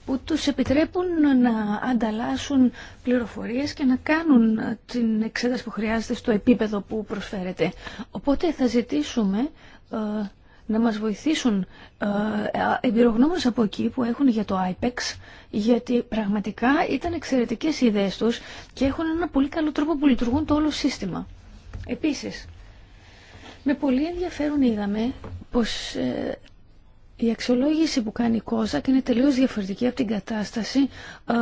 Speaker 1: που τους επιτρέπουν να ανταλλάσσουν πληροφορίες και να κάνουν την εξέταση που χρειάζεται στο επίπεδο που προσφέρεται. Οπότε θα ζητήσουμε ε, να μας βοηθήσουν ε, ε, εμπειρογνώμονες από εκεί που έχουν για το IPEX γιατί πραγματικά ήταν εξαιρετικές οι ιδέες τους και έχουν ένα πολύ καλό τρόπο που λειτουργούν το όλο σύστημα. Επίσης, με πολύ ενδιαφέρον είδαμε πως η αξιολόγηση που κάνει η ΚΟΖΑΚ είναι τελείω διαφορετική από την κατάσταση α,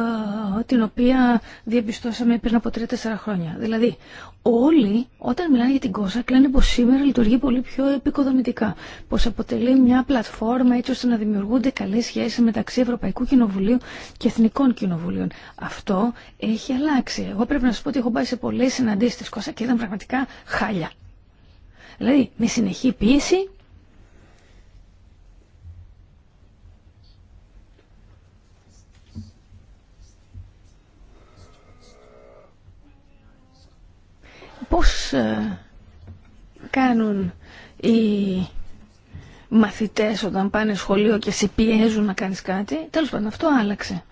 Speaker 1: την οποία διαπιστώσαμε πριν από 3-4 χρόνια. Δηλαδή, όλοι όταν μιλάνε για την ΚΟΖΑΚ λένε πω σήμερα λειτουργεί πολύ πιο επικοδομητικά, πω αποτελεί μια πλατφόρμα έτσι ώστε να δημιουργούνται καλές σχέσει μεταξύ Ευρωπαϊκού Κοινοβουλίου και Εθνικών Κοινοβουλίων. Αυτό έχει αλλάξει. Εγώ πρέπει να σα πω ότι έχω πάει σε πολλέ συναντήσει τη ΚΟΖΑΚ και ήταν πραγματικά χάλια. Δηλαδή, με συνεχή πίεση Πώς ε, κάνουν οι μαθητές όταν πάνε σχολείο και σε πιέζουν να κάνεις κάτι. Τέλος πάντων αυτό άλλαξε.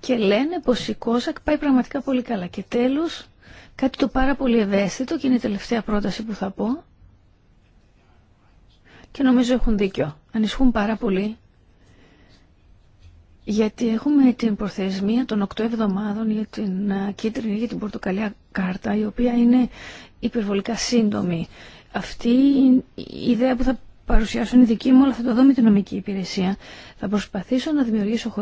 Speaker 1: Και λένε πως η Κόσακ πάει πραγματικά πολύ καλά. Και τέλος κάτι το πάρα πολύ ευαίσθητο και είναι η τελευταία πρόταση που θα πω. Και νομίζω έχουν δίκιο. Ανισχούν πάρα πολύ γιατί έχουμε την προθεσμία των 8 εβδομάδων για την ε, κίτρινη, για την πορτοκαλιά κάρτα, η οποία είναι υπερβολικά σύντομη. Αυτή η ιδέα που θα παρουσιάσω είναι δική μου, αλλά θα το δω με την νομική υπηρεσία. Θα προσπαθήσω να δημιουργήσω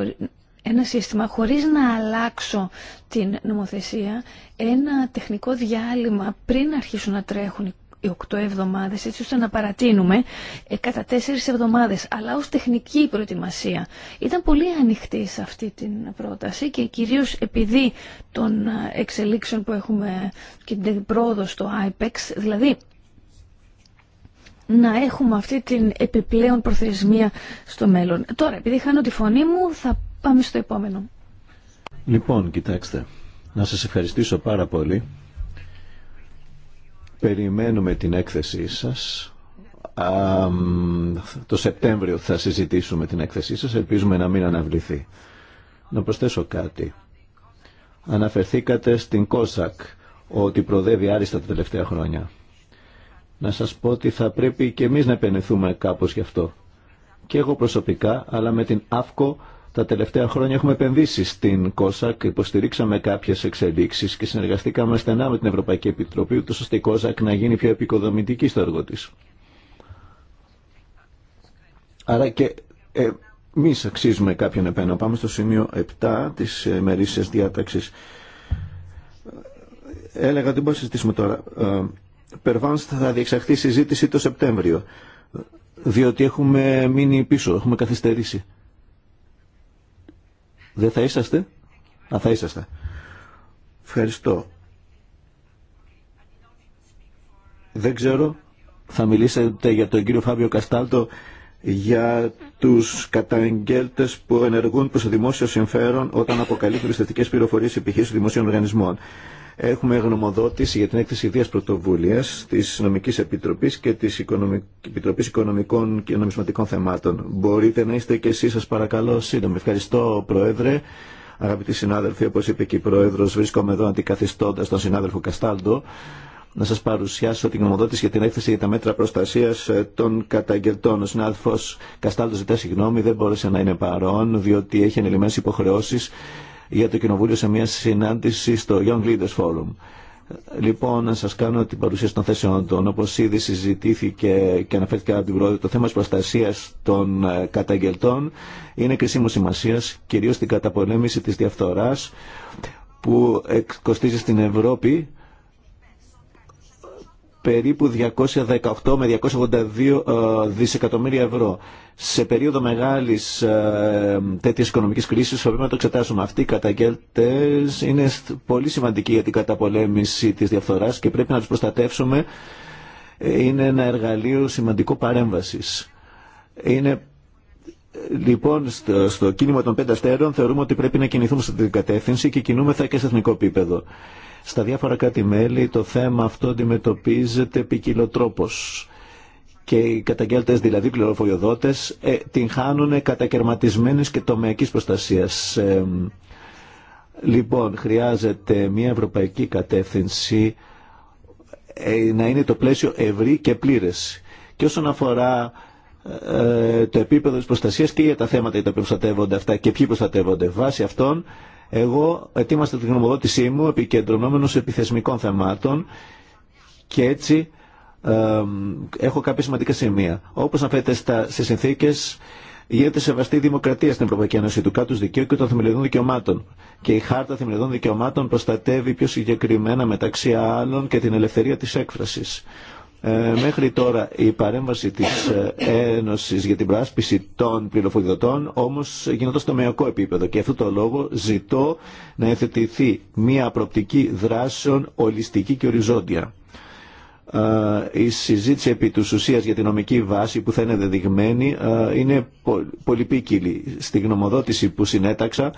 Speaker 1: ένα σύστημα χωρίς να αλλάξω την νομοθεσία, ένα τεχνικό διάλειμμα πριν αρχίσουν να τρέχουν οκτώ εβδομάδες έτσι ώστε να παρατείνουμε ε, κατά 4 εβδομάδες αλλά ως τεχνική προετοιμασία. Ήταν πολύ ανοιχτή σε αυτή την πρόταση και κυρίως επειδή των ε, εξελίξεων που έχουμε και την πρόοδο στο IPEX δηλαδή να έχουμε αυτή την επιπλέον προθεσμία στο μέλλον. Τώρα, επειδή χάνω τη φωνή μου, θα πάμε στο επόμενο.
Speaker 3: Λοιπόν, κοιτάξτε, να σας ευχαριστήσω πάρα πολύ Περιμένουμε την έκθεσή σας. το Σεπτέμβριο θα συζητήσουμε την έκθεσή σας. Ελπίζουμε να μην αναβληθεί. Να προσθέσω κάτι. Αναφερθήκατε στην ΚΟΣΑΚ ότι προδεύει άριστα τα τελευταία χρόνια. Να σας πω ότι θα πρέπει και εμείς να επενεθούμε κάπως γι' αυτό. Και εγώ προσωπικά, αλλά με την ΑΦΚΟ τα τελευταία χρόνια έχουμε επενδύσει στην ΚΟΣΑΚ, υποστηρίξαμε κάποιε εξελίξει και συνεργαστήκαμε στενά με την Ευρωπαϊκή Επιτροπή, ούτω ώστε η ΚΟΣΑΚ να γίνει πιο επικοδομητική στο έργο τη. Άρα και ε, εμεί αξίζουμε κάποιον επένα. Πάμε στο σημείο 7 τη ημερήσια διάταξη. Έλεγα ότι μπορούμε να συζητήσουμε τώρα. Ε, Περβάνς θα διεξαχθεί συζήτηση το Σεπτέμβριο, διότι έχουμε μείνει πίσω, έχουμε καθυστερήσει. Δεν θα είσαστε. Α, θα είσαστε. Ευχαριστώ. Δεν ξέρω, θα μιλήσετε για τον κύριο Φάβιο Καστάλτο για τους καταγγέλτες που ενεργούν προς το δημόσιο συμφέρον όταν αποκαλύπτουν πιστευτικές πληροφορίες επιχείρησης δημοσίων οργανισμών. Έχουμε γνωμοδότηση για την έκθεση ιδίας πρωτοβουλία, της Νομικής Επιτροπής και της Επιτροπής Οικονομικών και Νομισματικών Θεμάτων. Μπορείτε να είστε και εσείς σας παρακαλώ σύντομα. Ευχαριστώ Πρόεδρε. Αγαπητοί συνάδελφοι, όπως είπε και η Πρόεδρος, βρίσκομαι εδώ αντικαθιστώντας τον συνάδελφο Καστάλντο να σας παρουσιάσω την γνωμοδότηση για την έκθεση για τα μέτρα προστασίας ε, των καταγγελτών. Ο συνάδελφος Καστάλτο ζητά συγγνώμη, δεν μπόρεσε να είναι παρόν, διότι έχει ανελημμένες υποχρεώσεις για το Κοινοβούλιο σε μια συνάντηση στο Young Leaders Forum. Λοιπόν, να σα κάνω την παρουσίαση των θέσεων των. Όπω ήδη συζητήθηκε και αναφέρθηκε από την Πρόεδρο, το θέμα τη προστασία των ε, καταγγελτών είναι κρισίμου σημασία, κυρίω στην καταπολέμηση τη διαφθορά που ε, κοστίζει στην Ευρώπη περίπου 218 με 282 ε, δισεκατομμύρια ευρώ. Σε περίοδο μεγάλης ε, τέτοιας οικονομικής κρίσης πρέπει να το εξετάσουμε. Αυτοί οι καταγγέλτες είναι πολύ σημαντικοί για την καταπολέμηση της διαφθοράς και πρέπει να τους προστατεύσουμε. Ε, είναι ένα εργαλείο σημαντικό παρέμβασης. Είναι Λοιπόν, στο, κίνημα των πέντε αστέρων θεωρούμε ότι πρέπει να κινηθούμε σε την κατεύθυνση και κινούμεθα και σε εθνικό επίπεδο. Στα διαφορα κάτι κράτη-μέλη το θέμα αυτό αντιμετωπίζεται ποικιλοτρόπως και οι καταγγέλτε, δηλαδή πληροφοριοδότε, ε, την χάνουν κατακαιρματισμένη και τομεακή προστασία. Ε, λοιπόν, χρειάζεται μια ευρωπαϊκή κατεύθυνση ε, να είναι το πλαίσιο ευρύ και πλήρε. Και όσον αφορά ε, το επίπεδο της προστασίας και για τα θέματα για τα οποία προστατεύονται αυτά και ποιοι προστατεύονται. Βάσει αυτών εγώ ετοίμασα την γνωμοδότησή μου επικεντρωνόμενος επιθεσμικών θεμάτων και έτσι έχω κάποια σημαντικά σημεία. Όπως αναφέρεται στις συνθήκες, γίνεται σεβαστή δημοκρατία στην Ευρωπαϊκή Ένωση του κάτου δικαίου και των θεμελιωδών δικαιωμάτων. Και η Χάρτα Θεμελιωδών Δικαιωμάτων προστατεύει πιο συγκεκριμένα μεταξύ άλλων και την ελευθερία της έκφρασης. Ε, μέχρι τώρα η παρέμβαση της ε, Ένωσης για την πράσπιση των πληροφοριδοτών όμως γίνονται στο μειακό επίπεδο και αυτό το λόγο ζητώ να εθετηθεί μια προπτική δράσεων ολιστική και οριζόντια. Ε, η συζήτηση επί του ουσίας για την νομική βάση που θα είναι δεδειγμένη είναι πολυπίκυλη. Στη γνωμοδότηση που συνέταξα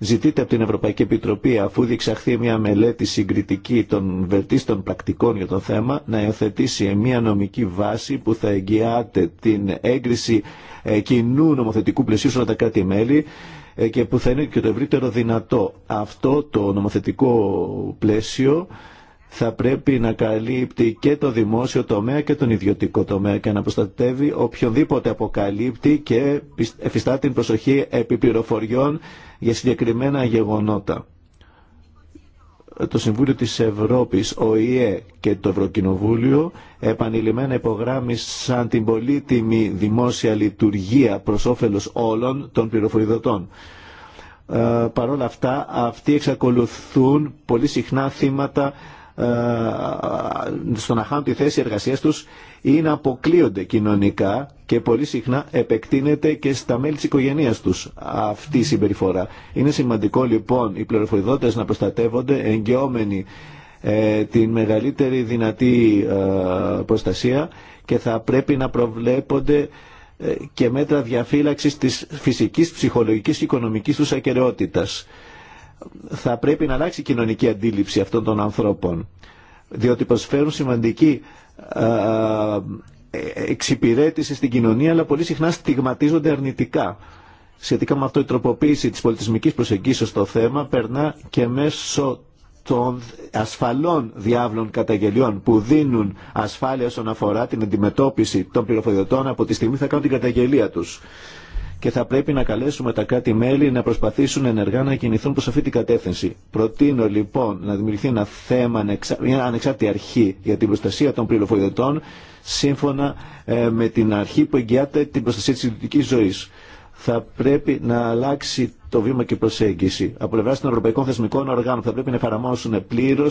Speaker 3: Ζητείται από την Ευρωπαϊκή Επιτροπή, αφού διεξαχθεί μια μελέτη συγκριτική των βελτίστων πρακτικών για το θέμα, να υιοθετήσει μια νομική βάση που θα εγγυάται την έγκριση ε, κοινού νομοθετικού πλαισίου σε τα κράτη-μέλη ε, και που θα είναι και το ευρύτερο δυνατό. Αυτό το νομοθετικό πλαίσιο θα πρέπει να καλύπτει και το δημόσιο τομέα και τον ιδιωτικό τομέα και να προστατεύει οποιονδήποτε αποκαλύπτει και εφιστά την προσοχή επιπληροφοριών για συγκεκριμένα γεγονότα. Το Συμβούλιο της Ευρώπης, ο ΙΕ και το Ευρωκοινοβούλιο επανειλημμένα υπογράμμισαν την πολύτιμη δημόσια λειτουργία προς όφελος όλων των πληροφοριδοτών. Ε, Παρ' όλα αυτά, αυτοί εξακολουθούν πολύ συχνά θύματα ε, στο να χάνουν τη θέση εργασία τους ή να αποκλείονται κοινωνικά και πολύ συχνά επεκτείνεται και στα μέλη τη οικογένεια τους αυτή η συμπεριφορά. Είναι σημαντικό λοιπόν οι πληροφοριδότε να προστατεύονται εγγυόμενοι ε, την μεγαλύτερη δυνατή ε, προστασία και θα πρέπει να προβλέπονται και μέτρα διαφύλαξης της φυσικής, ψυχολογικής και οικονομικής τους ακεραιότητας θα πρέπει να αλλάξει η κοινωνική αντίληψη αυτών των ανθρώπων διότι προσφέρουν σημαντική ε, ε, εξυπηρέτηση στην κοινωνία αλλά πολύ συχνά στιγματίζονται αρνητικά. Σχετικά με αυτό η τροποποίηση της πολιτισμικής προσεγγίσεως στο θέμα περνά και μέσω των ασφαλών διάβλων καταγγελιών που δίνουν ασφάλεια όσον αφορά την αντιμετώπιση των πληροφοριωτών από τη στιγμή θα κάνουν την καταγγελία τους και θα πρέπει να καλέσουμε τα κράτη-μέλη να προσπαθήσουν ενεργά να κινηθούν προς αυτή την κατεύθυνση. Προτείνω λοιπόν να δημιουργηθεί ένα θέμα, μια ανεξάρτητη αρχή για την προστασία των πληροφοριοδοτών σύμφωνα ε, με την αρχή που εγγυάται την προστασία της ιδιωτικής ζωής. Θα πρέπει να αλλάξει το βήμα και η προσέγγιση. Από πλευρά των Ευρωπαϊκών Θεσμικών Οργάνων θα πρέπει να εφαρμόσουν πλήρω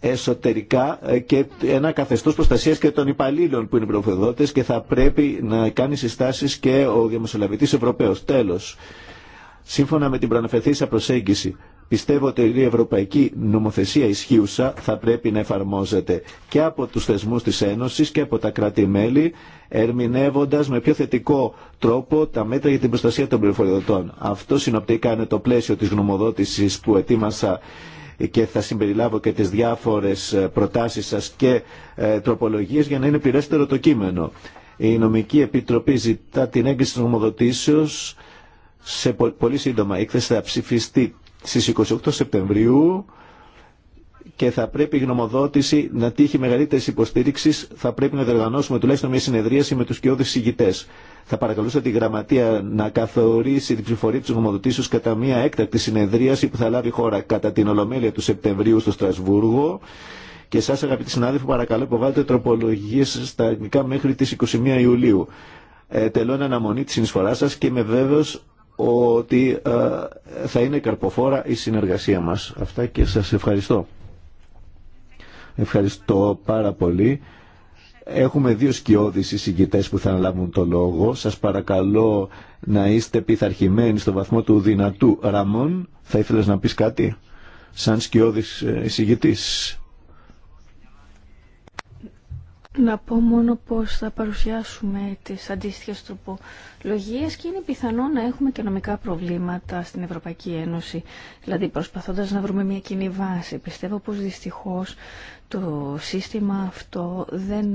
Speaker 3: εσωτερικά ε, και ένα καθεστώς προστασίας και των υπαλλήλων που είναι προφοδότες και θα πρέπει να κάνει συστάσεις και ο διαμεσολαβητής Ευρωπαίος. Τέλος, σύμφωνα με την προαναφερθήσα προσέγγιση, πιστεύω ότι η ευρωπαϊκή νομοθεσία ισχύουσα θα πρέπει να εφαρμόζεται και από τους θεσμούς της Ένωσης και από τα κράτη-μέλη, ερμηνεύοντας με πιο θετικό τρόπο τα μέτρα για την προστασία των πληροφοριοδοτών. Αυτό συνοπτικά είναι το πλαίσιο της γνωμοδότησης που ετοίμασα και θα συμπεριλάβω και τις διάφορες ε, προτάσεις σας και ε, τροπολογίες για να είναι πληρέστερο το κείμενο. Η Νομική Επιτροπή ζητά την έγκριση της νομοδοτήσεως σε πολύ σύντομα. Η θα ψηφιστεί στις 28 Σεπτεμβρίου και θα πρέπει η γνωμοδότηση να τύχει μεγαλύτερη υποστήριξη. Θα πρέπει να διοργανώσουμε τουλάχιστον μια συνεδρίαση με του κοιόδη ηγητέ. Θα παρακαλούσα τη Γραμματεία να καθορίσει την ψηφορία τη γνωμοδοτήσεω κατά μια έκτακτη συνεδρίαση που θα λάβει χώρα κατά την Ολομέλεια του Σεπτεμβρίου στο Στρασβούργο. Και εσά, αγαπητοί συνάδελφοι, παρακαλώ υποβάλλετε τροπολογίε στα ελληνικά μέχρι τι 21 Ιουλίου. Ε, αναμονή τη συνεισφορά σα και είμαι βέβαιο ότι ε, θα είναι καρποφόρα η συνεργασία μα Αυτά και σα ευχαριστώ. Ευχαριστώ πάρα πολύ. Έχουμε δύο σκιώδεις εισηγητές που θα αναλάβουν το λόγο. Σας παρακαλώ να είστε πειθαρχημένοι στο βαθμό του δυνατού. Ραμόν, θα ήθελες να πεις κάτι σαν σκιώδης εισηγητής.
Speaker 1: Να πω μόνο πως θα παρουσιάσουμε τις αντίστοιχες τροπολογίες και είναι πιθανό να έχουμε και νομικά προβλήματα στην Ευρωπαϊκή Ένωση, δηλαδή προσπαθώντας να βρούμε μια κοινή βάση. Πιστεύω πως δυστυχώς το σύστημα αυτό δεν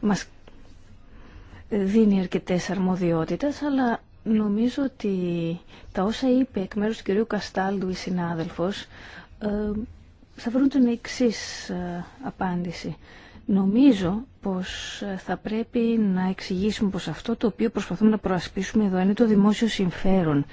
Speaker 1: μας δίνει αρκετές αρμοδιότητες, αλλά νομίζω ότι τα όσα είπε εκ μέρους του κυρίου Καστάλντου η συνάδελφος ε, θα βρουν την εξή ε, απάντηση. Νομίζω πως θα πρέπει να εξηγήσουμε πως αυτό το οποίο προσπαθούμε να προασπίσουμε εδώ είναι το δημόσιο συμφέρον.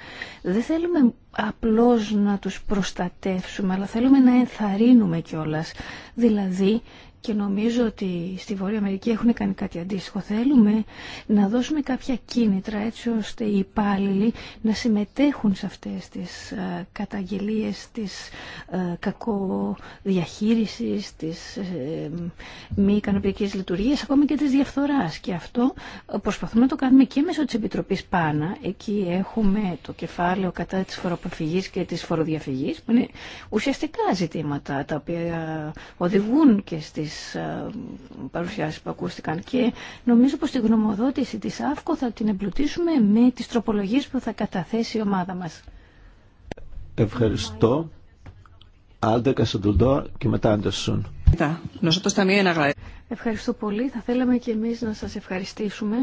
Speaker 1: Δεν θέλουμε απλώς να τους προστατεύσουμε, αλλά θέλουμε να ενθαρρύνουμε κιόλας. Δηλαδή και νομίζω ότι στη Βόρεια Αμερική έχουν κάνει κάτι αντίστοιχο. Θέλουμε να δώσουμε κάποια κίνητρα έτσι ώστε οι υπάλληλοι να συμμετέχουν σε αυτές τις ε, καταγγελίες της ε, κακοδιαχείρισης, της ε, μη ικανοποιητικής λειτουργίας, ακόμα και της διαφθοράς. Και αυτό προσπαθούμε να το κάνουμε και μέσω της Επιτροπής Πάνα. Εκεί έχουμε το κεφάλαιο κατά της φοροπαφυγής και της φοροδιαφυγής, που είναι ουσιαστικά ζητήματα τα οποία οδηγούν και στις τις ε, παρουσιάσεις που ακούστηκαν και νομίζω πως τη γνωμοδότηση της ΑΦΚΟ θα την εμπλουτίσουμε με τις τροπολογίες που θα καταθέσει η ομάδα μας.
Speaker 3: Ευχαριστώ. Άντε και μετά Άντερσον.
Speaker 1: Ευχαριστώ πολύ. Θα θέλαμε και εμείς να σας ευχαριστήσουμε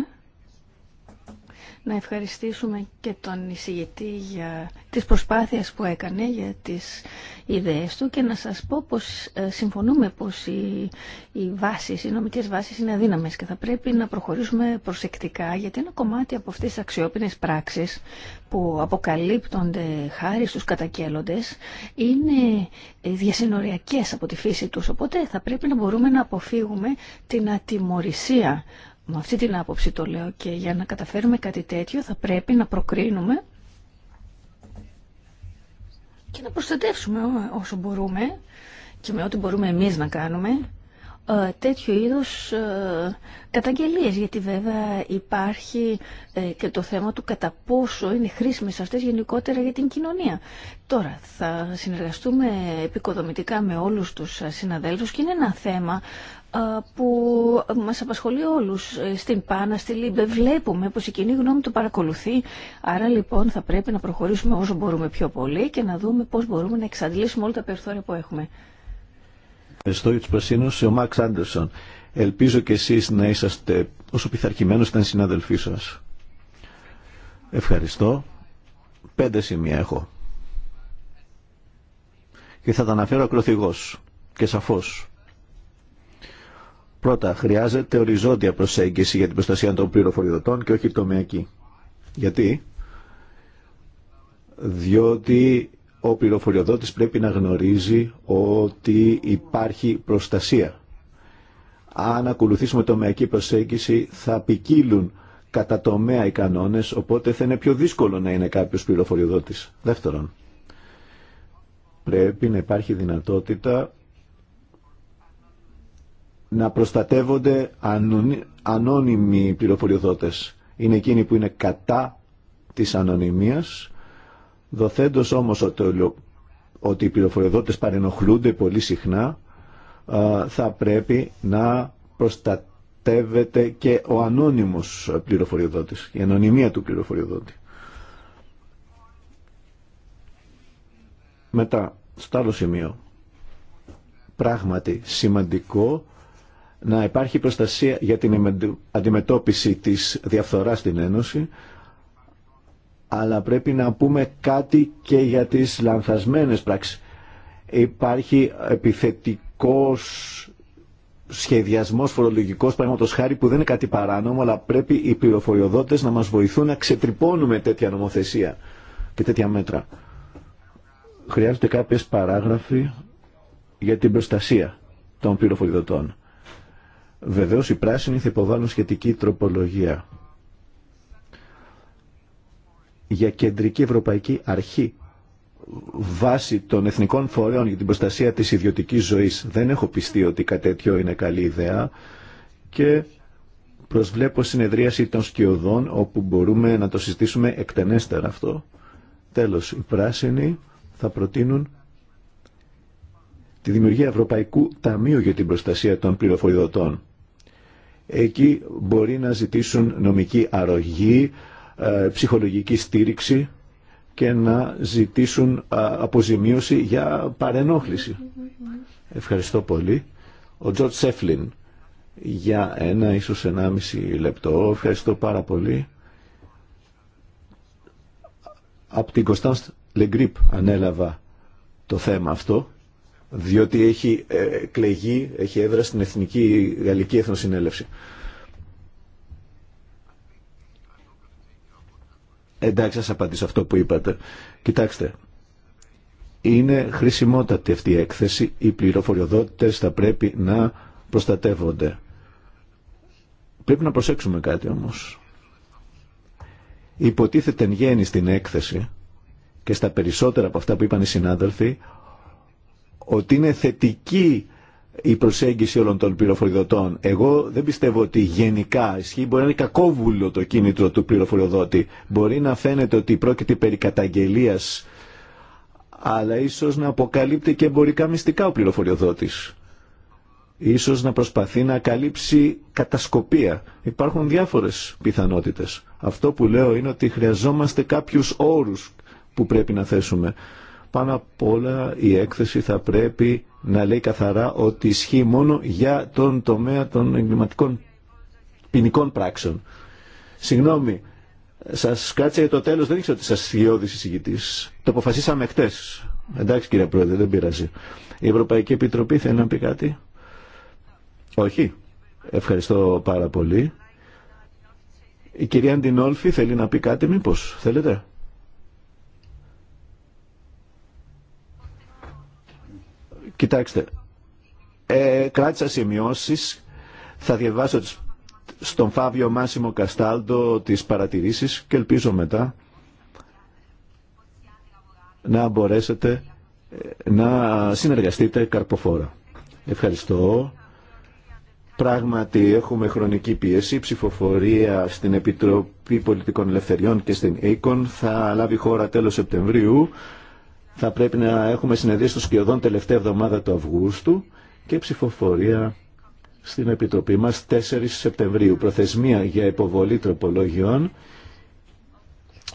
Speaker 1: να ευχαριστήσουμε και τον εισηγητή για τις προσπάθειες που έκανε, για τις ιδέες του και να σας πω πως ε, συμφωνούμε πως οι, οι βάσεις, οι νομικές βάσεις είναι αδύναμες και θα πρέπει να προχωρήσουμε προσεκτικά γιατί ένα κομμάτι από αυτές τις αξιόπινες πράξεις που αποκαλύπτονται χάρη στους κατακέλοντες είναι διασυνοριακές από τη φύση τους. Οπότε θα πρέπει να μπορούμε να αποφύγουμε την ατιμορρησία με αυτή την άποψη το λέω και για να καταφέρουμε κάτι τέτοιο θα πρέπει να προκρίνουμε και να προστατεύσουμε όσο μπορούμε και με ό,τι μπορούμε εμείς να κάνουμε ε, τέτοιου είδους ε, καταγγελίες γιατί βέβαια υπάρχει ε, και το θέμα του κατά πόσο είναι χρήσιμες αυτές γενικότερα για την κοινωνία. Τώρα θα συνεργαστούμε επικοδομητικά με όλους τους συναδέλφους και είναι ένα θέμα που μας απασχολεί όλους ε, στην Πάνα, στη Λίμπε. Βλέπουμε πως η κοινή γνώμη το παρακολουθεί. Άρα λοιπόν θα πρέπει να προχωρήσουμε όσο μπορούμε πιο πολύ και να δούμε πώς μπορούμε να εξαντλήσουμε όλα τα περιθώρια που έχουμε.
Speaker 3: Ευχαριστώ για τους Ο Μαξ Άντερσον. Ελπίζω και εσείς να είσαστε όσο πειθαρχημένος ήταν συνάδελφοί σας. Ευχαριστώ. Πέντε σημεία έχω. Και θα τα αναφέρω ακροθυγός και σαφώς. Πρώτα, χρειάζεται οριζόντια προσέγγιση για την προστασία των πληροφοριοδοτών και όχι τομεακή. Γιατί? Διότι ο πληροφοριοδότης πρέπει να γνωρίζει ότι υπάρχει προστασία. Αν ακολουθήσουμε τομεακή προσέγγιση θα ποικίλουν κατά τομέα οι κανόνες, οπότε θα είναι πιο δύσκολο να είναι κάποιος πληροφοριοδότης. Δεύτερον, πρέπει να υπάρχει δυνατότητα να προστατεύονται ανώνυμοι πληροφοριοδότες. Είναι εκείνοι που είναι κατά της ανωνυμίας, δοθέντος όμως ότι οι πληροφοριοδότες παρενοχλούνται πολύ συχνά, θα πρέπει να προστατεύεται και ο ανώνυμος πληροφοριοδότης, η ανωνυμία του πληροφοριοδότη. Μετά, στο άλλο σημείο, πράγματι σημαντικό να υπάρχει προστασία για την αντιμετώπιση της διαφθοράς στην Ένωση, αλλά πρέπει να πούμε κάτι και για τις λανθασμένες πράξεις. Υπάρχει επιθετικός σχεδιασμός φορολογικός, πράγματος χάρη, που δεν είναι κάτι παράνομο, αλλά πρέπει οι πληροφοριοδότες να μας βοηθούν να ξετρυπώνουμε τέτοια νομοθεσία και τέτοια μέτρα. Χρειάζονται κάποιες παράγραφοι για την προστασία των πληροφοριοδοτών Βεβαίως οι πράσινοι θα υποβάλουν σχετική τροπολογία για κεντρική ευρωπαϊκή αρχή βάση των εθνικών φορέων για την προστασία της ιδιωτικής ζωής. Δεν έχω πιστεί ότι κάτι τέτοιο είναι καλή ιδέα και προσβλέπω συνεδρίαση των σκιωδών όπου μπορούμε να το συζητήσουμε εκτενέστερα αυτό. Τέλος, οι πράσινοι θα προτείνουν τη δημιουργία Ευρωπαϊκού Ταμείου για την προστασία των πληροφοριδοτών εκεί μπορεί να ζητήσουν νομική αρρωγή, ε, ψυχολογική στήριξη και να ζητήσουν αποζημίωση για παρενόχληση. Ευχαριστώ πολύ. Ο Τζορτ Σέφλιν για ένα ίσως ενάμιση λεπτό. Ευχαριστώ πάρα πολύ. Από την Κωνσταντ Λεγκρίπ ανέλαβα το θέμα αυτό διότι έχει ε, κλεγεί, έχει έδρα στην Εθνική Γαλλική Εθνοσυνέλευση. Εντάξει, σας απαντήσω αυτό που είπατε. Κοιτάξτε, είναι χρησιμότατη αυτή η έκθεση. Οι πληροφοριοδότητες θα πρέπει να προστατεύονται. Πρέπει να προσέξουμε κάτι όμως. Υποτίθεται εν γέννη στην έκθεση και στα περισσότερα από αυτά που είπαν οι συνάδελφοι ότι είναι θετική η προσέγγιση όλων των πληροφοριοδοτών. Εγώ δεν πιστεύω ότι γενικά ισχύει. Μπορεί να είναι κακόβουλο το κίνητρο του πληροφοριοδότη. Μπορεί να φαίνεται ότι πρόκειται περί καταγγελίας, αλλά ίσως να αποκαλύπτει και εμπορικά μυστικά ο πληροφοριοδότης. Ίσως να προσπαθεί να καλύψει κατασκοπία. Υπάρχουν διάφορες πιθανότητες. Αυτό που λέω είναι ότι χρειαζόμαστε κάποιους όρους που πρέπει να θέσουμε. Πάνω απ' όλα η έκθεση θα πρέπει να λέει καθαρά ότι ισχύει μόνο για τον τομέα των εγκληματικών ποινικών πράξεων. Συγγνώμη, σας κάτσε για το τέλος, δεν ήξερα ότι σας η εισηγητής. Το αποφασίσαμε χτες. Εντάξει κύριε Πρόεδρε, δεν πειράζει. Η Ευρωπαϊκή Επιτροπή θέλει να πει κάτι. Όχι. Ευχαριστώ πάρα πολύ. Η κυρία Αντινόλφη θέλει να πει κάτι μήπως. Θέλετε. Κοιτάξτε, ε, κράτησα σημειώσει θα διαβάσω στον Φάβιο Μάσιμο Καστάλτο τις παρατηρήσεις και ελπίζω μετά να μπορέσετε ε, να συνεργαστείτε καρποφόρα. Ευχαριστώ. Πράγματι έχουμε χρονική πίεση. ψηφοφορία στην Επιτροπή Πολιτικών Ελευθεριών και στην ΕΙΚΟΝ θα λάβει χώρα τέλος Σεπτεμβρίου. Θα πρέπει να έχουμε συνεδρίσει των σκιωδών τελευταία εβδομάδα του Αυγούστου και ψηφοφορία στην Επιτροπή μας 4 Σεπτεμβρίου. Προθεσμία για υποβολή τροπολογιών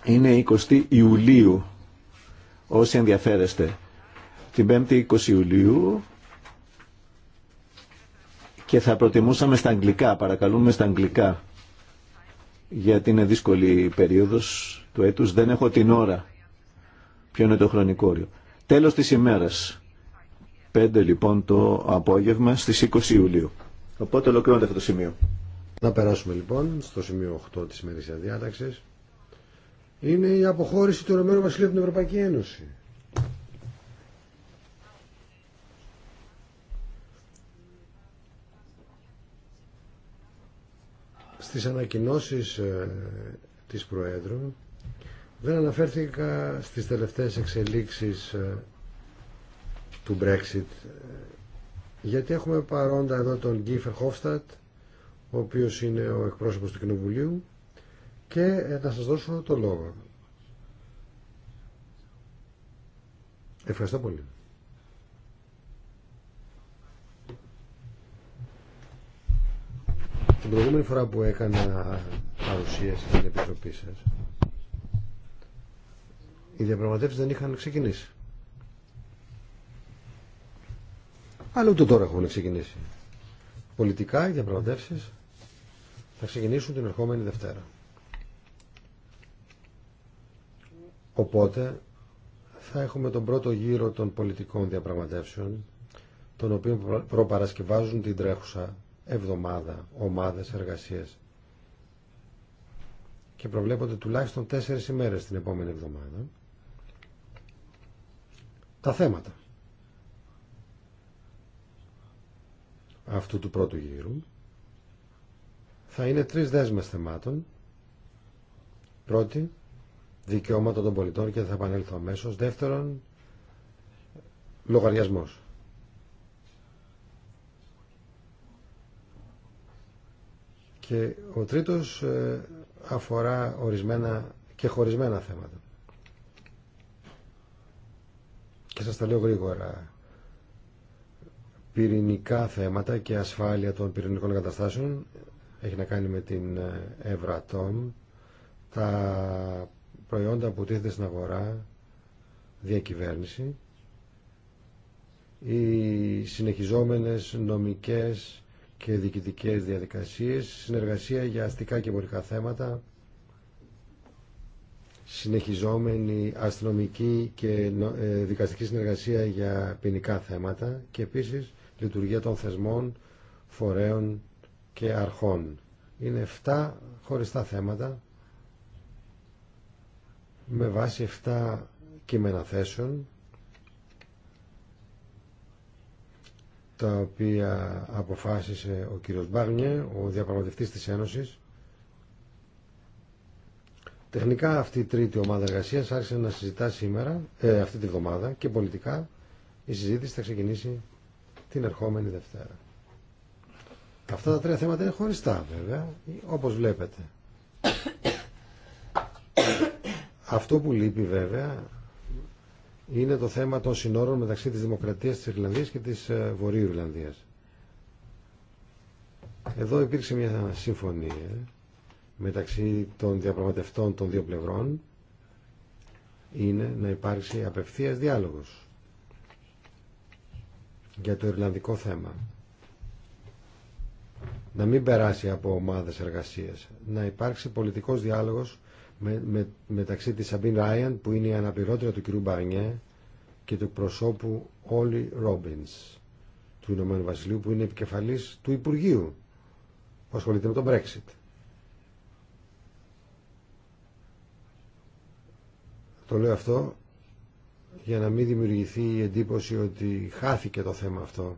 Speaker 3: είναι 20 Ιουλίου. Όσοι ενδιαφέρεστε, την 5η 20 Ιουλίου και θα προτιμούσαμε στα αγγλικά, παρακαλούμε στα αγγλικά, γιατί είναι δύσκολη η περίοδος του έτους, δεν έχω την ώρα. Ποιο είναι το χρονικό όριο. Τέλος της ημέρας. 5 λοιπόν το απόγευμα στις 20 Ιουλίου. Οπότε ολοκληρώνεται αυτό το σημείο.
Speaker 2: Να περάσουμε λοιπόν στο σημείο 8 της ημερήσιας διάταξης. Είναι η αποχώρηση του Ρωμαίου Βασιλείου από την Ευρωπαϊκή Ένωση. Στις ανακοινώσεις ε, της Προέδρου δεν αναφέρθηκα στις τελευταίες εξελίξεις ε, του Brexit ε, γιατί έχουμε παρόντα εδώ τον Γκίφερ Χόφστατ ο οποίος είναι ο εκπρόσωπος του Κοινοβουλίου και ε, να σας δώσω το λόγο. Ευχαριστώ πολύ. Την προηγούμενη φορά που έκανα παρουσίαση στην Επιτροπή σας οι διαπραγματεύσεις δεν είχαν ξεκινήσει. Αλλά ούτε τώρα έχουν ξεκινήσει. Πολιτικά οι διαπραγματεύσεις θα ξεκινήσουν την ερχόμενη Δευτέρα. Οπότε θα έχουμε τον πρώτο γύρο των πολιτικών διαπραγματεύσεων τον οποίων προπαρασκευάζουν την τρέχουσα εβδομάδα ομάδες εργασίες και προβλέπονται τουλάχιστον τέσσερις ημέρες την επόμενη εβδομάδα τα θέματα αυτού του πρώτου γύρου θα είναι τρεις δέσμες θεμάτων. Πρώτη, δικαιώματα των πολιτών και θα επανέλθω αμέσως. Δεύτερον, λογαριασμός. Και ο τρίτος ε, αφορά ορισμένα και χωρισμένα θέματα. και σας τα λέω γρήγορα πυρηνικά θέματα και ασφάλεια των πυρηνικών καταστάσεων έχει να κάνει με την ε, Ευρατόμ τα προϊόντα που τίθεται στην αγορά διακυβέρνηση οι συνεχιζόμενες νομικές και διοικητικές διαδικασίες συνεργασία για αστικά και εμπορικά θέματα συνεχιζόμενη αστυνομική και ε, δικαστική συνεργασία για ποινικά θέματα και επίσης λειτουργία των θεσμών, φορέων και αρχών. Είναι 7 χωριστά θέματα με βάση 7 κείμενα θέσεων τα οποία αποφάσισε ο κύριος Μπάγνιε, ο διαπραγματευτής της Ένωσης Τεχνικά αυτή η τρίτη ομάδα εργασία άρχισε να συζητά σήμερα, ε, αυτή τη βδομάδα και πολιτικά η συζήτηση θα ξεκινήσει την ερχόμενη Δευτέρα. Αυτά τα τρία θέματα είναι χωριστά βέβαια, όπως βλέπετε. Αυτό που λείπει βέβαια είναι το θέμα των συνόρων μεταξύ της Δημοκρατίας της Ιρλανδίας και της ε, Βορείου Ιρλανδίας. Εδώ υπήρξε μια συμφωνία μεταξύ των διαπραγματευτών των δύο πλευρών είναι να υπάρξει απευθείας διάλογος για το Ιρλανδικό θέμα. Να μην περάσει από ομάδες εργασίας. Να υπάρξει πολιτικός διάλογος με, μεταξύ της Σαμπίν Ράιαν που είναι η αναπληρώτρια του κ. Μπαρνιέ και του προσώπου Όλι Ρόμπινς του Ηνωμένου Βασιλείου που είναι επικεφαλής του Υπουργείου που ασχολείται με τον Brexit. Το λέω αυτό για να μην δημιουργηθεί η εντύπωση ότι χάθηκε το θέμα αυτό.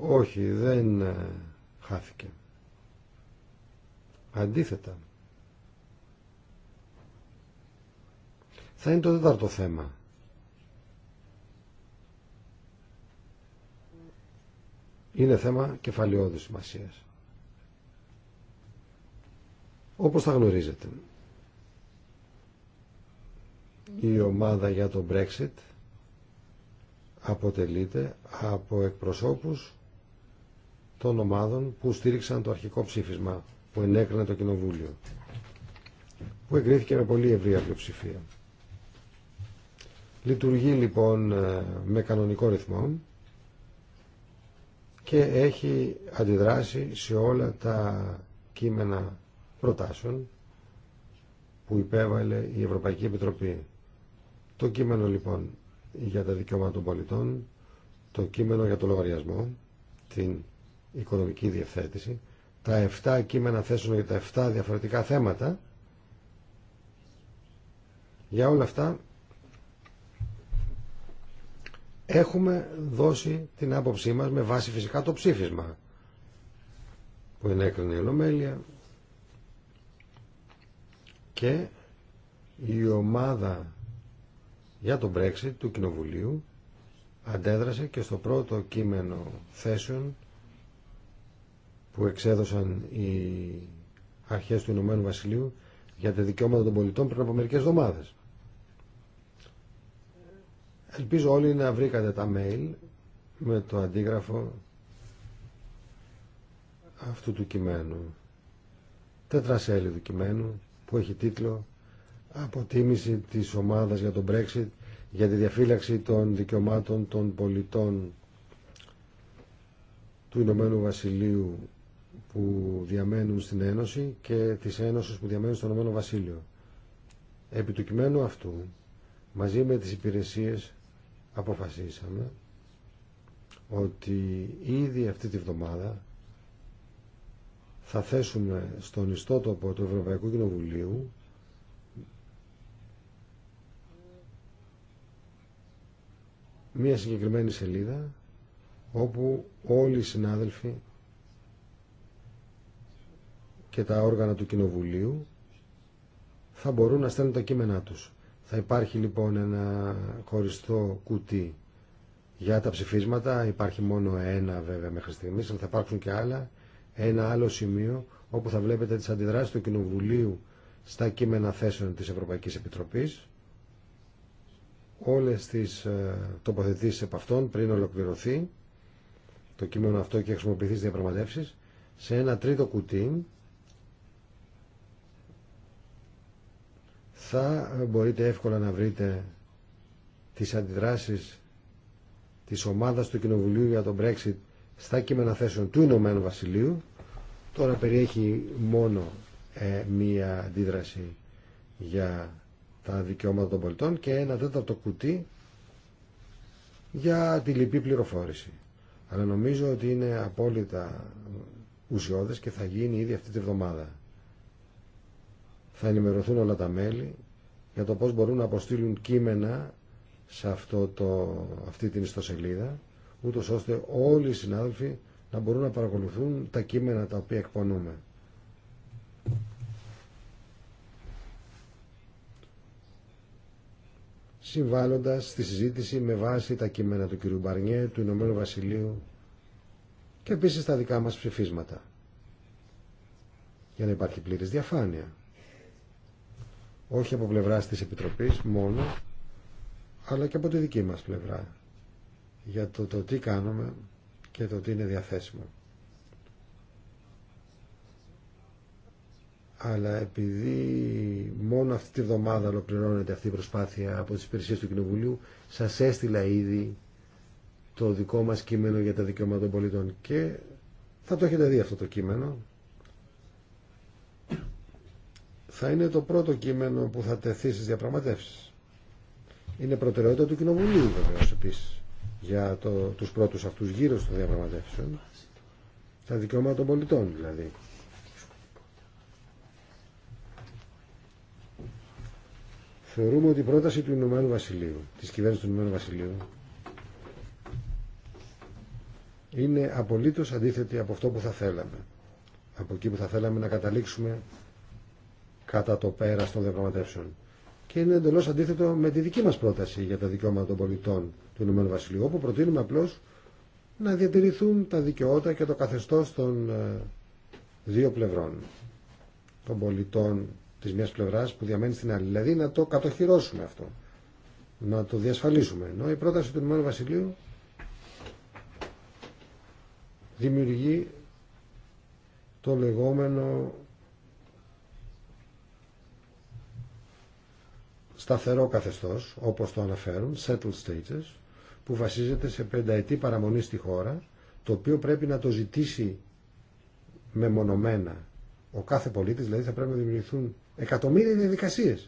Speaker 2: Όχι, δεν ε, χάθηκε. Αντίθετα. Θα είναι το τέταρτο θέμα. Είναι θέμα κεφαλαιόδου σημασίας. Όπως θα γνωρίζετε, η ομάδα για το Brexit αποτελείται από εκπροσώπους των ομάδων που στήριξαν το αρχικό ψήφισμα που ενέκρινε το Κοινοβούλιο που εγκρίθηκε με πολύ ευρία πλειοψηφία. Λειτουργεί λοιπόν ε, με κανονικό ρυθμό και έχει αντιδράσει σε όλα τα κείμενα προτάσεων που υπέβαλε η Ευρωπαϊκή Επιτροπή. Το κείμενο λοιπόν για τα δικαιώματα των πολιτών, το κείμενο για το λογαριασμό, την οικονομική διευθέτηση, τα 7 κείμενα θέσεων για τα 7 διαφορετικά θέματα. Για όλα αυτά έχουμε δώσει την άποψή μας με βάση φυσικά το ψήφισμα που ενέκρινε η Ολομέλεια και η ομάδα για τον Brexit του Κοινοβουλίου αντέδρασε και στο πρώτο κείμενο θέσεων που εξέδωσαν οι αρχές του Ηνωμένου Βασιλείου για τα δικαιώματα των πολιτών πριν από μερικές εβδομάδες. Ελπίζω όλοι να βρήκατε τα mail με το αντίγραφο αυτού του κειμένου του κειμένου που έχει τίτλο αποτίμηση της ομάδας για τον Brexit, για τη διαφύλαξη των δικαιωμάτων των πολιτών του Ηνωμένου Βασιλείου που διαμένουν στην Ένωση και της Ένωσης που διαμένουν στο Ηνωμένο Βασίλειο. Επί του κειμένου αυτού, μαζί με τις υπηρεσίες αποφασίσαμε ότι ήδη αυτή τη βδομάδα θα θέσουμε στον ιστότοπο του Ευρωπαϊκού Κοινοβουλίου μια συγκεκριμένη σελίδα όπου όλοι οι συνάδελφοι και τα όργανα του Κοινοβουλίου θα μπορούν να στέλνουν τα κείμενά τους. Θα υπάρχει λοιπόν ένα χωριστό κουτί για τα ψηφίσματα. Υπάρχει μόνο ένα βέβαια μέχρι στιγμής, αλλά θα υπάρξουν και άλλα. Ένα άλλο σημείο όπου θα βλέπετε τις αντιδράσεις του Κοινοβουλίου στα κείμενα θέσεων της Ευρωπαϊκής Επιτροπής όλες τις ε, τοποθετήσεις επ' αυτών πριν ολοκληρωθεί το κείμενο αυτό και χρησιμοποιηθεί στις διαπραγματεύσεις σε ένα τρίτο κουτί θα μπορείτε εύκολα να βρείτε τις αντιδράσεις της ομάδας του Κοινοβουλίου για τον Brexit στα κείμενα θέσεων του Ηνωμένου Βασιλείου τώρα περιέχει μόνο ε, μία αντίδραση για τα δικαιώματα των πολιτών και ένα τέταρτο κουτί για τη λυπή πληροφόρηση. Αλλά νομίζω ότι είναι απόλυτα ουσιώδες και θα γίνει ήδη αυτή τη βδομάδα. Θα ενημερωθούν όλα τα μέλη για το πώς μπορούν να αποστείλουν κείμενα σε αυτό το, αυτή την ιστοσελίδα, ούτως ώστε όλοι οι συνάδελφοι να μπορούν να παρακολουθούν τα κείμενα τα οποία εκπονούμε. συμβάλλοντας στη συζήτηση με βάση τα κείμενα του κ. Μπαρνιέ, του Ηνωμένου Βασιλείου και επίσης τα δικά μας ψηφίσματα για να υπάρχει πλήρης διαφάνεια. Όχι από πλευρά της Επιτροπής μόνο, αλλά και από τη δική μας πλευρά για το, το τι κάνουμε και το τι είναι διαθέσιμο. αλλά επειδή μόνο αυτή τη βδομάδα ολοκληρώνεται αυτή η προσπάθεια από τις υπηρεσίε του Κοινοβουλίου, σας έστειλα ήδη το δικό μας κείμενο για τα δικαιώματα των πολιτών και θα το έχετε δει αυτό το κείμενο. Θα είναι το πρώτο κείμενο που θα τεθεί στις διαπραγματεύσεις. Είναι προτεραιότητα του Κοινοβουλίου βεβαίω επίσης για το, τους πρώτους αυτούς γύρους των διαπραγματεύσεων. Τα δικαιώματα των πολιτών δηλαδή. Θεωρούμε ότι η πρόταση του Ηνωμένου Βασιλείου, της κυβέρνησης του Ηνωμένου Βασιλείου, είναι απολύτως αντίθετη από αυτό που θα θέλαμε. Από εκεί που θα θέλαμε να καταλήξουμε κατά το πέρας των διαπραγματεύσεων. Και είναι εντελώς αντίθετο με τη δική μας πρόταση για τα δικαιώματα των πολιτών του Ηνωμένου Βασιλείου, όπου προτείνουμε απλώς να διατηρηθούν τα δικαιώματα και το καθεστώς των ε, δύο πλευρών, των πολιτών Τη μια πλευρά που διαμένει στην άλλη. Δηλαδή να το κατοχυρώσουμε αυτό, να το διασφαλίσουμε. Ενώ η πρόταση του Ηνωμένου Βασιλείου δημιουργεί το λεγόμενο σταθερό καθεστώς, όπως το αναφέρουν, settled status, που βασίζεται σε πενταετή παραμονή στη χώρα, το οποίο πρέπει να το ζητήσει μεμονωμένα ο κάθε πολίτης, δηλαδή θα πρέπει να δημιουργηθούν εκατομμύρια διαδικασίε.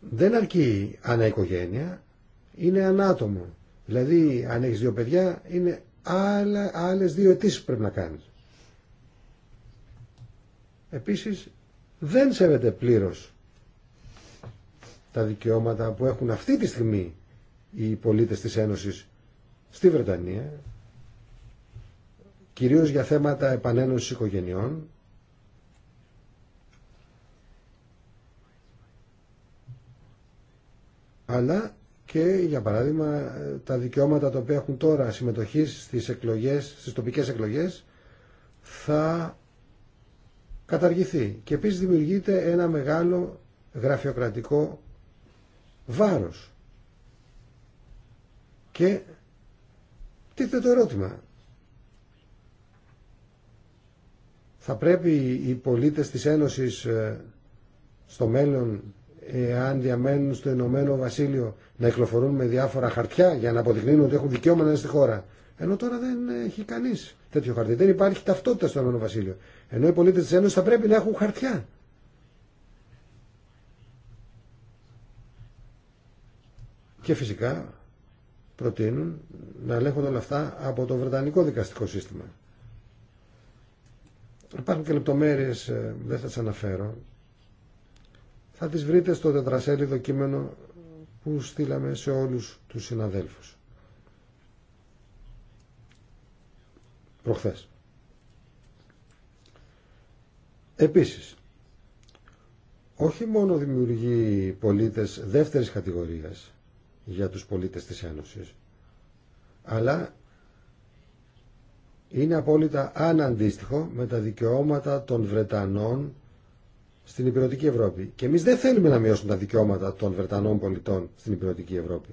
Speaker 2: Δεν αρκεί ανά είναι ανάτομο. Δηλαδή, αν έχει δύο παιδιά, είναι άλλε δύο αιτήσει που πρέπει να κάνεις. Επίσης, δεν σέβεται πλήρω τα δικαιώματα που έχουν αυτή τη στιγμή οι πολίτες της Ένωσης στη Βρετανία κυρίως για θέματα επανένωσης οικογενειών αλλά και για παράδειγμα τα δικαιώματα τα οποία έχουν τώρα συμμετοχής στις, εκλογές, στις τοπικές εκλογές θα καταργηθεί και επίσης δημιουργείται ένα μεγάλο γραφειοκρατικό βάρος και τίθεται το ερώτημα Θα πρέπει οι πολίτες της Ένωσης ε, στο μέλλον, εάν διαμένουν στο Ηνωμένο Βασίλειο, να εκλοφορούν με διάφορα χαρτιά για να αποδεικνύουν ότι έχουν δικαίωμα να είναι στη χώρα. Ενώ τώρα δεν έχει κανεί τέτοιο χαρτί. Δεν υπάρχει ταυτότητα στο Ηνωμένο Βασίλειο. Ενώ οι πολίτε τη Ένωση θα πρέπει να έχουν χαρτιά. Και φυσικά προτείνουν να ελέγχονται όλα αυτά από το Βρετανικό δικαστικό σύστημα. Υπάρχουν και λεπτομέρειες, ε, δεν θα τις αναφέρω. Θα τις βρείτε στο τετρασέλιδο κείμενο που στείλαμε σε όλους τους συναδέλφους. Προχθές. Επίσης, όχι μόνο δημιουργεί πολίτες δεύτερης κατηγορίας για τους πολίτες της Ένωσης, αλλά είναι απόλυτα αναντίστοιχο με τα δικαιώματα των Βρετανών στην υπηρετική Ευρώπη. Και εμείς δεν θέλουμε να μειώσουμε τα δικαιώματα των Βρετανών πολιτών στην υπηρετική Ευρώπη.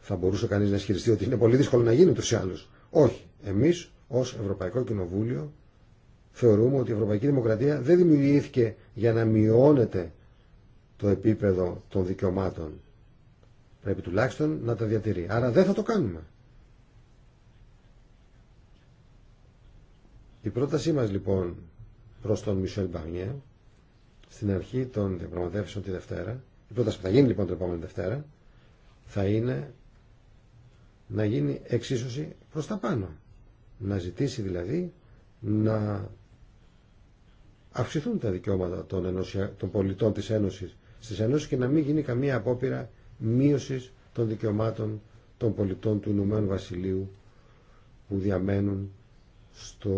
Speaker 2: Θα μπορούσε κανείς να ισχυριστεί ότι είναι πολύ δύσκολο να γίνει του η Ευρωπαϊκή Δημοκρατία δεν δημιουργήθηκε για να μειώνεται το επίπεδο των δικαιωμάτων. Πρέπει τουλάχιστον να τα διατηρεί. Άρα δεν θα το κάνουμε. Η πρότασή μας λοιπόν προς τον Μισελ Μπαγνιέ στην αρχή των διαπραγματεύσεων τη Δευτέρα, η πρόταση που θα γίνει λοιπόν την επόμενη Δευτέρα, θα είναι να γίνει εξίσωση προς τα πάνω. Να ζητήσει δηλαδή να αυξηθούν τα δικαιώματα των, πολιτών της Ένωσης στις Ένωσης και να μην γίνει καμία απόπειρα μείωσης των δικαιωμάτων των πολιτών του Ηνωμένου Βασιλείου που διαμένουν στο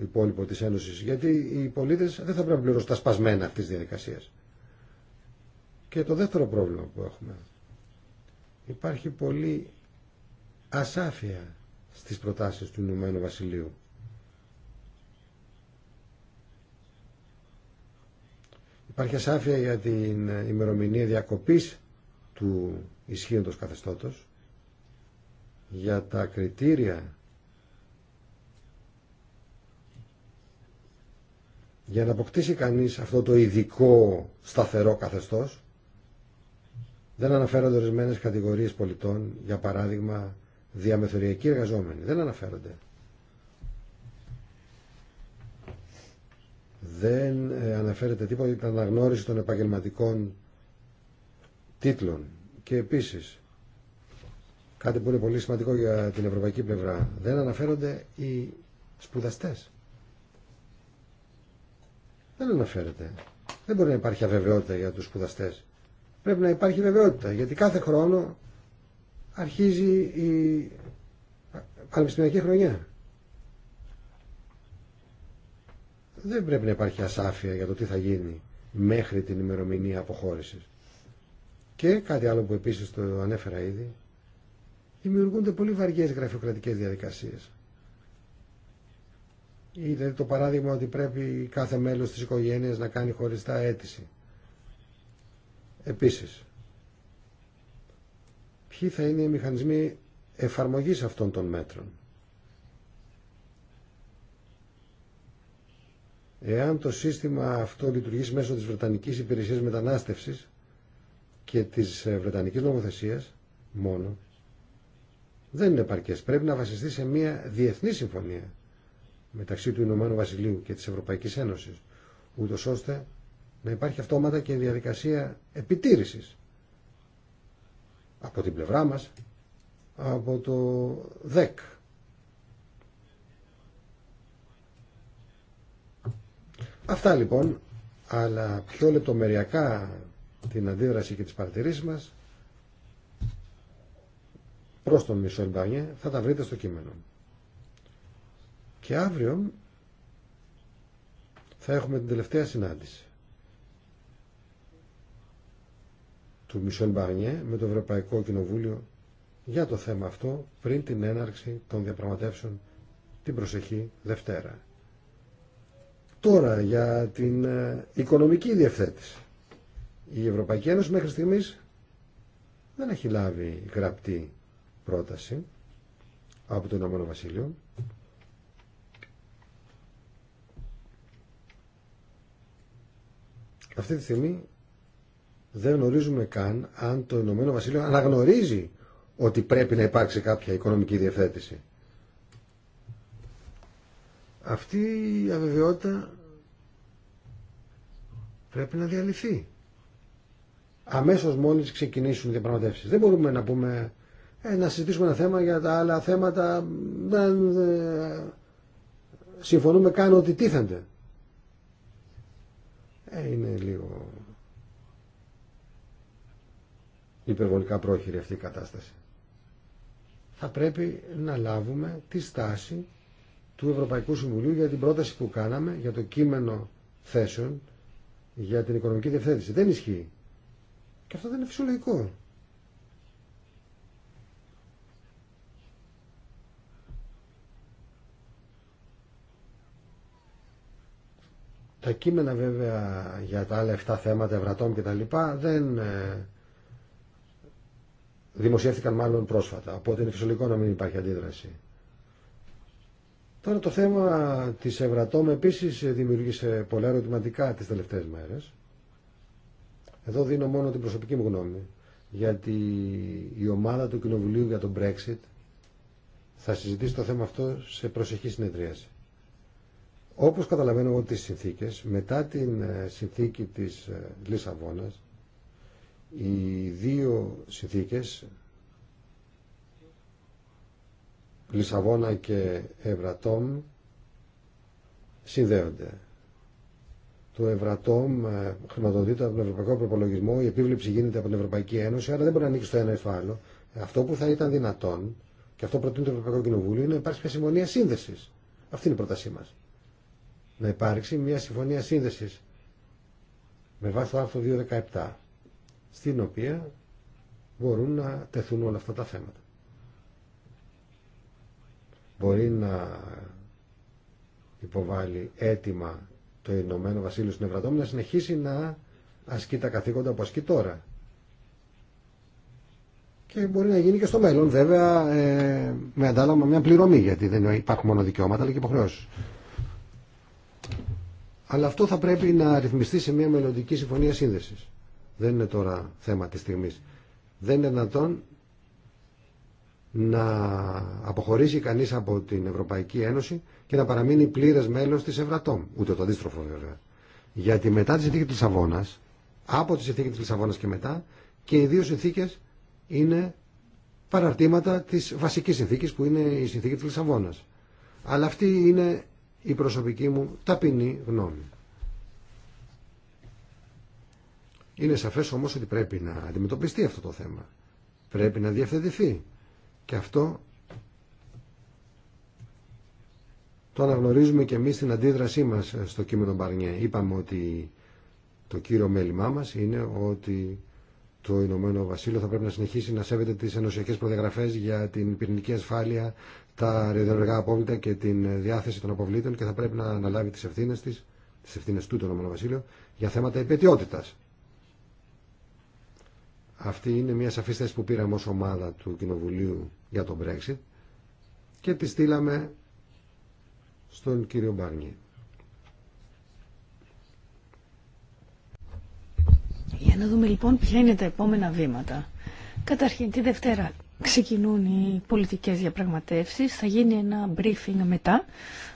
Speaker 2: υπόλοιπο της Ένωσης γιατί οι πολίτες δεν θα πρέπει να πληρώσουν τα σπασμένα αυτής της διαδικασίας και το δεύτερο πρόβλημα που έχουμε υπάρχει πολύ ασάφεια στις προτάσεις του Ηνωμένου Βασιλείου υπάρχει ασάφεια για την ημερομηνία διακοπής του ισχύοντος καθεστώτος για τα κριτήρια για να αποκτήσει κανείς αυτό το ειδικό σταθερό καθεστώς δεν αναφέρονται ορισμένε κατηγορίες πολιτών, για παράδειγμα διαμεθοριακοί εργαζόμενοι. Δεν αναφέρονται. Δεν ε, αναφέρεται τίποτα για την αναγνώριση των επαγγελματικών τίτλων. Και επίσης, κάτι που είναι πολύ σημαντικό για την ευρωπαϊκή πλευρά, δεν αναφέρονται οι σπουδαστές. Δεν αναφέρεται. Δεν μπορεί να υπάρχει αβεβαιότητα για τους σπουδαστές. Πρέπει να υπάρχει βεβαιότητα, γιατί κάθε χρόνο αρχίζει η πανεπιστημιακή χρονιά. Δεν πρέπει να υπάρχει ασάφεια για το τι θα γίνει μέχρι την ημερομηνία αποχώρησης. Και κάτι άλλο που επίσης το ανέφερα ήδη, δημιουργούνται πολύ βαριές γραφειοκρατικές διαδικασίες. Ή δηλαδή το παράδειγμα ότι πρέπει κάθε μέλος της οικογένειας να κάνει χωριστά αίτηση. Επίσης, ποιοι θα είναι οι μηχανισμοί εφαρμογής αυτών των μέτρων. Εάν το σύστημα αυτό λειτουργήσει μέσω της Βρετανικής Υπηρεσίας Μετανάστευσης, και της ε, Βρετανικής νομοθεσίας μόνο δεν είναι επαρκές. Πρέπει να βασιστεί σε μια διεθνή συμφωνία μεταξύ του Ηνωμένου Βασιλείου και της Ευρωπαϊκής Ένωσης ούτω ώστε να υπάρχει αυτόματα και διαδικασία επιτήρησης από την πλευρά μας από το ΔΕΚ Αυτά λοιπόν αλλά πιο λεπτομεριακά την αντίδραση και τις παρατηρήσεις μας προς τον Μισελ θα τα βρείτε στο κείμενο. Και αύριο θα έχουμε την τελευταία συνάντηση του Μισελ με το Ευρωπαϊκό Κοινοβούλιο για το θέμα αυτό πριν την έναρξη των διαπραγματεύσεων την προσεχή Δευτέρα. Τώρα για την ε, οικονομική διευθέτηση. Η Ευρωπαϊκή Ένωση μέχρι στιγμής δεν έχει λάβει γραπτή πρόταση από τον Ηνωμένο Βασίλειο. Αυτή τη στιγμή δεν γνωρίζουμε καν αν το Ηνωμένο Βασίλειο αναγνωρίζει ότι πρέπει να υπάρξει κάποια οικονομική διευθέτηση. Αυτή η αβεβαιότητα πρέπει να διαλυθεί αμέσως μόλι ξεκινήσουν οι διαπραγματεύσεις. Δεν μπορούμε να πούμε ε, να συζητήσουμε ένα θέμα για τα άλλα θέματα δεν ε, συμφωνούμε καν ότι τίθενται. Ε, είναι λίγο υπερβολικά πρόχειρη αυτή η κατάσταση. Θα πρέπει να λάβουμε τη στάση του Ευρωπαϊκού Συμβουλίου για την πρόταση που κάναμε για το κείμενο θέσεων για την οικονομική διευθέτηση. Δεν ισχύει και αυτό δεν είναι φυσιολογικό. Τα κείμενα βέβαια για τα άλλα 7 θέματα ευρατών και τα λοιπά δεν ε, δημοσιεύτηκαν μάλλον πρόσφατα. Οπότε είναι φυσιολογικό να μην υπάρχει αντίδραση. Τώρα το θέμα της Ευρατόμ επίσης δημιούργησε πολλά ερωτηματικά τις τελευταίες μέρες. Εδώ δίνω μόνο την προσωπική μου γνώμη, γιατί η ομάδα του Κοινοβουλίου για τον Brexit θα συζητήσει το θέμα αυτό σε προσεχή συνεδρίαση. Όπως καταλαβαίνω εγώ τις συνθήκες, μετά την ε, συνθήκη της ε, Λισαβόνας, οι δύο συνθήκες, Λισαβόνα και Ευρατόμ, συνδέονται το Ευρατόμ ε, χρηματοδοτείται από τον Ευρωπαϊκό Προπολογισμό, η επίβλεψη γίνεται από την Ευρωπαϊκή Ένωση, άρα δεν μπορεί να ανοίξει στο ένα ή άλλο Αυτό που θα ήταν δυνατόν, και αυτό προτείνει το Ευρωπαϊκό Κοινοβούλιο, είναι να υπάρξει μια συμφωνία σύνδεση. Αυτή είναι η πρότασή μα. Να υπάρξει μια συμφωνία σύνδεση με βάση το άρθρο 217, στην οποία μπορούν να τεθούν όλα αυτά τα θέματα. Μπορεί να υποβάλει αίτημα το Ηνωμένο Βασίλειο στην Ευρατόμη να συνεχίσει να ασκεί τα καθήκοντα που ασκεί τώρα. Και μπορεί να γίνει και στο μέλλον, βέβαια, ε, με αντάλλαγμα μια πληρωμή, γιατί δεν υπάρχουν μόνο δικαιώματα, αλλά και υποχρεώσει. Αλλά αυτό θα πρέπει να ρυθμιστεί σε μια μελλοντική συμφωνία σύνδεση. Δεν είναι τώρα θέμα τη στιγμή. Δεν είναι δυνατόν να αποχωρήσει κανείς από την Ευρωπαϊκή Ένωση και να παραμείνει πλήρες μέλος της Ευρατόμ. Ούτε το αντίστροφο βέβαια. Γιατί μετά τη συνθήκη της Λισαβόνας, από τη συνθήκη της Λισαβόνας και μετά, και οι δύο συνθήκες είναι παραρτήματα της βασικής συνθήκης που είναι η συνθήκη της Λισαβόνας. Αλλά αυτή είναι η προσωπική μου ταπεινή γνώμη. Είναι σαφές όμως ότι πρέπει να αντιμετωπιστεί αυτό το θέμα. Πρέπει να διευθετηθεί. Και αυτό το αναγνωρίζουμε και εμείς στην αντίδρασή μας στο κείμενο Μπαρνιέ. Είπαμε ότι το κύριο μέλημά μας είναι ότι το Ηνωμένο Βασίλειο θα πρέπει να συνεχίσει να σέβεται τις ενωσιακές προδιαγραφές για την πυρηνική ασφάλεια, τα ραδιενεργά απόβλητα και την διάθεση των αποβλήτων και θα πρέπει να αναλάβει τις ευθύνες της, τις ευθύνες του το Ηνωμένο Βασίλειο, για θέματα επαιτειότητας. Αυτή είναι μια σαφή θέση που πήραμε ως ομάδα του Κοινοβουλίου για τον Brexit και τη στείλαμε στον κύριο Μπάρνιε.
Speaker 1: Για να δούμε λοιπόν ποια είναι τα επόμενα βήματα. Καταρχήν τη Δευτέρα ξεκινούν οι πολιτικές διαπραγματεύσεις. Θα γίνει ένα briefing μετά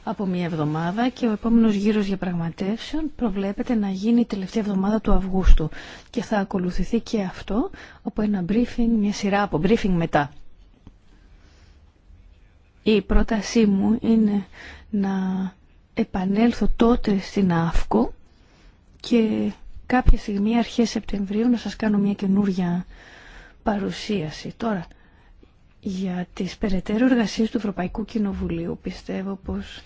Speaker 1: από μία εβδομάδα και ο επόμενος γύρος διαπραγματεύσεων προβλέπεται να γίνει η τελευταία εβδομάδα του Αυγούστου και θα ακολουθηθεί και αυτό από ένα briefing, μια σειρά από briefing μετά. Η πρότασή μου είναι να επανέλθω τότε στην ΑΦΚΟ και κάποια στιγμή αρχές Σεπτεμβρίου να σας κάνω μια καινούρια παρουσίαση. Τώρα, για τις περαιτέρω εργασίες του Ευρωπαϊκού Κοινοβουλίου. Πιστεύω πως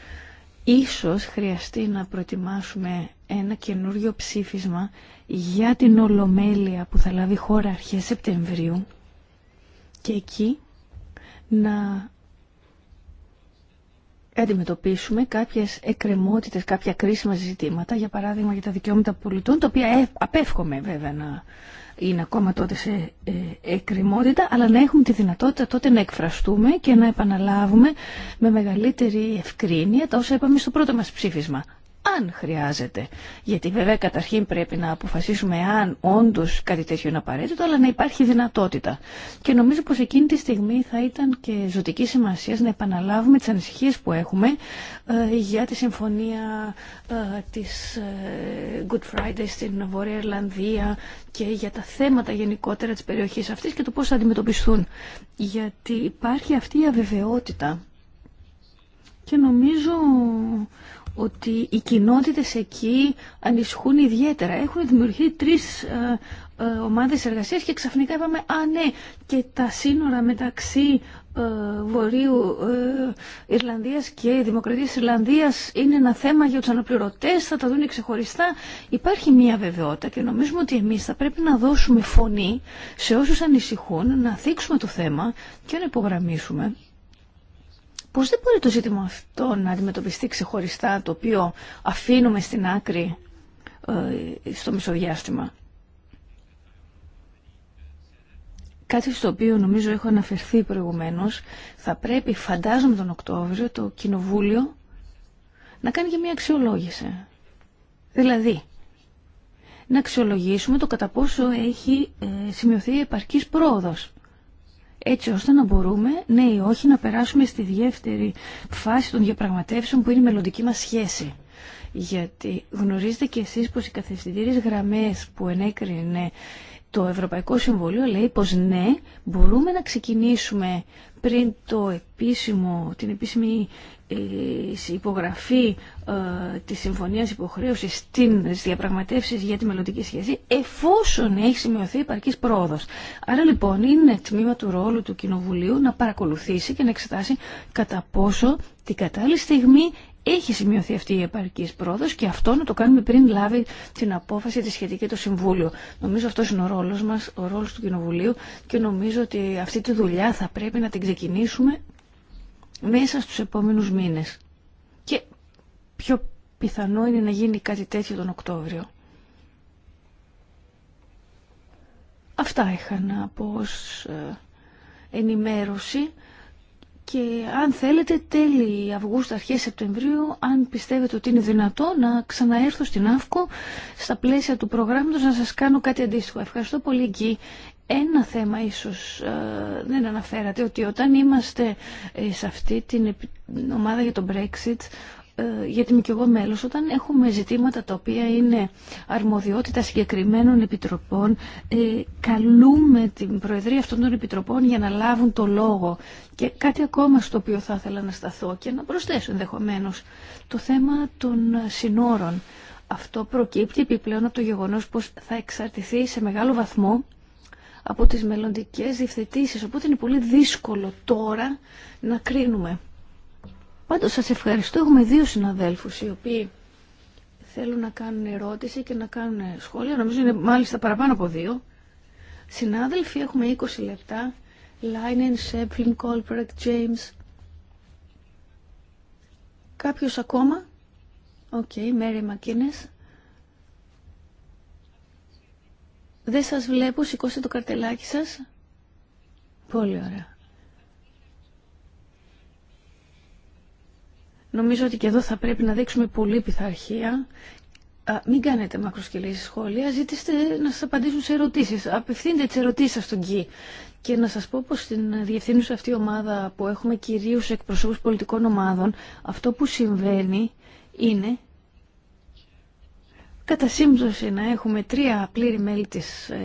Speaker 1: ίσως χρειαστεί να προετοιμάσουμε ένα καινούριο ψήφισμα για την Ολομέλεια που θα λάβει χώρα αρχές Σεπτεμβρίου και εκεί να αντιμετωπίσουμε κάποιες εκκρεμότητες, κάποια κρίσιμα ζητήματα, για παράδειγμα για τα δικαιώματα πολιτών, τα οποία ε, απέφχομαι βέβαια να είναι ακόμα τότε σε ε, εκκριμότητα, αλλά να έχουμε τη δυνατότητα τότε να εκφραστούμε και να επαναλάβουμε με μεγαλύτερη ευκρίνεια τα όσα είπαμε στο πρώτο μας ψήφισμα αν χρειάζεται. Γιατί βέβαια καταρχήν πρέπει να αποφασίσουμε αν όντω κάτι τέτοιο είναι απαραίτητο, αλλά να υπάρχει δυνατότητα. Και νομίζω πως εκείνη τη στιγμή θα ήταν και ζωτική σημασία να επαναλάβουμε τις ανησυχίε που έχουμε ε, για τη συμφωνία ε, της ε, Good Friday στην Βόρεια Ιρλανδία και για τα θέματα γενικότερα τη περιοχή αυτή και το πώ θα αντιμετωπιστούν. Γιατί υπάρχει αυτή η αβεβαιότητα και νομίζω ότι οι κοινότητες εκεί ανησυχούν ιδιαίτερα. Έχουν δημιουργεί τρεις ε, ε, ομάδες εργασίας και ξαφνικά είπαμε «Α, ναι, και τα σύνορα μεταξύ ε, Βορείου Ιρλανδίας και Δημοκρατίας Ιρλανδίας είναι ένα θέμα για τους αναπληρωτές, θα τα δουν ξεχωριστά». Υπάρχει μία βεβαιότητα και νομίζουμε ότι εμείς θα πρέπει να δώσουμε φωνή σε όσους ανησυχούν, να θίξουμε το θέμα και να υπογραμμίσουμε πως δεν μπορεί το ζήτημα αυτό να αντιμετωπιστεί ξεχωριστά, το οποίο αφήνουμε στην άκρη ε, στο μισοδιάστημα. Κάτι στο οποίο νομίζω έχω αναφερθεί προηγουμένως, θα πρέπει φαντάζομαι τον Οκτώβριο το Κοινοβούλιο να κάνει και μια αξιολόγηση. Δηλαδή, να αξιολογήσουμε το κατά πόσο έχει ε, σημειωθεί επαρκής πρόοδος έτσι ώστε να μπορούμε, ναι ή όχι, να περάσουμε στη δεύτερη φάση των διαπραγματεύσεων που είναι η μελλοντική μας σχέση. Γιατί γνωρίζετε και εσείς πως οι καθεστητήρες γραμμές που ενέκρινε το Ευρωπαϊκό Συμβολίο λέει πως ναι, μπορούμε να ξεκινήσουμε πριν το επίσημο, την επίσημη η υπογραφή ε, της συμφωνίας υποχρέωσης στις διαπραγματεύσεις για τη μελλοντική σχέση εφόσον έχει σημειωθεί επαρκής πρόοδος. Άρα λοιπόν είναι τμήμα του ρόλου του Κοινοβουλίου να παρακολουθήσει και να εξετάσει κατά πόσο την κατάλληλη στιγμή έχει σημειωθεί αυτή η επαρκή πρόοδο και αυτό να το κάνουμε πριν λάβει την απόφαση τη σχετική το Συμβούλιο. Νομίζω αυτό είναι ο ρόλο μα, ο ρόλο του Κοινοβουλίου και νομίζω ότι αυτή τη δουλειά θα πρέπει να την ξεκινήσουμε μέσα στους επόμενους μήνες. Και πιο πιθανό είναι να γίνει κάτι τέτοιο τον Οκτώβριο. Αυτά είχα να πω ως ε, ενημέρωση και αν θέλετε τέλη Αυγούστου, αρχές Σεπτεμβρίου, αν πιστεύετε ότι είναι δυνατό να ξαναέρθω στην ΑΦΚΟ στα πλαίσια του προγράμματος να σας κάνω κάτι αντίστοιχο. Ευχαριστώ πολύ εκεί ένα θέμα ίσως ε, δεν αναφέρατε, ότι όταν είμαστε ε, σε αυτή την ομάδα για το Brexit, ε, γιατί είμαι και εγώ μέλος, όταν έχουμε ζητήματα τα οποία είναι αρμοδιότητα συγκεκριμένων επιτροπών, καλούμε την Προεδρία αυτών των επιτροπών για να λάβουν το λόγο. Και κάτι ακόμα στο οποίο θα ήθελα να σταθώ και να προσθέσω ενδεχομένω το θέμα των συνόρων. Αυτό προκύπτει επιπλέον από το γεγονός πως θα εξαρτηθεί σε μεγάλο βαθμό από τις μελλοντικές διευθετήσεις, οπότε είναι πολύ δύσκολο τώρα να κρίνουμε. Πάντως σας ευχαριστώ, έχουμε δύο συναδέλφους οι οποίοι θέλουν να κάνουν ερώτηση και να κάνουν σχόλια, νομίζω είναι μάλιστα παραπάνω από δύο. Συνάδελφοι, έχουμε 20 λεπτά, Λάινεν, Σέπλιν, Κόλπρεκ, James. Κάποιος ακόμα. Οκ, Μέρι Μακίνες. Δεν σας βλέπω, σηκώστε το καρτελάκι σας. Πολύ ωραία. Νομίζω ότι και εδώ θα πρέπει να δείξουμε πολύ πειθαρχία. Α, μην κάνετε μακροσκελή σχόλια, ζήτηστε να σας απαντήσουν σε ερωτήσεις. Απευθύνετε τις ερωτήσεις σας στον ΚΙ. Και να σας πω πως στην διευθύνουσα αυτή ομάδα που έχουμε κυρίως εκπροσώπους πολιτικών ομάδων, αυτό που συμβαίνει είναι Κατά σύμπτωση να έχουμε τρία πλήρη μέλη της ε,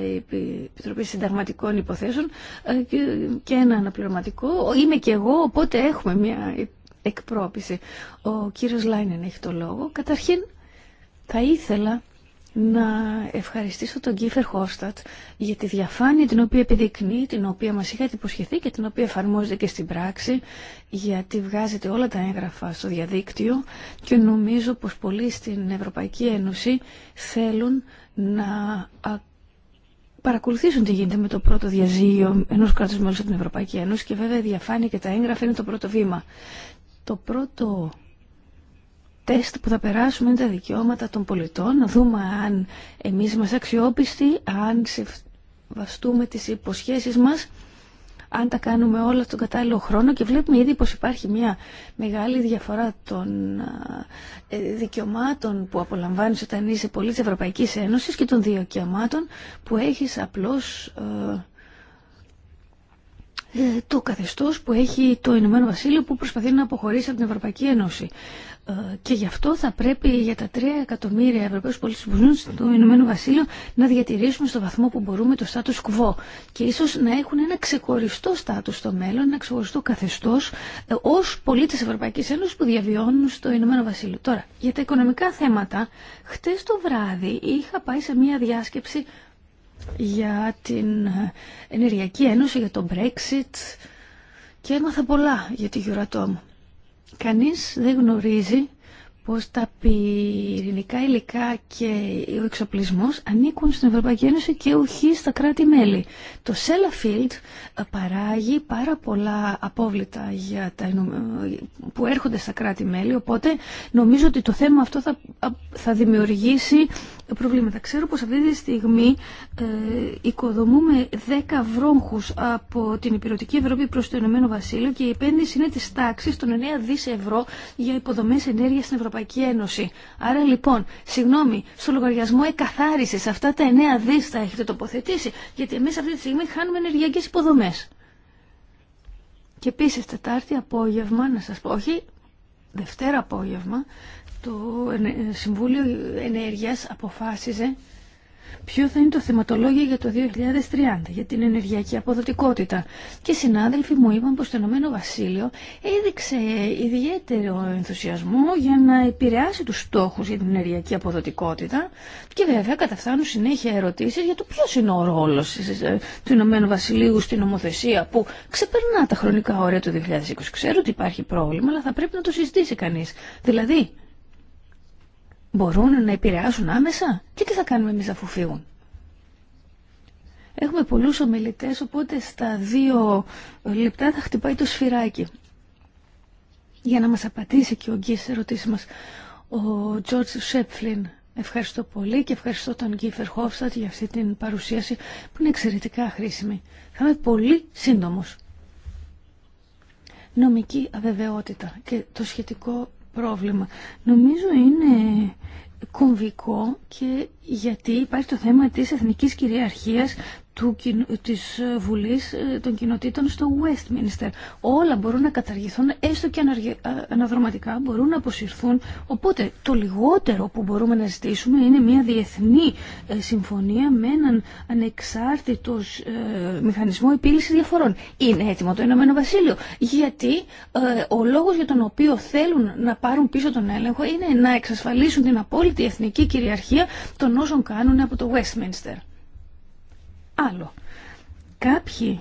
Speaker 1: Επιτροπής Συνταγματικών Υποθέσεων ε, και ένα αναπληρωματικό. Είμαι και εγώ, οπότε έχουμε μια εκπρόπηση. Ο κύριος Λάινεν έχει το λόγο. Καταρχήν θα ήθελα να ευχαριστήσω τον Κίφερ Χόστατ για τη διαφάνεια την οποία επιδεικνύει, την οποία μας είχατε υποσχεθεί και την οποία εφαρμόζεται και στην πράξη γιατί βγάζετε όλα τα έγγραφα στο διαδίκτυο και νομίζω πως πολλοί στην Ευρωπαϊκή Ένωση θέλουν να παρακολουθήσουν τι γίνεται με το πρώτο διαζύγιο ενός κράτους μέλους από την Ευρωπαϊκή Ένωση και βέβαια η διαφάνεια και τα έγγραφα είναι το πρώτο βήμα. Το πρώτο τεστ που θα περάσουμε είναι τα δικαιώματα των πολιτών, να δούμε αν εμείς είμαστε αξιόπιστοι, αν σεβαστούμε τις υποσχέσεις μας, αν τα κάνουμε όλα στον κατάλληλο χρόνο και βλέπουμε ήδη πως υπάρχει μια μεγάλη διαφορά των ε, δικαιωμάτων που απολαμβάνεις όταν είσαι πολίτης Ευρωπαϊκής Ένωσης και των δικαιωμάτων που έχεις απλώς ε, ε, το καθεστώς που έχει το Ηνωμένο Βασίλειο που προσπαθεί να αποχωρήσει από την Ευρωπαϊκή Ένωση. Ε, και γι' αυτό θα πρέπει για τα 3 εκατομμύρια Ευρωπαίους πολίτες που ζουν στο Ηνωμένο Βασίλειο να διατηρήσουμε στο βαθμό που μπορούμε το status quo και ίσως να έχουν ένα ξεχωριστό στάτου στο μέλλον, ένα ξεχωριστό καθεστώς ε, ως πολίτες Ευρωπαϊκής Ένωσης που διαβιώνουν στο Ηνωμένο Βασίλειο. Τώρα, για τα οικονομικά θέματα, χτες το βράδυ είχα πάει σε μια διάσκεψη για την ε, Ενεργειακή Ένωση, για τον Brexit και έμαθα πολλά για τη Euratom. Κανείς δεν γνωρίζει πως τα πυρηνικά υλικά και ο εξοπλισμός ανήκουν στην Ευρωπαϊκή Ένωση και ουχή στα κράτη-μέλη. Το Sellafield ε, παράγει πάρα πολλά απόβλητα για τα, ε, που έρχονται στα κράτη-μέλη, οπότε νομίζω ότι το θέμα αυτό θα, θα δημιουργήσει προβλήματα. Ξέρω πως αυτή τη στιγμή ε, οικοδομούμε 10 βρόμχους από την υπηρετική Ευρώπη προς το Ηνωμένο Βασίλειο και η επένδυση είναι της τάξης των 9 δις ευρώ για υποδομές ενέργειας στην Ευρωπαϊκή Ένωση. Άρα λοιπόν, συγγνώμη, στο λογαριασμό εκαθάρισης αυτά τα 9 δις θα έχετε τοποθετήσει, γιατί εμείς αυτή τη στιγμή χάνουμε ενεργειακές υποδομές. Και επίση Τετάρτη απόγευμα, να σας πω, όχι, Δευτέρα απόγευμα, το Συμβούλιο Ενέργειας αποφάσιζε ποιο θα είναι το θεματολόγιο για το 2030, για την ενεργειακή αποδοτικότητα. Και συνάδελφοι μου είπαν πως το Ηνωμένο Βασίλειο έδειξε ιδιαίτερο ενθουσιασμό για να επηρεάσει τους στόχους για την ενεργειακή αποδοτικότητα και βέβαια καταφθάνουν συνέχεια ερωτήσεις για το ποιο είναι ο ρόλος ε, του Ηνωμένου Βασιλείου στην νομοθεσία που ξεπερνά τα χρονικά όρια του 2020. Ξέρω ότι υπάρχει πρόβλημα, αλλά θα πρέπει να το συζητήσει κανείς. Δηλαδή, μπορούν να επηρεάσουν άμεσα και τι θα κάνουμε εμείς αφού φύγουν. Έχουμε πολλούς ομιλητές, οπότε στα δύο λεπτά θα χτυπάει το σφυράκι. Για να μας απαντήσει και ο Γκίς ερωτήσεις μας ο Τζόρτζ Σέπφλιν. Ευχαριστώ πολύ και ευχαριστώ τον Γκίφερ Χόφστατ για αυτή την παρουσίαση που είναι εξαιρετικά χρήσιμη. Θα είμαι πολύ σύντομος. Νομική αβεβαιότητα και το σχετικό πρόβλημα. Νομίζω είναι κομβικό και γιατί υπάρχει το θέμα της εθνικής κυριαρχίας του, της ε, Βουλής ε, των Κοινοτήτων στο Westminster. Όλα μπορούν να καταργηθούν, έστω και αναδροματικά μπορούν να αποσυρθούν. Οπότε το λιγότερο που μπορούμε να ζητήσουμε είναι μια διεθνή ε, συμφωνία με έναν ανεξάρτητο μηχανισμό επίλυση διαφορών. Είναι έτοιμο το Ηνωμένο Βασίλειο. Γιατί ο λόγος για τον οποίο θέλουν να πάρουν πίσω τον έλεγχο είναι να εξασφαλίσουν την απόλυτη εθνική κυριαρχία των όσων κάνουν από το Westminster άλλο. Κάποιοι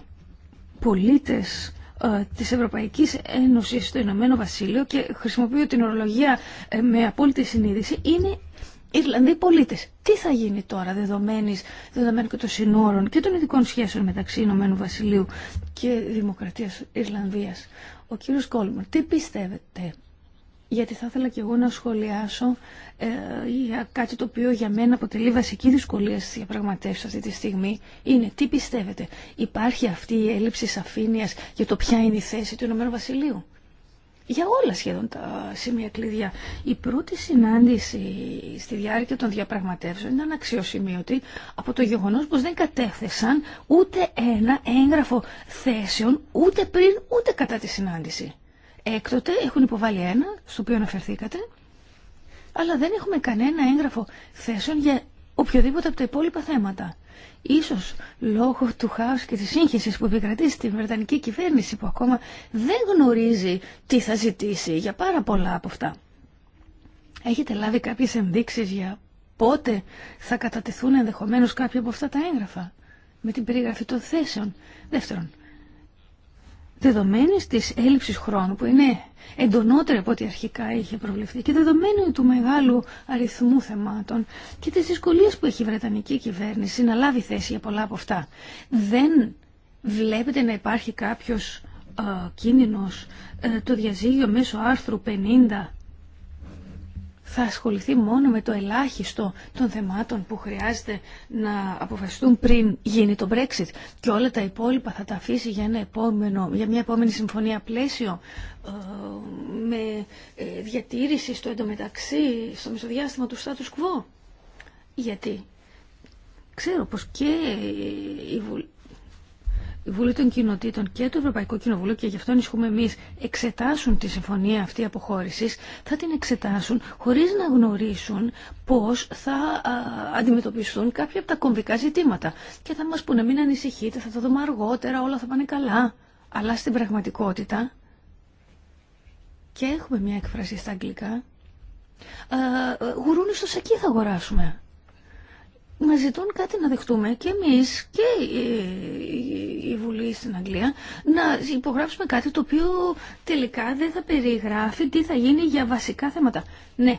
Speaker 1: πολίτες ε, της Ευρωπαϊκής Ένωσης στο Ηνωμένο Βασίλειο και χρησιμοποιώ την ορολογία ε, με απόλυτη συνείδηση είναι Ιρλανδοί πολίτε. Τι θα γίνει τώρα δεδομένης, δεδομένου και των συνόρων και των ειδικών σχέσεων μεταξύ Ηνωμένου Βασιλείου και Δημοκρατίας Ιρλανδίας. Ο κύριος Κόλμορ, τι πιστεύετε γιατί θα ήθελα και εγώ να σχολιάσω ε, για κάτι το οποίο για μένα αποτελεί βασική δυσκολία στις διαπραγματεύσεις αυτή τη στιγμή. Είναι τι πιστεύετε, υπάρχει αυτή η έλλειψη σαφήνειας για το ποια είναι η θέση του Ηνωμένου Βασιλείου. Για όλα σχεδόν τα σημεία κλειδιά. Η πρώτη συνάντηση στη διάρκεια των διαπραγματεύσεων ήταν αξιοσημείωτη από το γεγονό πω δεν κατέθεσαν ούτε ένα έγγραφο θέσεων ούτε πριν ούτε κατά τη συνάντηση. Έκτοτε έχουν υποβάλει ένα, στο οποίο αναφερθήκατε, αλλά δεν έχουμε κανένα έγγραφο θέσεων για οποιοδήποτε από τα υπόλοιπα θέματα. Ίσως λόγω του χάους και της σύγχυσης που επικρατεί στη Βρετανική κυβέρνηση που ακόμα δεν γνωρίζει τι θα ζητήσει για πάρα πολλά από αυτά. Έχετε λάβει κάποιες ενδείξεις για πότε θα κατατεθούν ενδεχομένως κάποια από αυτά τα έγγραφα με την περιγραφή των θέσεων. Δεύτερον, δεδομένης της έλλειψη χρόνου που είναι εντονότερη από ό,τι αρχικά είχε προβλεφθεί και δεδομένου του μεγάλου αριθμού θεμάτων και τι δυσκολίε που έχει η Βρετανική κυβέρνηση να λάβει θέση για πολλά από αυτά. Δεν βλέπετε να υπάρχει κάποιο κίνδυνο ε, το διαζύγιο μέσω άρθρου 50 θα ασχοληθεί μόνο με το ελάχιστο των θεμάτων που χρειάζεται να αποφασιστούν πριν γίνει το Brexit και όλα τα υπόλοιπα θα τα αφήσει για, ένα επόμενο, για μια επόμενη συμφωνία πλαίσιο ε, με ε, διατήρηση στο εντωμεταξύ, στο μεσοδιάστημα του status quo. Γιατί ξέρω πως και η Βουλή η Βουλή των Κοινοτήτων και το Ευρωπαϊκό Κοινοβούλιο, και γι' αυτό ανησυχούμε εμεί, εξετάσουν τη συμφωνία αυτή αποχώρηση, θα την εξετάσουν χωρί να γνωρίσουν πώ θα αντιμετωπιστούν κάποια από τα κομβικά ζητήματα. Και θα μα πούνε μην ανησυχείτε, θα το δούμε αργότερα, όλα θα πάνε καλά. Αλλά στην πραγματικότητα, και έχουμε μια έκφραση στα αγγλικά, γουρούνι στο σακί θα αγοράσουμε μας ζητούν κάτι να δεχτούμε και εμείς και η Βουλή στην Αγγλία να υπογράψουμε κάτι το οποίο τελικά δεν θα περιγράφει τι θα γίνει για βασικά θέματα. Ναι,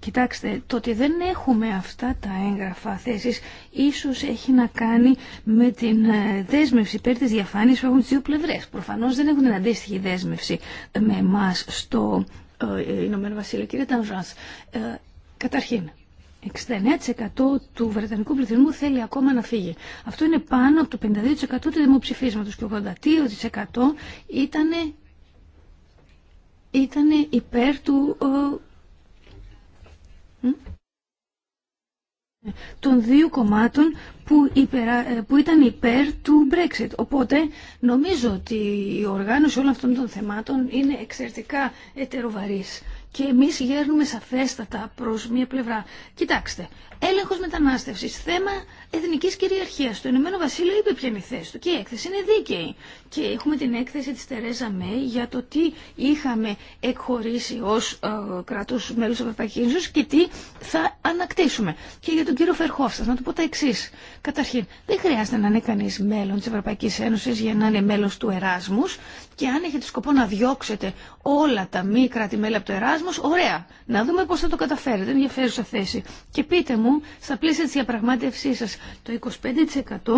Speaker 1: Κοιτάξτε, το ότι δεν έχουμε αυτά τα έγγραφα θέσεις ίσως έχει να κάνει με την ε, δέσμευση υπέρ της διαφάνειας που έχουν τις δύο πλευρές. Προφανώς δεν έχουν την αντίστοιχη δέσμευση με εμά στο ε, Ηνωμένο Βασίλειο. Κύριε Τανζάνς, ε, καταρχήν, 69% του βρετανικού πληθυσμού θέλει ακόμα να φύγει. Αυτό είναι πάνω από το 52% του δημοψηφίσματος και 82% ήταν ήτανε υπέρ του των δύο κομμάτων που, υπερα, που ήταν υπέρ του Brexit. Οπότε νομίζω ότι η οργάνωση όλων αυτών των θεμάτων είναι εξαιρετικά ετεροβαρής και εμείς γέρνουμε σαφέστατα προς μία πλευρά. Κοιτάξτε, Έλεγχο μετανάστευση. θέμα εθνική κυριαρχία. Το Ηνωμένο Βασίλειο είπε ποια είναι η θέση του και η έκθεση είναι δίκαιη. Και έχουμε την έκθεση τη Τερέζα Μέη για το τι είχαμε εκχωρήσει ω ε, κράτος μέλους Ευρωπαϊκή Ένωση και τι θα ανακτήσουμε. Και για τον κύριο Φερχόφστα, να του πω τα εξή. Καταρχήν, δεν χρειάζεται να είναι κανεί μέλλον τη Ευρωπαϊκή Ένωση για να είναι μέλο του Εράσμου. και αν έχετε σκοπό να διώξετε όλα τα μη κράτη-μέλη από το ωραία, να δούμε πώ θα το καταφέρετε, ενδιαφέρουσα θέση. Και πείτε μου μου στα πλαίσια της διαπραγμάτευσής σας. Το 25%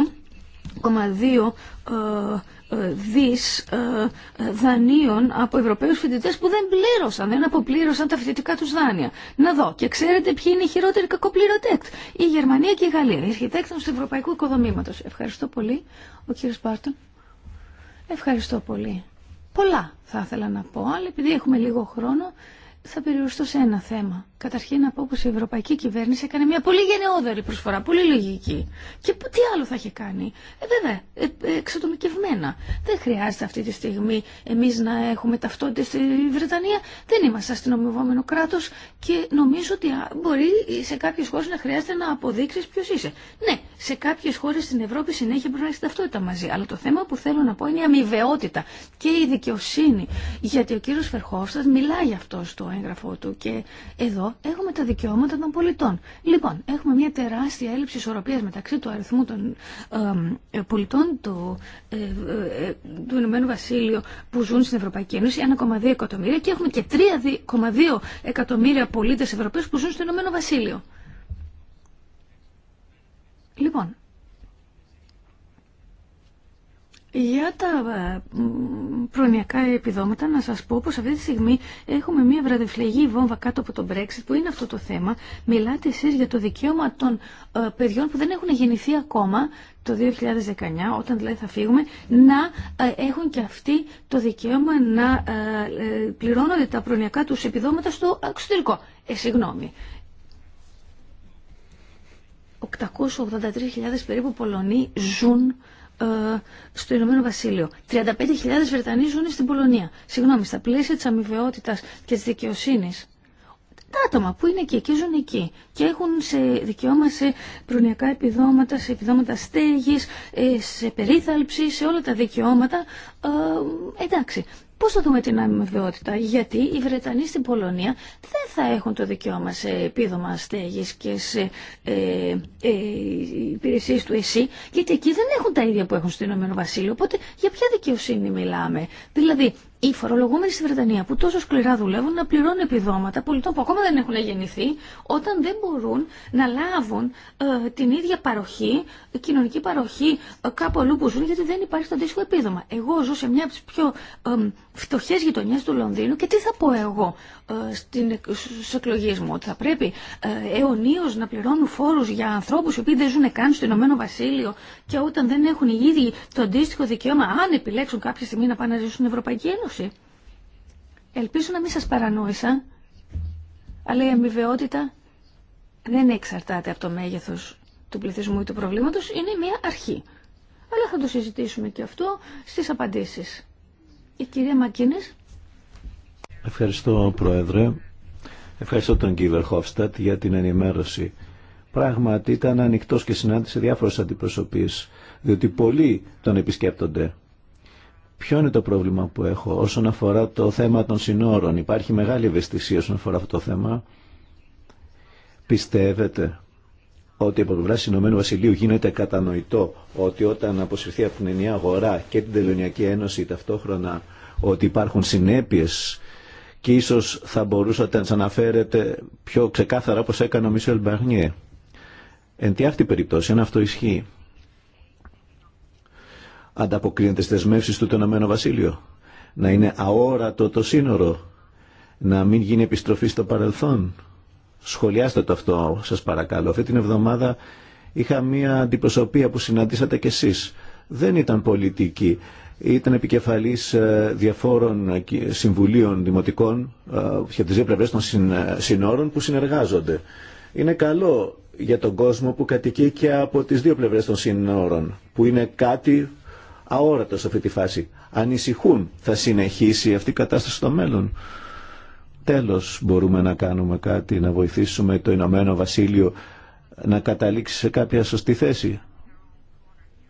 Speaker 1: 2 ε, ε, δις ε, δανείων από Ευρωπαίους φοιτητές που δεν πλήρωσαν, δεν αποπλήρωσαν τα φοιτητικά τους δάνεια. Να δω. Και ξέρετε ποιοι είναι οι χειρότεροι κακοπληρωτέκτ. Η Γερμανία και η Γαλλία. Αρχιτέκτονες του Ευρωπαϊκού Οικοδομήματος. Ευχαριστώ πολύ. Ο κύριος Πάρτον. Ευχαριστώ πολύ. Πολλά θα ήθελα να πω, αλλά επειδή έχουμε λίγο χρόνο θα περιοριστώ σε ένα θέμα. Καταρχήν να πω πως η ευρωπαϊκή κυβέρνηση έκανε μια πολύ γενναιόδορη προσφορά, πολύ λογική. Και τι άλλο θα είχε κάνει. Ε, βέβαια, ε, εξατομικευμένα. Δεν χρειάζεται αυτή τη στιγμή εμείς να έχουμε ταυτότητα στη Βρετανία. Δεν είμαστε αστυνομιβόμενο κράτος και νομίζω ότι μπορεί σε κάποιες χώρες να χρειάζεται να αποδείξεις ποιος είσαι. Ναι, σε κάποιες χώρες στην Ευρώπη συνέχεια πρέπει να έχει ταυτότητα μαζί. Αλλά το θέμα που θέλω να πω είναι η αμοιβαιότητα και η δικαιοσύνη. Γιατί ο κύριος Φερχόφστας μιλάει για αυτό στο έγγραφό του και εδώ έχουμε τα δικαιώματα των πολιτών. Λοιπόν, έχουμε μια τεράστια έλλειψη ισορροπία μεταξύ του αριθμού των ε, πολιτών του, ε, ε, ε, του Ηνωμένου Βασίλειου που ζουν στην Ευρωπαϊκή Ένωση, 1,2 εκατομμύρια και έχουμε και 3,2 εκατομμύρια πολίτες Ευρωπαίου που ζουν στο Ηνωμένο Βασίλειο. Λοιπόν, Για τα ε, προνοιακά επιδόματα να σας πω πως αυτή τη στιγμή έχουμε μια βραδευλεγή βόμβα κάτω από το Brexit που είναι αυτό το θέμα. Μιλάτε εσείς για το δικαίωμα των ε, παιδιών που δεν έχουν γεννηθεί ακόμα το 2019, όταν δηλαδή θα φύγουμε, να ε, έχουν και αυτοί το δικαίωμα να πληρώνονται τα προνοιακά τους επιδόματα στο εξωτερικό. Ε, συγγνώμη. 883.000 περίπου Πολωνοί ζουν ε, στο Ηνωμένο Βασίλειο. 35.000 Βρετανοί ζουν στην Πολωνία. Συγγνώμη, στα πλαίσια τη αμοιβαιότητα και τη δικαιοσύνη, Τα άτομα που είναι εκεί και ζουν εκεί και έχουν σε δικαιώμα σε προνοιακά επιδόματα, σε επιδόματα στέγης, ε, σε περίθαλψη, σε όλα τα δικαιώματα. Ε, εντάξει, Πώ θα δούμε την αμοιβαιότητα, γιατί οι Βρετανοί στην Πολωνία δεν θα έχουν το δικαίωμα σε επίδομα στέγη και σε ε, ε, υπηρεσίε του ΕΣΥ, γιατί εκεί δεν έχουν τα ίδια που έχουν στο Ηνωμένο Βασίλειο. Οπότε για ποια δικαιοσύνη μιλάμε. Δηλαδή, οι φορολογούμενοι στη Βρετανία που τόσο σκληρά δουλεύουν να πληρώνουν επιδόματα πολιτών που ακόμα δεν έχουν γεννηθεί όταν δεν μπορούν να λάβουν ε, την ίδια παροχή, κοινωνική παροχή ε, κάπου αλλού που ζουν γιατί δεν υπάρχει το αντίστοιχο επίδομα. Εγώ ζω σε μια τι πιο ε, φτωχέ γειτονιέ του Λονδίνου και τι θα πω εγώ ε, στου εκλογέ μου, ότι θα πρέπει ε, αιωνίω να πληρώνουν φόρου για ανθρώπου οι οποίοι δεν ζουν καν στο Ηνωμένο Βασίλειο και όταν δεν έχουν οι ίδιοι το αντίστοιχο δικαίωμα, αν επιλέξουν κάποια στιγμή να πάνε να ζήσουν στην Ευρωπαϊκή Ένωση. Ελπίζω να μην σα παρανόησα, αλλά η αμοιβαιότητα δεν εξαρτάται από το μέγεθο του πληθυσμού ή του προβλήματο, είναι μια αρχή. Αλλά θα το συζητήσουμε και αυτό στις απαντήσεις. Η κυρία Μακίνης.
Speaker 3: Ευχαριστώ Πρόεδρε. Ευχαριστώ τον κύριο Χόφστατ για την ενημέρωση. Πράγματι ήταν ανοιχτό και συνάντησε διάφορες αντιπροσωπείς, διότι πολλοί τον επισκέπτονται. Ποιο είναι το πρόβλημα που έχω όσον αφορά το θέμα των συνόρων. Υπάρχει μεγάλη ευαισθησία όσον αφορά αυτό το θέμα. Πιστεύετε ότι από πλευρά Ηνωμένου Βασιλείου γίνεται κατανοητό ότι όταν αποσυρθεί από την ενιαία αγορά και την Τελωνιακή Ένωση ταυτόχρονα ότι υπάρχουν συνέπειες και ίσως θα μπορούσατε να σας αναφέρετε πιο ξεκάθαρα όπως έκανε ο Μισελ Μπαρνιέ. Εν τη αυτή περιπτώσει, αν αυτό ισχύει, ανταποκρίνεται στις δεσμεύσεις του Ηνωμένου Βασίλειου Βασίλειο. Να είναι αόρατο το σύνορο, να μην γίνει επιστροφή στο παρελθόν Σχολιάστε το αυτό σας παρακαλώ. Αυτή την εβδομάδα είχα μία αντιπροσωπεία που συναντήσατε κι εσείς. Δεν ήταν πολιτική. Ήταν επικεφαλής ε, διαφόρων ε, συμβουλίων δημοτικών ε, για τις δύο πλευρές των συνόρων που συνεργάζονται. Είναι καλό για τον κόσμο που κατοικεί και από τις δύο πλευρές των συνόρων, που είναι κάτι αόρατο σε αυτή τη φάση. Ανησυχούν θα συνεχίσει αυτή η κατάσταση στο μέλλον. Τέλος μπορούμε να κάνουμε κάτι, να βοηθήσουμε το Ηνωμένο Βασίλειο να καταλήξει σε κάποια σωστή θέση.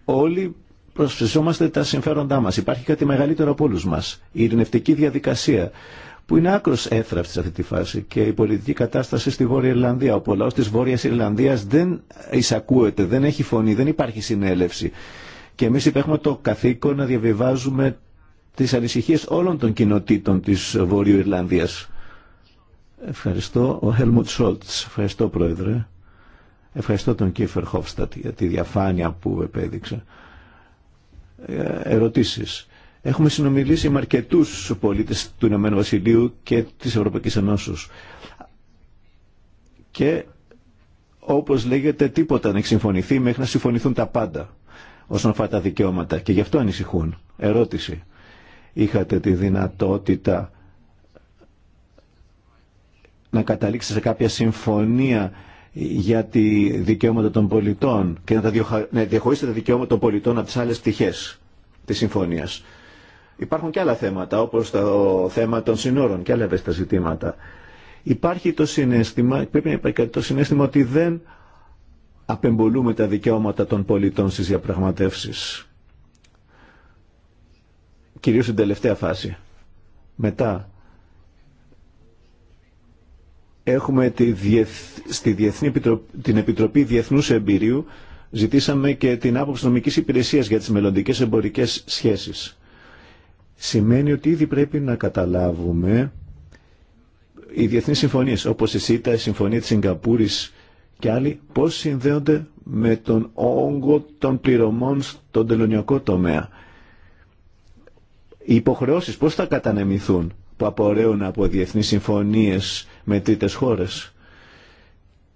Speaker 3: Όλοι προσφυσόμαστε τα συμφέροντά μας. Υπάρχει κάτι μεγαλύτερο από όλους μας. Η ειρηνευτική διαδικασία που είναι άκρος έθραυστη σε αυτή τη φάση και η πολιτική κατάσταση στη Βόρεια Ιρλανδία. Ο λαός της Βόρειας Ιρλανδίας δεν εισακούεται, δεν έχει φωνή, δεν υπάρχει συνέλευση. Και εμείς υπέχουμε το καθήκον να διαβιβάζουμε τις ανησυχίες όλων των κοινοτήτων της Βόρειου Ιρλανδίας. Ευχαριστώ ο Χέλμουτ Σόλτ. Ευχαριστώ Πρόεδρε. Ευχαριστώ τον Κίφερ Χόφστατ για τη διαφάνεια που επέδειξε. Ε, ερωτήσεις. Έχουμε συνομιλήσει με αρκετού πολίτε του Ηνωμένου Βασιλείου και τη Ευρωπαϊκή Ενώσεω. Και όπω λέγεται, τίποτα δεν έχει συμφωνηθεί μέχρι να συμφωνηθούν τα πάντα όσον αφορά τα δικαιώματα. Και γι' αυτό ανησυχούν. Ερώτηση. Είχατε τη δυνατότητα να καταλήξει σε κάποια συμφωνία για τη δικαιώματα των πολιτών και να, τα διοχα... να διαχωρίσετε τα δικαιώματα των πολιτών από τις άλλες πτυχές της συμφωνίας. Υπάρχουν και άλλα θέματα, όπως το θέμα των συνόρων και άλλα ευαίσθητα ζητήματα. Υπάρχει το συνέστημα, πρέπει να υπάρχει το συνέστημα ότι δεν απεμπολούμε τα δικαιώματα των πολιτών στις διαπραγματεύσεις. Κυρίως στην τελευταία φάση. Μετά Έχουμε τη στη Διεθνή Επιτροπή, την Επιτροπή Διεθνούς Εμπειρίου ζητήσαμε και την άποψη νομικής υπηρεσίας για τις μελλοντικές εμπορικές σχέσεις. Σημαίνει ότι ήδη πρέπει να καταλάβουμε οι διεθνείς συμφωνίες, όπως η ΣΥΤΑ, η Συμφωνία της Σιγκαπούρης και άλλοι, πώς συνδέονται με τον όγκο των πληρωμών στον τελωνιακό τομέα. Οι υποχρεώσεις πώς θα κατανεμηθούν που απορρέουν από διεθνείς συμφωνίες με τρίτες χώρες.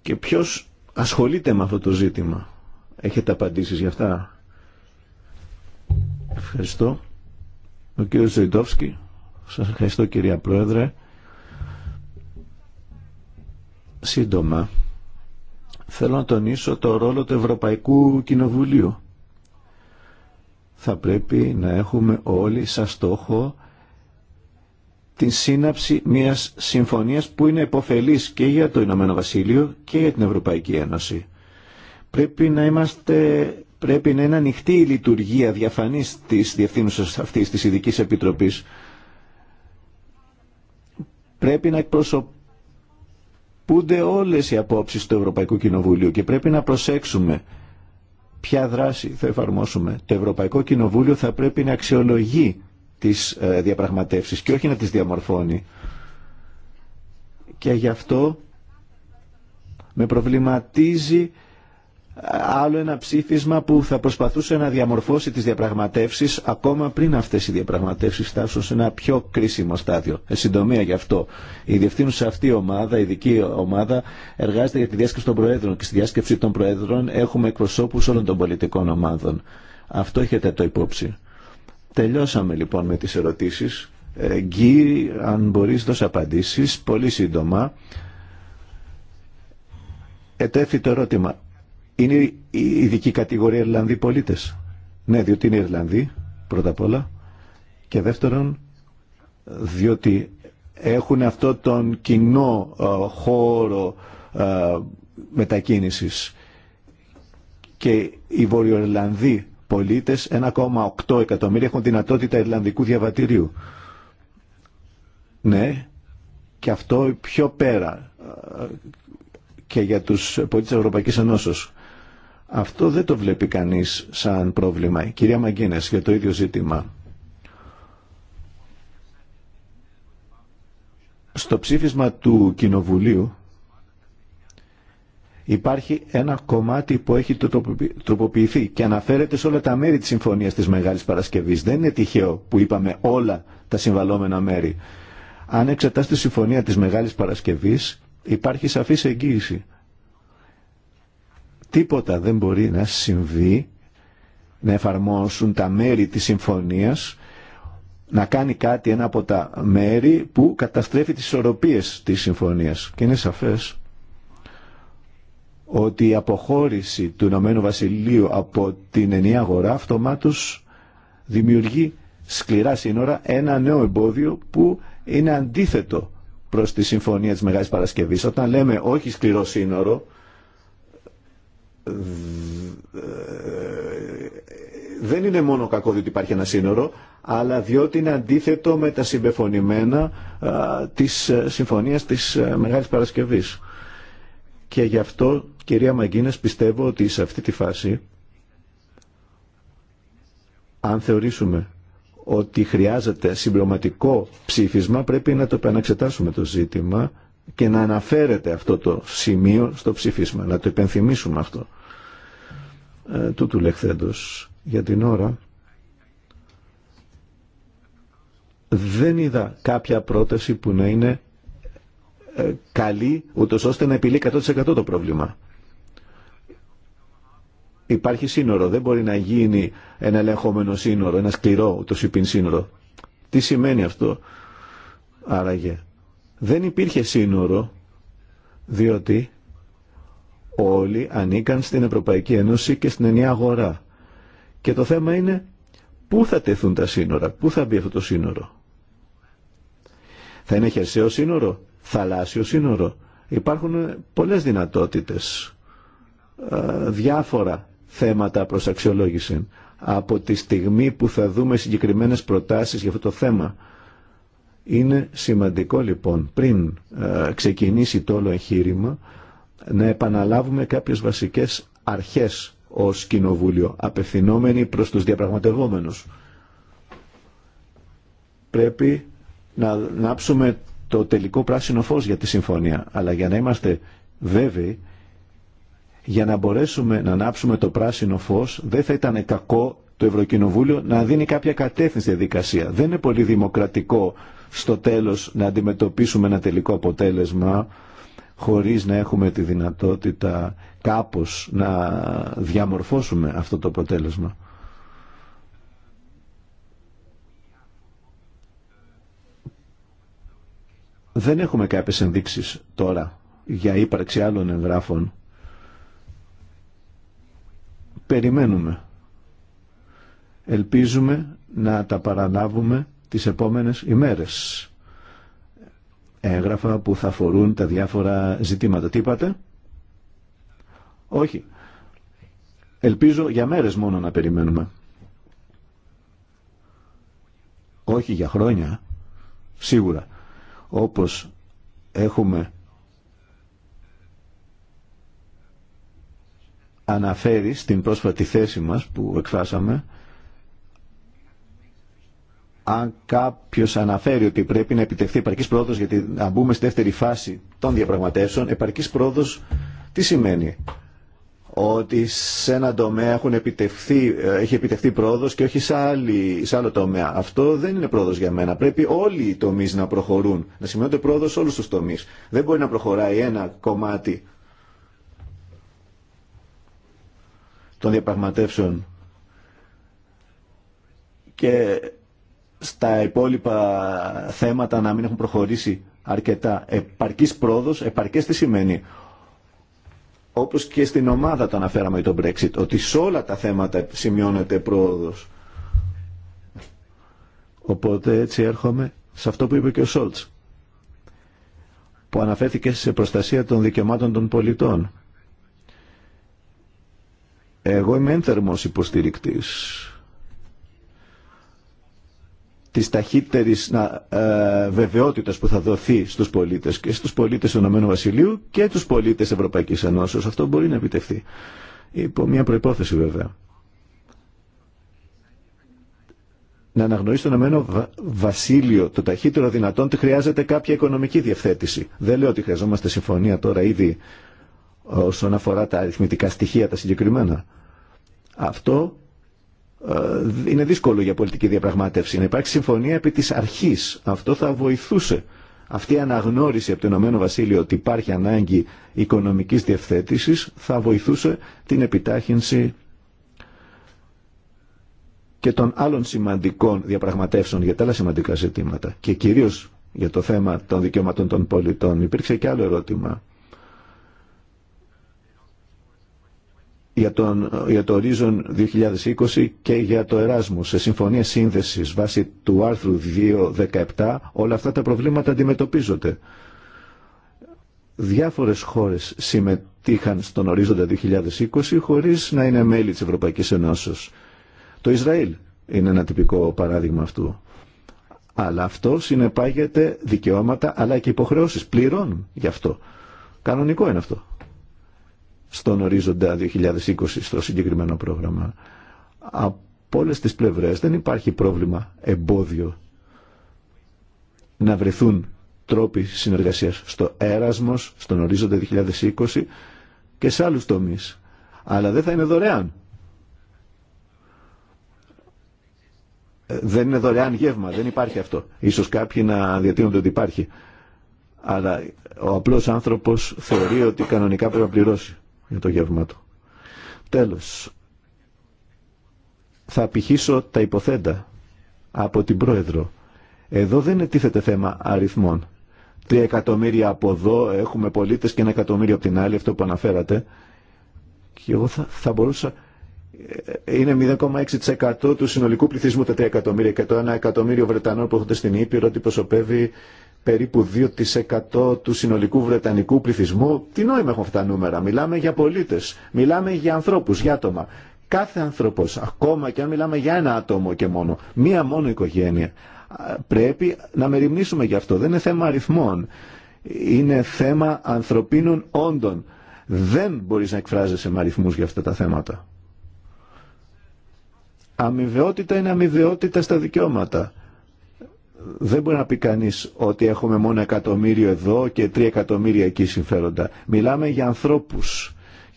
Speaker 3: Και ποιος ασχολείται με αυτό το ζήτημα. Έχετε απαντήσεις για αυτά. Ευχαριστώ. Ο κύριος Ζωητόφσκι. Σας ευχαριστώ κυρία Πρόεδρε. Σύντομα, θέλω να τονίσω το ρόλο του Ευρωπαϊκού Κοινοβουλίου. Θα πρέπει να έχουμε όλοι σαν στόχο την σύναψη μιας συμφωνίας που είναι υποφελής και για το Ηνωμένο Βασίλειο και για την Ευρωπαϊκή Ένωση. Πρέπει να είμαστε πρέπει να είναι ανοιχτή η λειτουργία διαφανής της διευθύνουσας αυτής της ειδική Επιτροπής. Πρέπει να εκπροσωπούνται όλες οι απόψεις του Ευρωπαϊκού Κοινοβουλίου και πρέπει να προσέξουμε ποια δράση θα εφαρμόσουμε. Το Ευρωπαϊκό Κοινοβούλιο θα πρέπει να αξιολογεί τις ε, διαπραγματεύσεις και όχι να τις διαμορφώνει. Και γι' αυτό με προβληματίζει ε, άλλο ένα ψήφισμα που θα προσπαθούσε να διαμορφώσει τις διαπραγματεύσεις ακόμα πριν αυτές οι διαπραγματεύσεις φτάσουν σε ένα πιο κρίσιμο στάδιο. Ε, συντομία γι' αυτό. Η διευθύνουσα αυτή ομάδα, η ειδική ομάδα, εργάζεται για τη διάσκεψη των Προέδρων και στη διάσκεψη των Προέδρων έχουμε εκπροσώπους όλων των πολιτικών ομάδων. Αυτό έχετε το υπόψη. Τελειώσαμε λοιπόν με τις ερωτήσεις. Ε, αν μπορείς δώσε απαντήσεις, πολύ σύντομα. Ετέθη το ερώτημα. Είναι η ειδική κατηγορία Ιρλανδοί πολίτες. Ναι, διότι είναι Ιρλανδοί, πρώτα απ' όλα. Και δεύτερον, διότι έχουν αυτό τον κοινό ε, χώρο ε, μετακίνησης και οι Βορειοερλανδοί πολίτες, 1,8 εκατομμύρια έχουν δυνατότητα Ιρλανδικού διαβατηρίου. Ναι, και αυτό πιο πέρα ε, και για τους πολίτες της Ευρωπαϊκής Ενώσεως. Αυτό δεν το βλέπει κανείς σαν πρόβλημα. Κυρία Μαγκίνες, για το ίδιο ζήτημα. Στο ψήφισμα του Κοινοβουλίου Υπάρχει ένα κομμάτι που έχει τροποποιηθεί και αναφέρεται σε όλα τα μέρη της Συμφωνίας της Μεγάλης Παρασκευής. Δεν είναι τυχαίο που είπαμε όλα τα συμβαλόμενα μέρη. Αν εξετάσει τη Συμφωνία της Μεγάλης Παρασκευής υπάρχει σαφής εγγύηση. Τίποτα δεν μπορεί να συμβεί να εφαρμόσουν τα μέρη της συμφωνίας να κάνει κάτι ένα από τα μέρη που καταστρέφει τις ισορροπίες της συμφωνίας. Και είναι σαφές ότι η αποχώρηση του Ηνωμένου Βασιλείου από την ενιαία αγορά αυτομάτως δημιουργεί σκληρά σύνορα ένα νέο εμπόδιο που είναι αντίθετο προς τη Συμφωνία της Μεγάλης Παρασκευής. Όταν λέμε όχι σκληρό σύνορο, ε, δεν είναι μόνο κακό διότι υπάρχει ένα σύνορο, αλλά διότι είναι αντίθετο με τα συμπεφωνημένα ε, της ε, Συμφωνίας της Μεγάλης Παρασκευής. Και γι' αυτό Κυρία Μαγκίνες, πιστεύω ότι σε αυτή τη φάση, αν θεωρήσουμε ότι χρειάζεται συμπληρωματικό ψήφισμα, πρέπει να το επαναξετάσουμε το ζήτημα και να αναφέρεται αυτό το σημείο στο ψήφισμα, να το υπενθυμίσουμε αυτό. Ε, τούτου λεχθέντος για την ώρα. Δεν είδα κάποια πρόταση που να είναι ε, καλή, ούτως ώστε να επιλύει 100% το πρόβλημα υπάρχει σύνορο. Δεν μπορεί να γίνει ένα ελεγχόμενο σύνορο, ένα σκληρό το σιπίν σύνορο. Τι σημαίνει αυτό άραγε. Δεν υπήρχε σύνορο διότι όλοι ανήκαν στην Ευρωπαϊκή Ένωση και στην ενιαία αγορά. Και το θέμα είναι πού θα τεθούν τα σύνορα, πού θα μπει αυτό το σύνορο. Θα είναι χερσαίο σύνορο, θαλάσσιο σύνορο. Υπάρχουν πολλές δυνατότητες, ε, διάφορα θέματα προς αξιολόγηση από τη στιγμή που θα δούμε συγκεκριμένες προτάσεις για αυτό το θέμα. Είναι σημαντικό λοιπόν πριν ε, ξεκινήσει το όλο εγχείρημα να επαναλάβουμε κάποιες βασικές αρχές ως κοινοβούλιο απευθυνόμενοι προς τους διαπραγματευόμενους. Πρέπει να ανάψουμε το τελικό πράσινο φως για τη συμφωνία αλλά για να είμαστε βέβαιοι για να μπορέσουμε να ανάψουμε το πράσινο φως, δεν θα ήταν κακό το Ευρωκοινοβούλιο να δίνει κάποια κατεύθυνση διαδικασία. Δεν είναι πολύ δημοκρατικό στο τέλος να αντιμετωπίσουμε ένα τελικό αποτέλεσμα χωρίς να έχουμε τη δυνατότητα κάπως να διαμορφώσουμε αυτό το αποτέλεσμα. Δεν έχουμε κάποιες ενδείξεις τώρα για ύπαρξη άλλων εγγράφων περιμένουμε. Ελπίζουμε να τα παραλάβουμε τις επόμενες ημέρες. Έγγραφα που θα αφορούν τα διάφορα ζητήματα. Τι είπατε? Όχι. Ελπίζω για μέρες μόνο να περιμένουμε. Όχι για χρόνια. Σίγουρα. Όπως έχουμε αναφέρει στην πρόσφατη θέση μας που εκφράσαμε αν κάποιο αναφέρει ότι πρέπει να επιτευχθεί επαρκή πρόοδος γιατί να μπούμε στη δεύτερη φάση των διαπραγματεύσεων, επαρκή πρόοδος τι σημαίνει. Ότι σε ένα τομέα έχουν επιτευχθεί, ε, έχει επιτευχθεί πρόοδος και όχι σε, άλλη, σε άλλο τομέα. Αυτό δεν είναι πρόοδος για μένα. Πρέπει όλοι οι τομείς να προχωρούν. Να σημαίνονται πρόοδος σε όλου του τομεί. Δεν μπορεί να προχωράει ένα κομμάτι των διαπραγματεύσεων και στα υπόλοιπα θέματα να μην έχουν προχωρήσει αρκετά. Επαρκής πρόοδος, επαρκές τι σημαίνει. Όπως και στην ομάδα το αναφέραμε τον Brexit, ότι σε όλα τα θέματα σημειώνεται πρόοδος. Οπότε έτσι έρχομαι σε αυτό που είπε και ο Σόλτς, που αναφέρθηκε σε προστασία των δικαιωμάτων των πολιτών εγώ είμαι ένθερμος υποστηρικτής της ταχύτερης ε, βεβαιότητας που θα δοθεί στους πολίτες και στους πολίτες του Ηνωμένου Βασιλείου και τους πολίτες Ευρωπαϊκής Ενώσεως. Αυτό μπορεί να επιτευχθεί. Υπό μια προϋπόθεση βέβαια. Να αναγνωρίσει το Ηνωμένο Βασίλειο το ταχύτερο δυνατόν ότι χρειάζεται κάποια οικονομική διευθέτηση. Δεν λέω ότι χρειαζόμαστε συμφωνία τώρα ήδη όσον αφορά τα αριθμητικά στοιχεία τα συγκεκριμένα. Αυτό ε, είναι δύσκολο για πολιτική διαπραγμάτευση. Να υπάρξει συμφωνία επί της αρχής. Αυτό θα βοηθούσε. Αυτή η αναγνώριση από το Ηνωμένο Βασίλειο ότι υπάρχει ανάγκη οικονομικής διευθέτησης θα βοηθούσε την επιτάχυνση και των άλλων σημαντικών διαπραγματεύσεων για τα άλλα σημαντικά ζητήματα και κυρίως για το θέμα των δικαιωμάτων των πολιτών. Υπήρξε και άλλο ερώτημα για, τον, για το Horizon 2020 και για το Εράσμου σε συμφωνία σύνδεσης βάσει του άρθρου 2.17 όλα αυτά τα προβλήματα αντιμετωπίζονται. Διάφορες χώρες συμμετείχαν στον ορίζοντα 2020 χωρίς να είναι μέλη της Ευρωπαϊκής Ενώσεως. Το Ισραήλ είναι ένα τυπικό παράδειγμα αυτού. Αλλά αυτό συνεπάγεται δικαιώματα αλλά και υποχρεώσεις. Πληρώνουν γι' αυτό. Κανονικό είναι αυτό στον ορίζοντα 2020 στο συγκεκριμένο πρόγραμμα. Από όλες τις πλευρές δεν υπάρχει πρόβλημα εμπόδιο να βρεθούν τρόποι συνεργασίας στο έρασμος, στον ορίζοντα 2020 και σε άλλους τομείς. Αλλά δεν θα είναι δωρεάν. Δεν είναι δωρεάν γεύμα, δεν υπάρχει αυτό. Ίσως κάποιοι να διατείνονται ότι υπάρχει. Αλλά ο απλός άνθρωπος θεωρεί ότι κανονικά πρέπει να πληρώσει για το γεύμα του. Τέλος, θα απηχήσω τα υποθέντα από την Πρόεδρο. Εδώ δεν τίθεται θέμα αριθμών. Τρία εκατομμύρια από εδώ έχουμε πολίτες και ένα εκατομμύριο από την άλλη, αυτό που αναφέρατε. Και εγώ θα, θα μπορούσα... Ε, είναι 0,6% του συνολικού πληθυσμού τα 3 εκατομμύρια και το 1 εκατομμύριο Βρετανών που έχονται στην Ήπειρο ότι προσωπεύει περίπου 2% του συνολικού βρετανικού πληθυσμού. Τι νόημα έχουν αυτά τα νούμερα. Μιλάμε για πολίτες, μιλάμε για ανθρώπους, για άτομα. Κάθε άνθρωπος, ακόμα και αν μιλάμε για ένα άτομο και μόνο, μία μόνο οικογένεια, πρέπει να μεριμνήσουμε γι' αυτό. Δεν είναι θέμα αριθμών. Είναι θέμα ανθρωπίνων όντων. Δεν μπορείς να εκφράζεσαι με αριθμού για αυτά τα θέματα. Αμοιβαιότητα είναι αμοιβαιότητα στα δικαιώματα δεν μπορεί να πει κανεί ότι έχουμε μόνο εκατομμύριο εδώ και τρία εκατομμύρια εκεί συμφέροντα. Μιλάμε για ανθρώπου.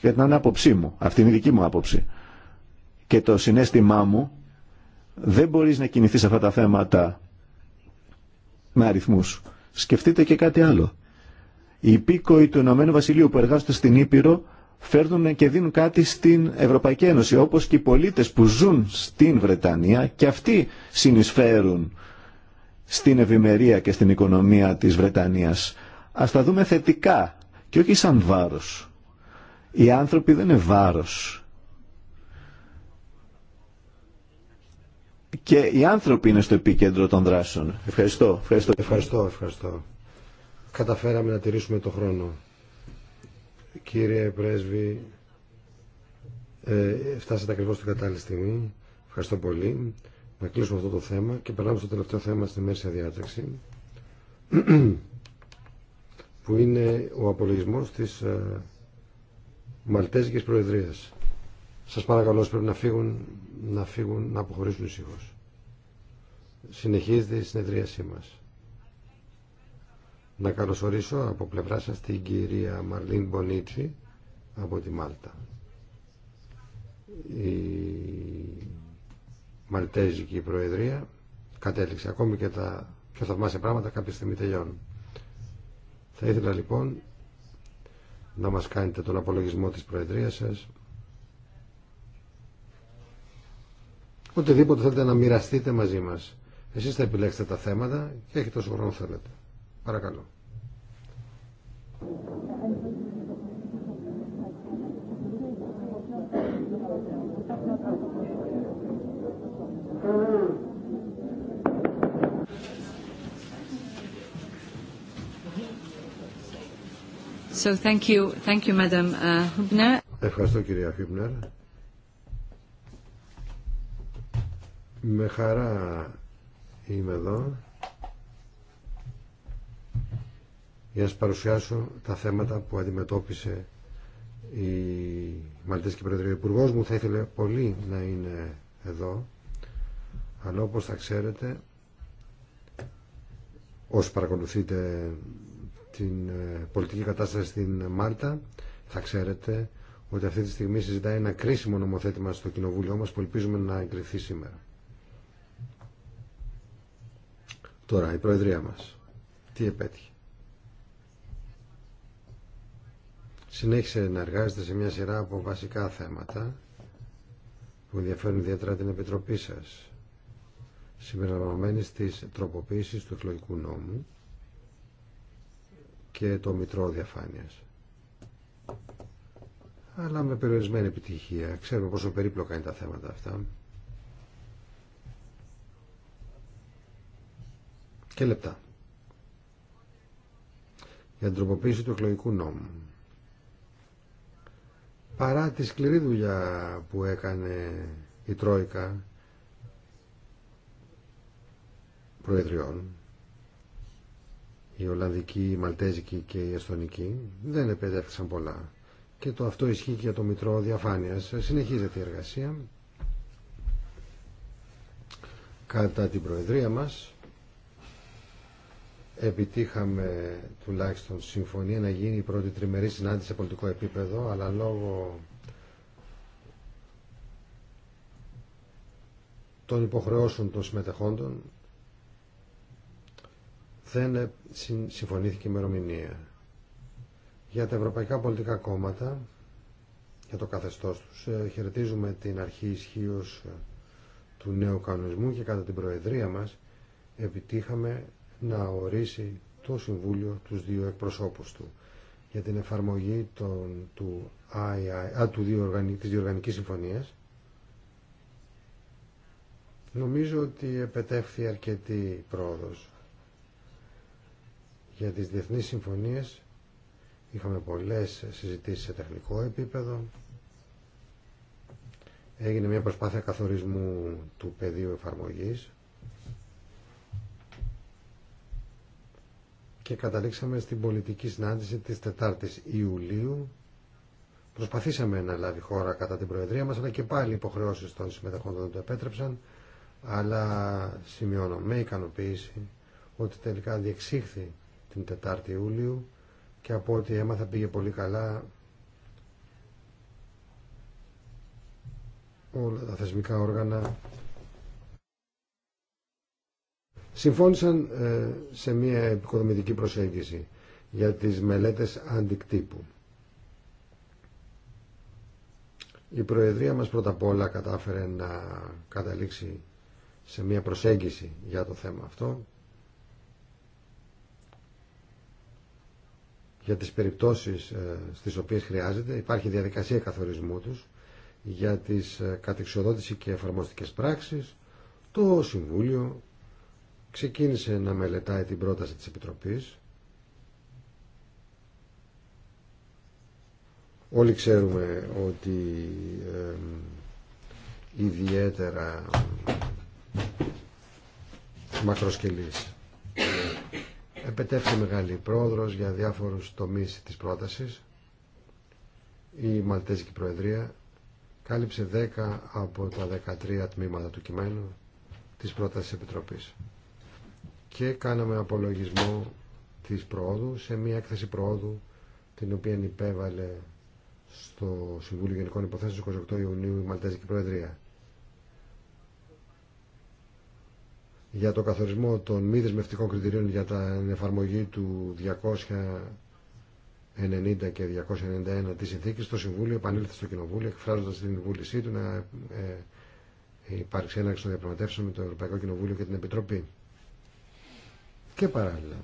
Speaker 3: Για την άποψή μου. Αυτή είναι η δική μου άποψη. Και το συνέστημά μου δεν μπορεί να κινηθεί σε αυτά τα θέματα με αριθμού. Σκεφτείτε και κάτι άλλο. Οι υπήκοοι του Ηνωμένου Βασιλείου που εργάζονται στην Ήπειρο φέρνουν και δίνουν κάτι στην Ευρωπαϊκή Ένωση, όπως και οι πολίτες που ζουν στην Βρετανία και αυτοί συνεισφέρουν στην ευημερία και στην οικονομία της Βρετανίας. Ας τα δούμε θετικά και όχι σαν βάρος. Οι άνθρωποι δεν είναι βάρος. Και οι άνθρωποι είναι στο επίκεντρο των δράσεων. Ευχαριστώ.
Speaker 2: Ευχαριστώ, ευχαριστώ. ευχαριστώ. Καταφέραμε να τηρήσουμε το χρόνο. Κύριε Πρέσβη, ε, φτάσατε ακριβώς στην κατάλληλη στιγμή. Ευχαριστώ πολύ να κλείσουμε αυτό το θέμα και περνάμε στο τελευταίο θέμα στη μέση διάταξη που είναι ο απολογισμός της ε, Μαλτέζικης Προεδρίας. Σας παρακαλώ, πρέπει να φύγουν, να φύγουν, να αποχωρήσουν ησυχώς. Συνεχίζεται η συνεδρίασή μας. Να καλωσορίσω από πλευρά σας την κυρία Μαρλίν Μπονίτσι από τη Μάλτα. Μαλτέζικη Προεδρία κατέληξε. Ακόμη και τα πιο θαυμάσια πράγματα κάποια στιγμή τελειώνουν. Θα ήθελα λοιπόν να μας κάνετε τον απολογισμό της Προεδρίας σας. Οτιδήποτε θέλετε να μοιραστείτε μαζί μας. Εσείς θα επιλέξετε τα θέματα και έχετε όσο χρόνο θέλετε. Παρακαλώ.
Speaker 1: Uh,
Speaker 2: Ευχαριστώ κυρία Χούμπνερ. Με χαρά είμαι εδώ για να σα παρουσιάσω τα θέματα που αντιμετώπισε η Μαλτέσκη Πρεδρία. Ο Υπουργός μου θα ήθελε πολύ να είναι εδώ αλλά όπως θα ξέρετε όσοι παρακολουθείτε την ε, πολιτική κατάσταση στην Μάλτα θα ξέρετε ότι αυτή τη στιγμή συζητάει ένα κρίσιμο νομοθέτημα στο κοινοβούλιο μας που ελπίζουμε να εγκριθεί σήμερα. Τώρα η Προεδρία μας. Τι επέτυχε. Συνέχισε να εργάζεται σε μια σειρά από βασικά θέματα που ενδιαφέρουν ιδιαίτερα την Επιτροπή σας συμπεριλαμβανομένη της τροποποίησης του εκλογικού νόμου και το μητρό διαφάνειας. Αλλά με περιορισμένη επιτυχία. Ξέρουμε πόσο περίπλοκα είναι τα θέματα αυτά. Και λεπτά. Για την τροποποίηση του εκλογικού νόμου. Παρά τη σκληρή δουλειά που έκανε η Τρόικα προεδριών, η Ολλανδική, η Μαλτέζικη και η Εστονική, δεν επέδευξαν πολλά. Και το αυτό ισχύει και για το Μητρό Διαφάνειας. Συνεχίζεται η εργασία. Κατά την Προεδρία μας επιτύχαμε τουλάχιστον συμφωνία να γίνει η πρώτη τριμερή συνάντηση σε πολιτικό επίπεδο, αλλά λόγω των υποχρεώσεων των συμμετεχόντων δεν ε, συμφωνήθηκε η ημερομηνία. Για τα ευρωπαϊκά πολιτικά κόμματα, για το καθεστώς τους, ε, χαιρετίζουμε την αρχή ισχύω ε, του νέου κανονισμού και κατά την Προεδρία μας επιτύχαμε να ορίσει το Συμβούλιο τους δύο εκπροσώπους του για την εφαρμογή των, του, II, α, του της Διοργανικής Συμφωνίας. Νομίζω ότι επετεύχθη αρκετή πρόοδος για τις διεθνείς συμφωνίες είχαμε πολλές συζητήσεις σε τεχνικό επίπεδο έγινε μια προσπάθεια καθορισμού του πεδίου εφαρμογής και καταλήξαμε στην πολιτική συνάντηση της 4ης Ιουλίου προσπαθήσαμε να λάβει χώρα κατά την Προεδρία μας αλλά και πάλι υποχρεώσεις των συμμετεχόντων δεν το επέτρεψαν αλλά σημειώνω με ικανοποίηση ότι τελικά διεξήχθη την 4η Ιούλιου και από ό,τι έμαθα πήγε πολύ καλά όλα τα θεσμικά όργανα συμφώνησαν ε, σε μια επικοδομητική προσέγγιση για τις μελέτες αντικτύπου. Η Προεδρία μας πρώτα απ' όλα κατάφερε να καταλήξει σε μια προσέγγιση για το θέμα αυτό για τις περιπτώσεις ε, στις οποίες χρειάζεται. Υπάρχει διαδικασία καθορισμού τους για τις ε, κατεξοδότηση και εφαρμοστικές πράξεις. Το Συμβούλιο ξεκίνησε να μελετάει την πρόταση της Επιτροπής. Όλοι ξέρουμε ότι ε, ιδιαίτερα μακροσκελής Επιτεύχει μεγάλη πρόοδο για διάφορους τομείς της πρότασης. Η Μαλτέζικη Προεδρία κάλυψε 10 από τα 13 τμήματα του κειμένου της πρότασης Επιτροπής. Και κάναμε απολογισμό της προόδου σε μια έκθεση προόδου την οποία υπέβαλε στο Συμβούλιο Γενικών Υποθέσεων 28 Ιουνίου η Μαλτέζικη Προεδρία. για το καθορισμό των μη δεσμευτικών κριτηρίων για την εφαρμογή του 290 και 291 της συνθήκης, στο Συμβούλιο επανήλθε στο Κοινοβούλιο εκφράζοντας την βούλησή του να ε, υπάρξει έναρξη των διαπραγματεύσεων με το Ευρωπαϊκό Κοινοβούλιο και την Επιτροπή. Και παράλληλα.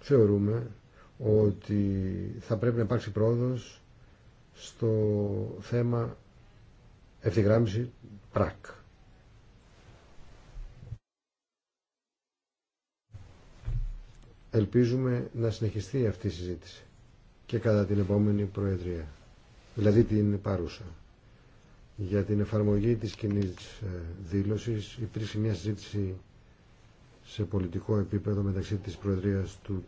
Speaker 2: Θεωρούμε ότι θα πρέπει να υπάρξει πρόοδος στο θέμα ευθυγράμμιση πρακ. Ελπίζουμε να συνεχιστεί αυτή η συζήτηση και κατά την επόμενη Προεδρία, δηλαδή την παρούσα. Για την εφαρμογή της κοινή ε, δήλωσης υπήρξε μια συζήτηση σε πολιτικό επίπεδο μεταξύ της Προεδρίας του,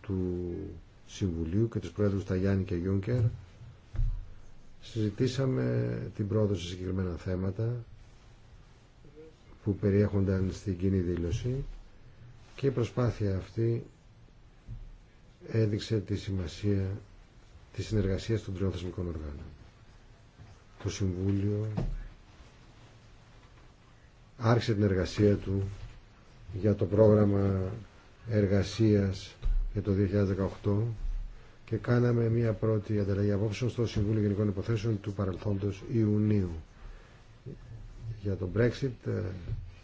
Speaker 2: του Συμβουλίου και της Προέδρου Σταγιάννη και Γιούνκερ Συζητήσαμε την πρόοδο σε συγκεκριμένα θέματα που περιέχονταν στην κοινή δήλωση και η προσπάθεια αυτή έδειξε τη σημασία της συνεργασίας των τριών θεσμικών οργάνων. Το Συμβούλιο άρχισε την εργασία του για το πρόγραμμα εργασίας για το 2018 και κάναμε μια πρώτη ανταλλαγή απόψεων στο Συμβούλιο Γενικών Υποθέσεων του παρελθόντος Ιουνίου. Για τον Brexit, ε,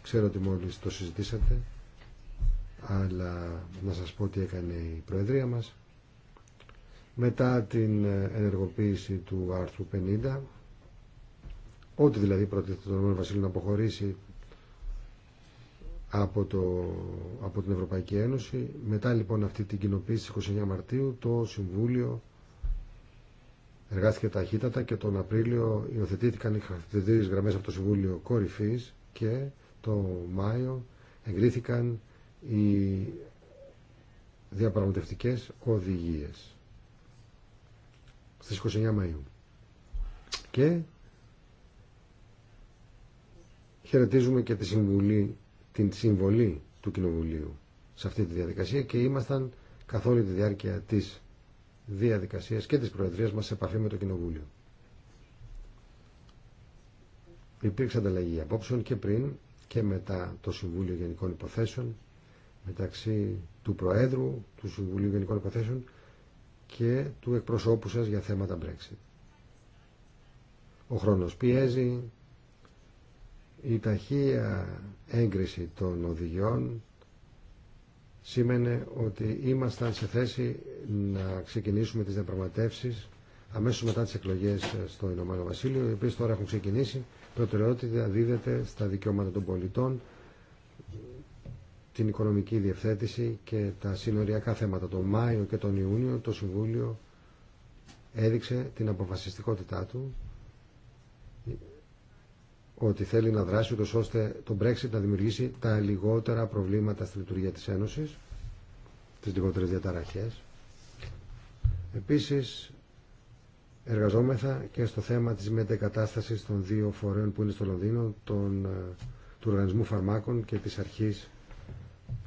Speaker 2: ξέρω ότι μόλις το συζητήσατε, αλλά να σας πω τι έκανε η Προεδρία μας. Μετά την ε, ενεργοποίηση του άρθρου 50, ό,τι δηλαδή προτίθεται το Βασίλειο να αποχωρήσει από, το, από την Ευρωπαϊκή Ένωση. Μετά λοιπόν αυτή την κοινοποίηση 29 Μαρτίου το Συμβούλιο εργάστηκε ταχύτατα και τον Απρίλιο υιοθετήθηκαν οι χαρακτηριστικές γραμμές από το Συμβούλιο Κορυφής και το Μάιο εγκρίθηκαν οι διαπραγματευτικές οδηγίες στις 29 Μαΐου. Και χαιρετίζουμε και τη Συμβουλή την συμβολή του Κοινοβουλίου σε αυτή τη διαδικασία και ήμασταν καθ' όλη τη διάρκεια της διαδικασίας και της Προεδρίας μας σε επαφή με το Κοινοβούλιο. Υπήρξε ανταλλαγή απόψεων και πριν και μετά το Συμβούλιο Γενικών Υποθέσεων μεταξύ του Προέδρου του Συμβουλίου Γενικών Υποθέσεων και του εκπροσώπου σας για θέματα Brexit. Ο χρόνος πιέζει, η ταχεία έγκριση των οδηγιών σήμαινε ότι ήμασταν σε θέση να ξεκινήσουμε τις διαπραγματεύσεις αμέσως μετά τις εκλογές στο Ηνωμένο Βασίλειο, οι οποίες τώρα έχουν ξεκινήσει. Προτεραιότητα δίδεται στα δικαιώματα των πολιτών, την οικονομική διευθέτηση και τα συνοριακά θέματα. Το Μάιο και τον Ιούνιο το Συμβούλιο έδειξε την αποφασιστικότητά του ότι θέλει να δράσει ούτως ώστε το Brexit να δημιουργήσει τα λιγότερα προβλήματα στη λειτουργία της Ένωσης, τις λιγότερες διαταραχές. Επίσης, εργαζόμεθα και στο θέμα της μετεκατάστασης των δύο φορέων που είναι στο Λονδίνο, τον, ε, του Οργανισμού Φαρμάκων και της Αρχής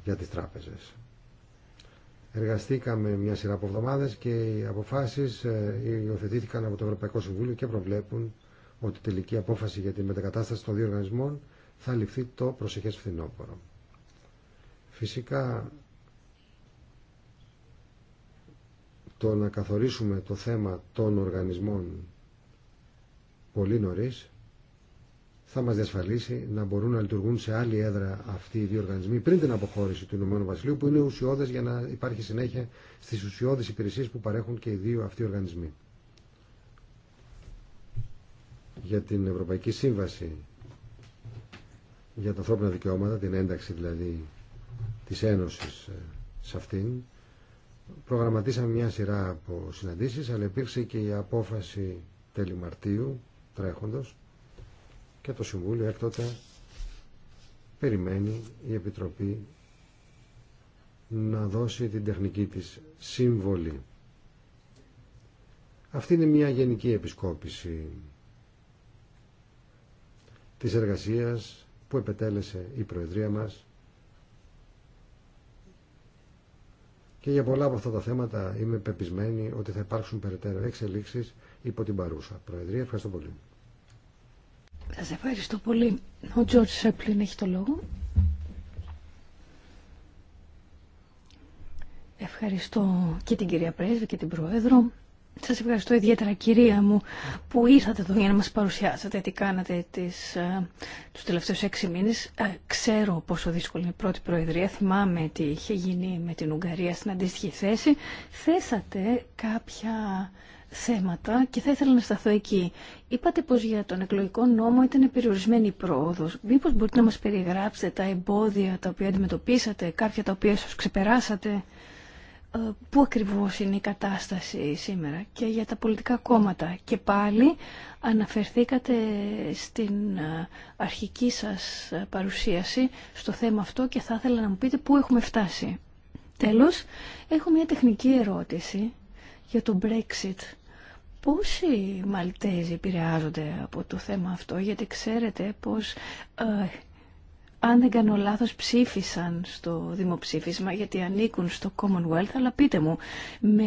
Speaker 2: για τις Τράπεζες. Εργαστήκαμε μια σειρά από εβδομάδες και οι αποφάσεις ε, υιοθετήθηκαν από το Ευρωπαϊκό Συμβούλιο και προβλέπουν ότι η τελική απόφαση για τη μετακατάσταση των δύο οργανισμών θα ληφθεί το προσεχές φθινόπωρο. Φυσικά το να καθορίσουμε το θέμα των οργανισμών πολύ νωρίς θα μας διασφαλίσει να μπορούν να λειτουργούν σε άλλη έδρα αυτοί οι δύο οργανισμοί πριν την αποχώρηση του Ηνωμένου Βασιλείου που είναι ουσιώδες για να υπάρχει συνέχεια στις ουσιώδες υπηρεσίες που παρέχουν και οι δύο αυτοί οργανισμοί για την Ευρωπαϊκή Σύμβαση για τα ανθρώπινα δικαιώματα, την ένταξη δηλαδή της Ένωσης ε, σε αυτήν, προγραμματίσαμε μια σειρά από συναντήσεις, αλλά υπήρξε και η απόφαση τέλη Μαρτίου τρέχοντος και το Συμβούλιο έκτοτε περιμένει η Επιτροπή να δώσει την τεχνική της σύμβολη. Αυτή είναι μια γενική επισκόπηση της εργασίας που επετέλεσε η Προεδρία μας και για πολλά από αυτά τα θέματα είμαι πεπισμένη ότι θα υπάρξουν περαιτέρω εξελίξεις υπό την παρούσα. Προεδρία, ευχαριστώ πολύ.
Speaker 1: Σας ευχαριστώ πολύ. Ο Τζόρτς Σέπλιν έχει το λόγο. Ευχαριστώ και την κυρία Πρέσβη και την Πρόεδρο. Σα ευχαριστώ ιδιαίτερα κυρία μου που ήρθατε εδώ για να μα παρουσιάσετε τι κάνατε τις, ε, τους τελευταίους έξι μήνε. Ε, ξέρω πόσο δύσκολη είναι η πρώτη προεδρία. Θυμάμαι τι είχε γίνει με την Ουγγαρία στην αντίστοιχη θέση. Θέσατε κάποια θέματα και θα ήθελα να σταθώ εκεί. Είπατε πως για τον εκλογικό νόμο ήταν περιορισμένη η πρόοδος. Μήπως μπορείτε να μας περιγράψετε τα εμπόδια τα οποία αντιμετωπίσατε, κάποια τα οποία ίσως ξεπεράσατε. Ε, πού ακριβώς είναι η κατάσταση σήμερα και για τα πολιτικά κόμματα. Και πάλι αναφερθήκατε στην ε, αρχική σας παρουσίαση στο θέμα αυτό και θα ήθελα να μου πείτε πού έχουμε φτάσει. Τέλος, έχω μια τεχνική ερώτηση για το Brexit. Πόσοι Μαλτέζοι επηρεάζονται από το θέμα αυτό, γιατί ξέρετε πως ε, αν δεν κάνω λάθος, ψήφισαν στο δημοψήφισμα γιατί ανήκουν στο Commonwealth, αλλά πείτε μου, με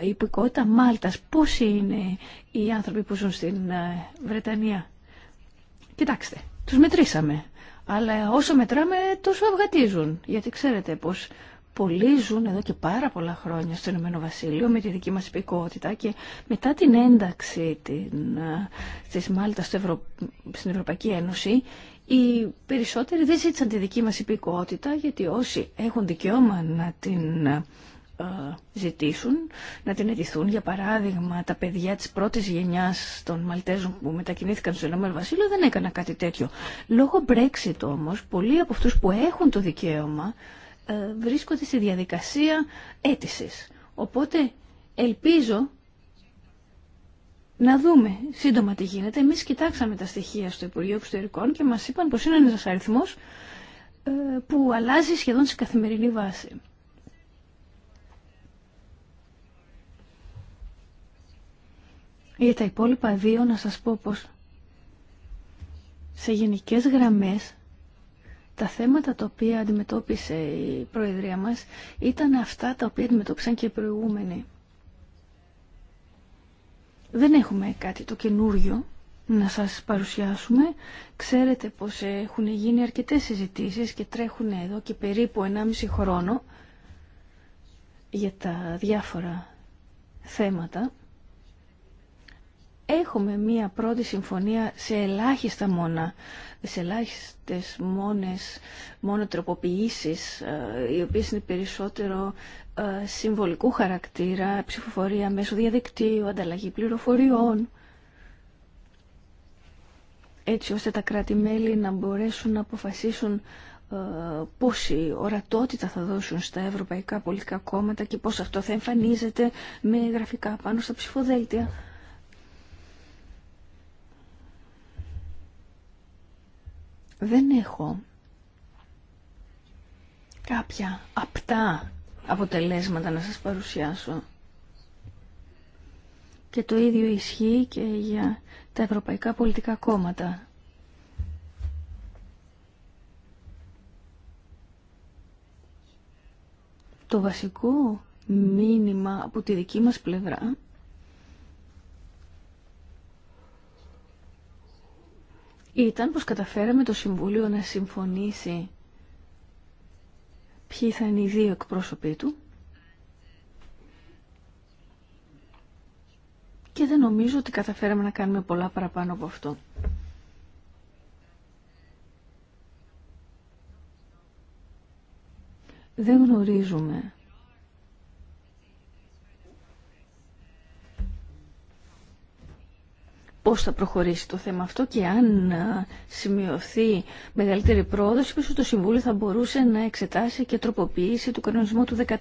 Speaker 1: υπηκότητα Μάλτας, πόσοι είναι οι άνθρωποι που ζουν στην ε, Βρετανία. Κοιτάξτε, τους μετρήσαμε, αλλά όσο μετράμε τόσο αυγατίζουν, γιατί ξέρετε πως πολλοί ζουν εδώ και πάρα πολλά χρόνια στο Ηνωμένο Βασίλειο με τη δική μας υπηκότητα και μετά την ένταξη ε, της Μάλτας στην Ευρωπαϊκή Ένωση οι περισσότεροι δεν ζήτησαν τη δική μας υπηκότητα γιατί όσοι έχουν δικαίωμα να την ε, ζητήσουν, να την αιτηθούν. Για παράδειγμα, τα παιδιά της πρώτης γενιάς των Μαλτέζων που μετακινήθηκαν στο Ηνωμένο Βασίλειο δεν έκανα κάτι τέτοιο. Λόγω Brexit όμως, πολλοί από αυτούς που έχουν το δικαίωμα ε, βρίσκονται στη διαδικασία αίτησης. Οπότε ελπίζω να δούμε σύντομα τι γίνεται. Εμείς κοιτάξαμε τα στοιχεία στο Υπουργείο Εξωτερικών και μας είπαν πως είναι ένας αριθμός ε, που αλλάζει σχεδόν σε καθημερινή βάση. Για τα υπόλοιπα δύο να σας πω πως σε γενικές γραμμές τα θέματα τα οποία αντιμετώπισε η Προεδρία μας ήταν αυτά τα οποία αντιμετώπισαν και οι προηγούμενοι δεν έχουμε κάτι το καινούριο να σας παρουσιάσουμε. Ξέρετε πως έχουν γίνει αρκετές συζητήσεις και τρέχουν εδώ και περίπου 1,5 χρόνο για τα διάφορα θέματα. Έχουμε μία πρώτη συμφωνία σε ελάχιστα μόνα σε ελάχιστες μόνες, μόνο τροποποιήσεις, ε, οι οποίες είναι περισσότερο ε, συμβολικού χαρακτήρα, ψηφοφορία μέσω διαδικτύου, ανταλλαγή πληροφοριών, έτσι ώστε τα κράτη-μέλη να μπορέσουν να αποφασίσουν ε, πόση ορατότητα θα δώσουν στα ευρωπαϊκά πολιτικά κόμματα και πώς αυτό θα εμφανίζεται με γραφικά πάνω στα ψηφοδέλτια. δεν έχω κάποια απτά αποτελέσματα να σας παρουσιάσω. Και το ίδιο ισχύει και για τα ευρωπαϊκά πολιτικά κόμματα. Το βασικό μήνυμα από τη δική μας πλευρά ήταν πως καταφέραμε το Συμβούλιο να συμφωνήσει ποιοι θα είναι οι δύο εκπρόσωποι του και δεν νομίζω ότι καταφέραμε να κάνουμε πολλά παραπάνω από αυτό. Δεν γνωρίζουμε πώς θα προχωρήσει το θέμα αυτό και αν σημειωθεί μεγαλύτερη πρόοδος, πίσω το Συμβούλιο θα μπορούσε να εξετάσει και τροποποίηση του κανονισμού του 14.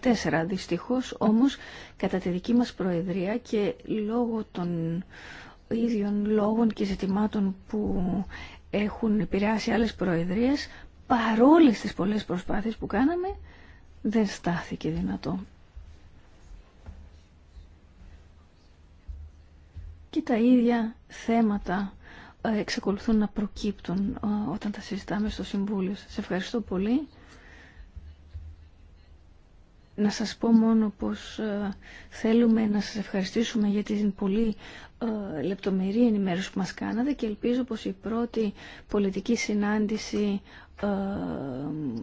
Speaker 1: Δυστυχώς όμως κατά τη δική μας Προεδρία και λόγω των ίδιων λόγων και ζητημάτων που έχουν επηρεάσει άλλες Προεδρίες, παρόλες τις πολλές προσπάθειες που κάναμε, δεν στάθηκε δυνατό. και τα ίδια θέματα ε, εξακολουθούν να προκύπτουν ε, όταν τα συζητάμε στο Συμβούλιο. Σας ευχαριστώ πολύ. Να σας πω μόνο πως ε, θέλουμε να σας ευχαριστήσουμε για την πολύ λεπτομερή ενημέρωση που μας κάνατε και ελπίζω πως η πρώτη πολιτική συνάντηση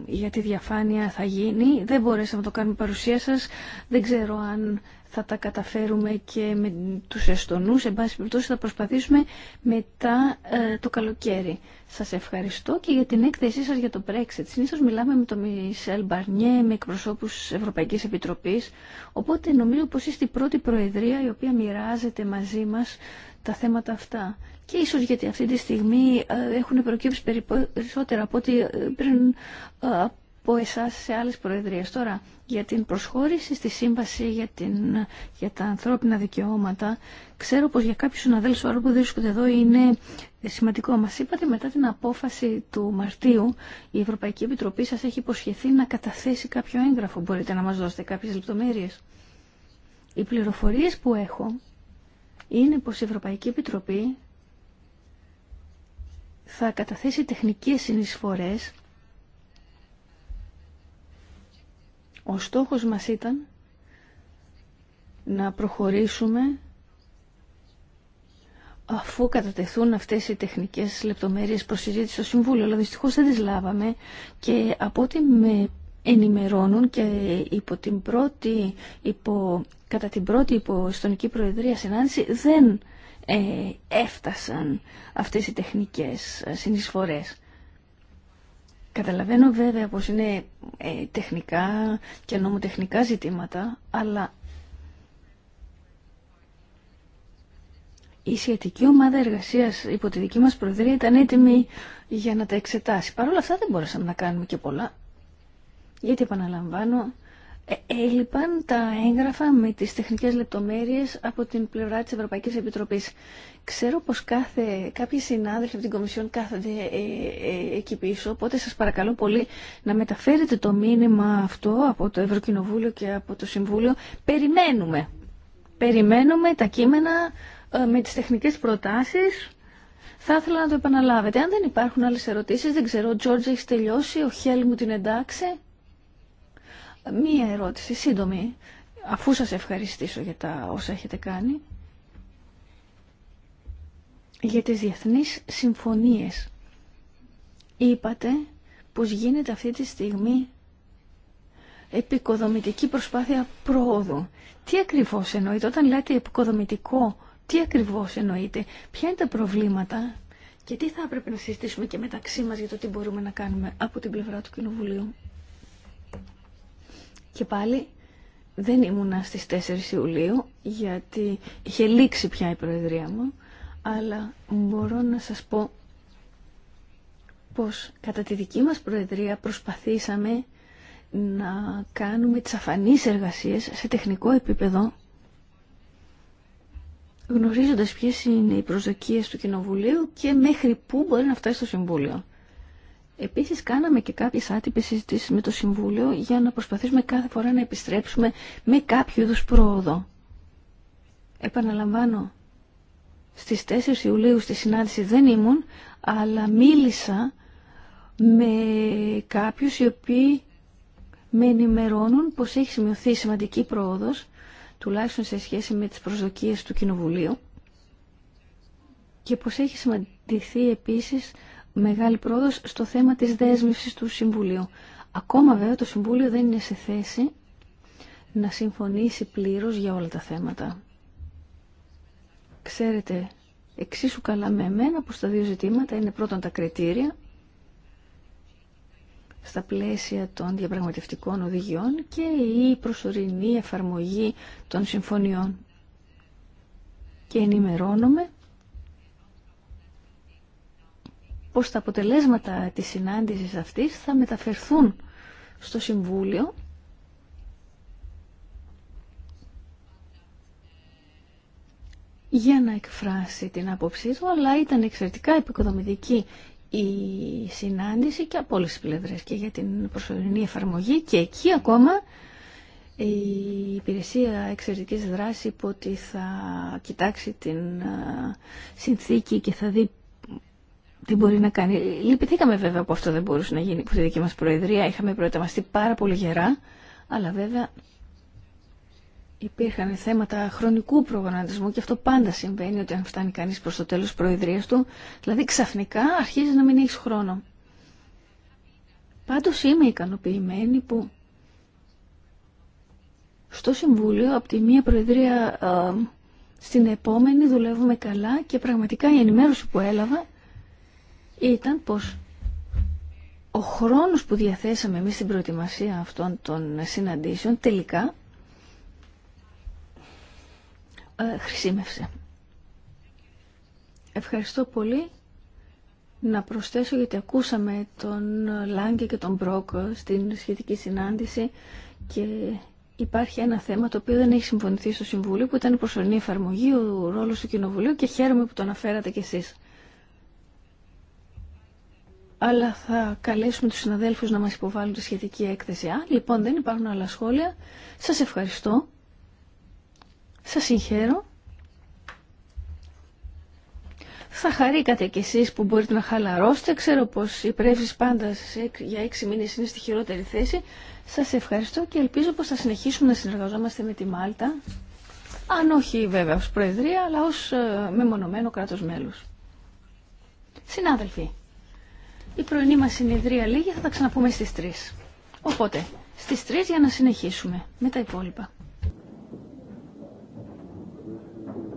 Speaker 1: για τη διαφάνεια θα γίνει. Δεν μπορέσαμε να το κάνουμε παρουσία σας. Δεν ξέρω αν θα τα καταφέρουμε και με τους εστονούς. Εν πάση περιπτώσει θα προσπαθήσουμε μετά ε, το καλοκαίρι. Σας ευχαριστώ και για την έκθεσή σας για το Brexit. Συνήθως μιλάμε με τον Μισελ Μπαρνιέ, με εκπροσώπους Ευρωπαϊκής Επιτροπής. Οπότε νομίζω πως είστε η πρώτη προεδρία η οποία μοιράζεται μαζί μας τα θέματα αυτά. Και ίσως γιατί αυτή τη στιγμή ε, έχουν προκύψει περισσότερα από ό,τι ε, πριν από εσά σε άλλε προεδρίε. Τώρα, για την προσχώρηση στη σύμβαση για, την, για τα ανθρώπινα δικαιώματα, ξέρω πω για κάποιου συναδέλφου τώρα που βρίσκονται εδώ είναι σημαντικό. Μα είπατε μετά την απόφαση του Μαρτίου, η Ευρωπαϊκή Επιτροπή σα έχει υποσχεθεί να καταθέσει κάποιο έγγραφο. Μπορείτε να μα δώσετε κάποιε λεπτομέρειε. Οι πληροφορίε που έχω είναι πως η Ευρωπαϊκή Επιτροπή θα καταθέσει τεχνικές συνεισφορές Ο στόχος μας ήταν να προχωρήσουμε αφού κατατεθούν αυτές οι τεχνικές λεπτομέρειες προς συζήτηση στο Συμβούλιο. Αλλά δυστυχώς δεν τις λάβαμε και από ό,τι με ενημερώνουν και υπό την πρώτη, υπό, κατά την πρώτη υποστονική προεδρία συνάντηση δεν ε, έφτασαν αυτές οι τεχνικές ε, συνεισφορές. Καταλαβαίνω βέβαια πως είναι ε, τεχνικά και νομοτεχνικά ζητήματα, αλλά η σχετική ομάδα εργασίας υπό τη δική μας προεδρία ήταν έτοιμη για να τα εξετάσει. Παρ' όλα αυτά δεν μπορέσαμε να κάνουμε και πολλά, γιατί επαναλαμβάνω ε, έλειπαν τα έγγραφα με τις τεχνικές λεπτομέρειες από την πλευρά της Ευρωπαϊκής Επιτροπής. Ξέρω πως κάθε, κάποιοι συνάδελφοι από την Κομισιόν κάθονται ε, ε, εκεί πίσω, οπότε σας παρακαλώ πολύ να μεταφέρετε το μήνυμα αυτό από το Ευρωκοινοβούλιο και από το Συμβούλιο. Περιμένουμε. Περιμένουμε τα κείμενα ε, με τις τεχνικές προτάσεις. Θα ήθελα να το επαναλάβετε. Αν δεν υπάρχουν άλλες ερωτήσεις, δεν ξέρω, ο Τζόρτζ, έχει τελειώσει, ο Χέλ μου την εντάξει. Μία ερώτηση, σύντομη, αφού σας ευχαριστήσω για τα όσα έχετε κάνει, για τις διεθνείς συμφωνίες. Είπατε πως γίνεται αυτή τη στιγμή επικοδομητική προσπάθεια πρόοδου. Τι ακριβώς εννοείτε όταν λέτε επικοδομητικό, τι ακριβώς εννοείτε, ποια είναι τα προβλήματα και τι θα έπρεπε να συζητήσουμε και μεταξύ μας για το τι μπορούμε να κάνουμε από την πλευρά του Κοινοβουλίου. Και πάλι δεν ήμουνα στις 4 Ιουλίου γιατί είχε λήξει πια η Προεδρία μου αλλά μπορώ να σας πω πως κατά τη δική μας Προεδρία προσπαθήσαμε να κάνουμε τις αφανείς εργασίες σε τεχνικό επίπεδο γνωρίζοντας ποιες είναι οι προσδοκίες του Κοινοβουλίου και μέχρι πού μπορεί να φτάσει στο Συμβούλιο. Επίσης κάναμε και κάποιες άτυπες συζητήσεις με το Συμβούλιο για να προσπαθήσουμε κάθε φορά να επιστρέψουμε με κάποιο είδους πρόοδο. Επαναλαμβάνω, στις 4 Ιουλίου στη συνάντηση δεν ήμουν, αλλά μίλησα με κάποιους οι οποίοι με ενημερώνουν πως έχει σημειωθεί σημαντική πρόοδος, τουλάχιστον σε σχέση με τις προσδοκίες του Κοινοβουλίου, και πως έχει σημαντηθεί επίσης μεγάλη πρόοδος στο θέμα της δέσμευσης του Συμβουλίου. Ακόμα βέβαια το Συμβούλιο δεν είναι σε θέση να συμφωνήσει πλήρως για όλα τα θέματα. Ξέρετε εξίσου καλά με εμένα που τα δύο ζητήματα είναι πρώτον τα κριτήρια στα πλαίσια των διαπραγματευτικών οδηγιών και η προσωρινή εφαρμογή των συμφωνιών. Και ενημερώνομαι πως τα αποτελέσματα της συνάντησης αυτής θα μεταφερθούν στο Συμβούλιο για να εκφράσει την άποψή του, αλλά ήταν εξαιρετικά επικοδομητική η συνάντηση και από όλες τις πλευρές και για την προσωρινή εφαρμογή και εκεί ακόμα η υπηρεσία εξαιρετικής δράσης είπε ότι θα κοιτάξει την ε, συνθήκη και θα δει τι μπορεί να κάνει. Λυπηθήκαμε βέβαια που αυτό δεν μπορούσε να γίνει που τη δική μας Προεδρία. Είχαμε προετοιμαστεί πάρα πολύ γερά, αλλά βέβαια υπήρχαν θέματα χρονικού προγραμματισμού και αυτό πάντα συμβαίνει ότι αν φτάνει κανείς προς το τέλος Προεδρίας του, δηλαδή ξαφνικά αρχίζει να μην έχει χρόνο. Πάντως είμαι ικανοποιημένη που στο Συμβούλιο από τη μία Προεδρία ε, στην επόμενη δουλεύουμε καλά και πραγματικά η ενημέρωση που έλαβα ήταν πως ο χρόνος που διαθέσαμε εμείς στην προετοιμασία αυτών των συναντήσεων τελικά ε, χρησιμεύσε. Ευχαριστώ πολύ να προσθέσω γιατί ακούσαμε τον Λάγκη και τον Μπρόκ στην σχετική συνάντηση και υπάρχει ένα θέμα το οποίο δεν έχει συμφωνηθεί στο Συμβούλιο που ήταν η προσωρινή εφαρμογή, ο ρόλος του Κοινοβουλίου και χαίρομαι που το αναφέρατε κι εσείς αλλά θα καλέσουμε τους συναδέλφους να μας υποβάλουν τη σχετική έκθεση. λοιπόν, δεν υπάρχουν άλλα σχόλια. Σας ευχαριστώ. Σας συγχαίρω. Θα χαρήκατε κι εσείς που μπορείτε να χαλαρώσετε. Ξέρω πως οι πρέσβεις πάντα για έξι μήνες είναι στη χειρότερη θέση. Σας ευχαριστώ και ελπίζω πως θα συνεχίσουμε να συνεργαζόμαστε με τη Μάλτα. Αν όχι βέβαια ως Προεδρία, αλλά ως ε, μεμονωμένο κράτος μέλους. Συνάδελφοι. Η πρωινή μας συνεδρία λίγη θα τα ξαναπούμε στις 3. Οπότε, στις 3 για να συνεχίσουμε με τα υπόλοιπα.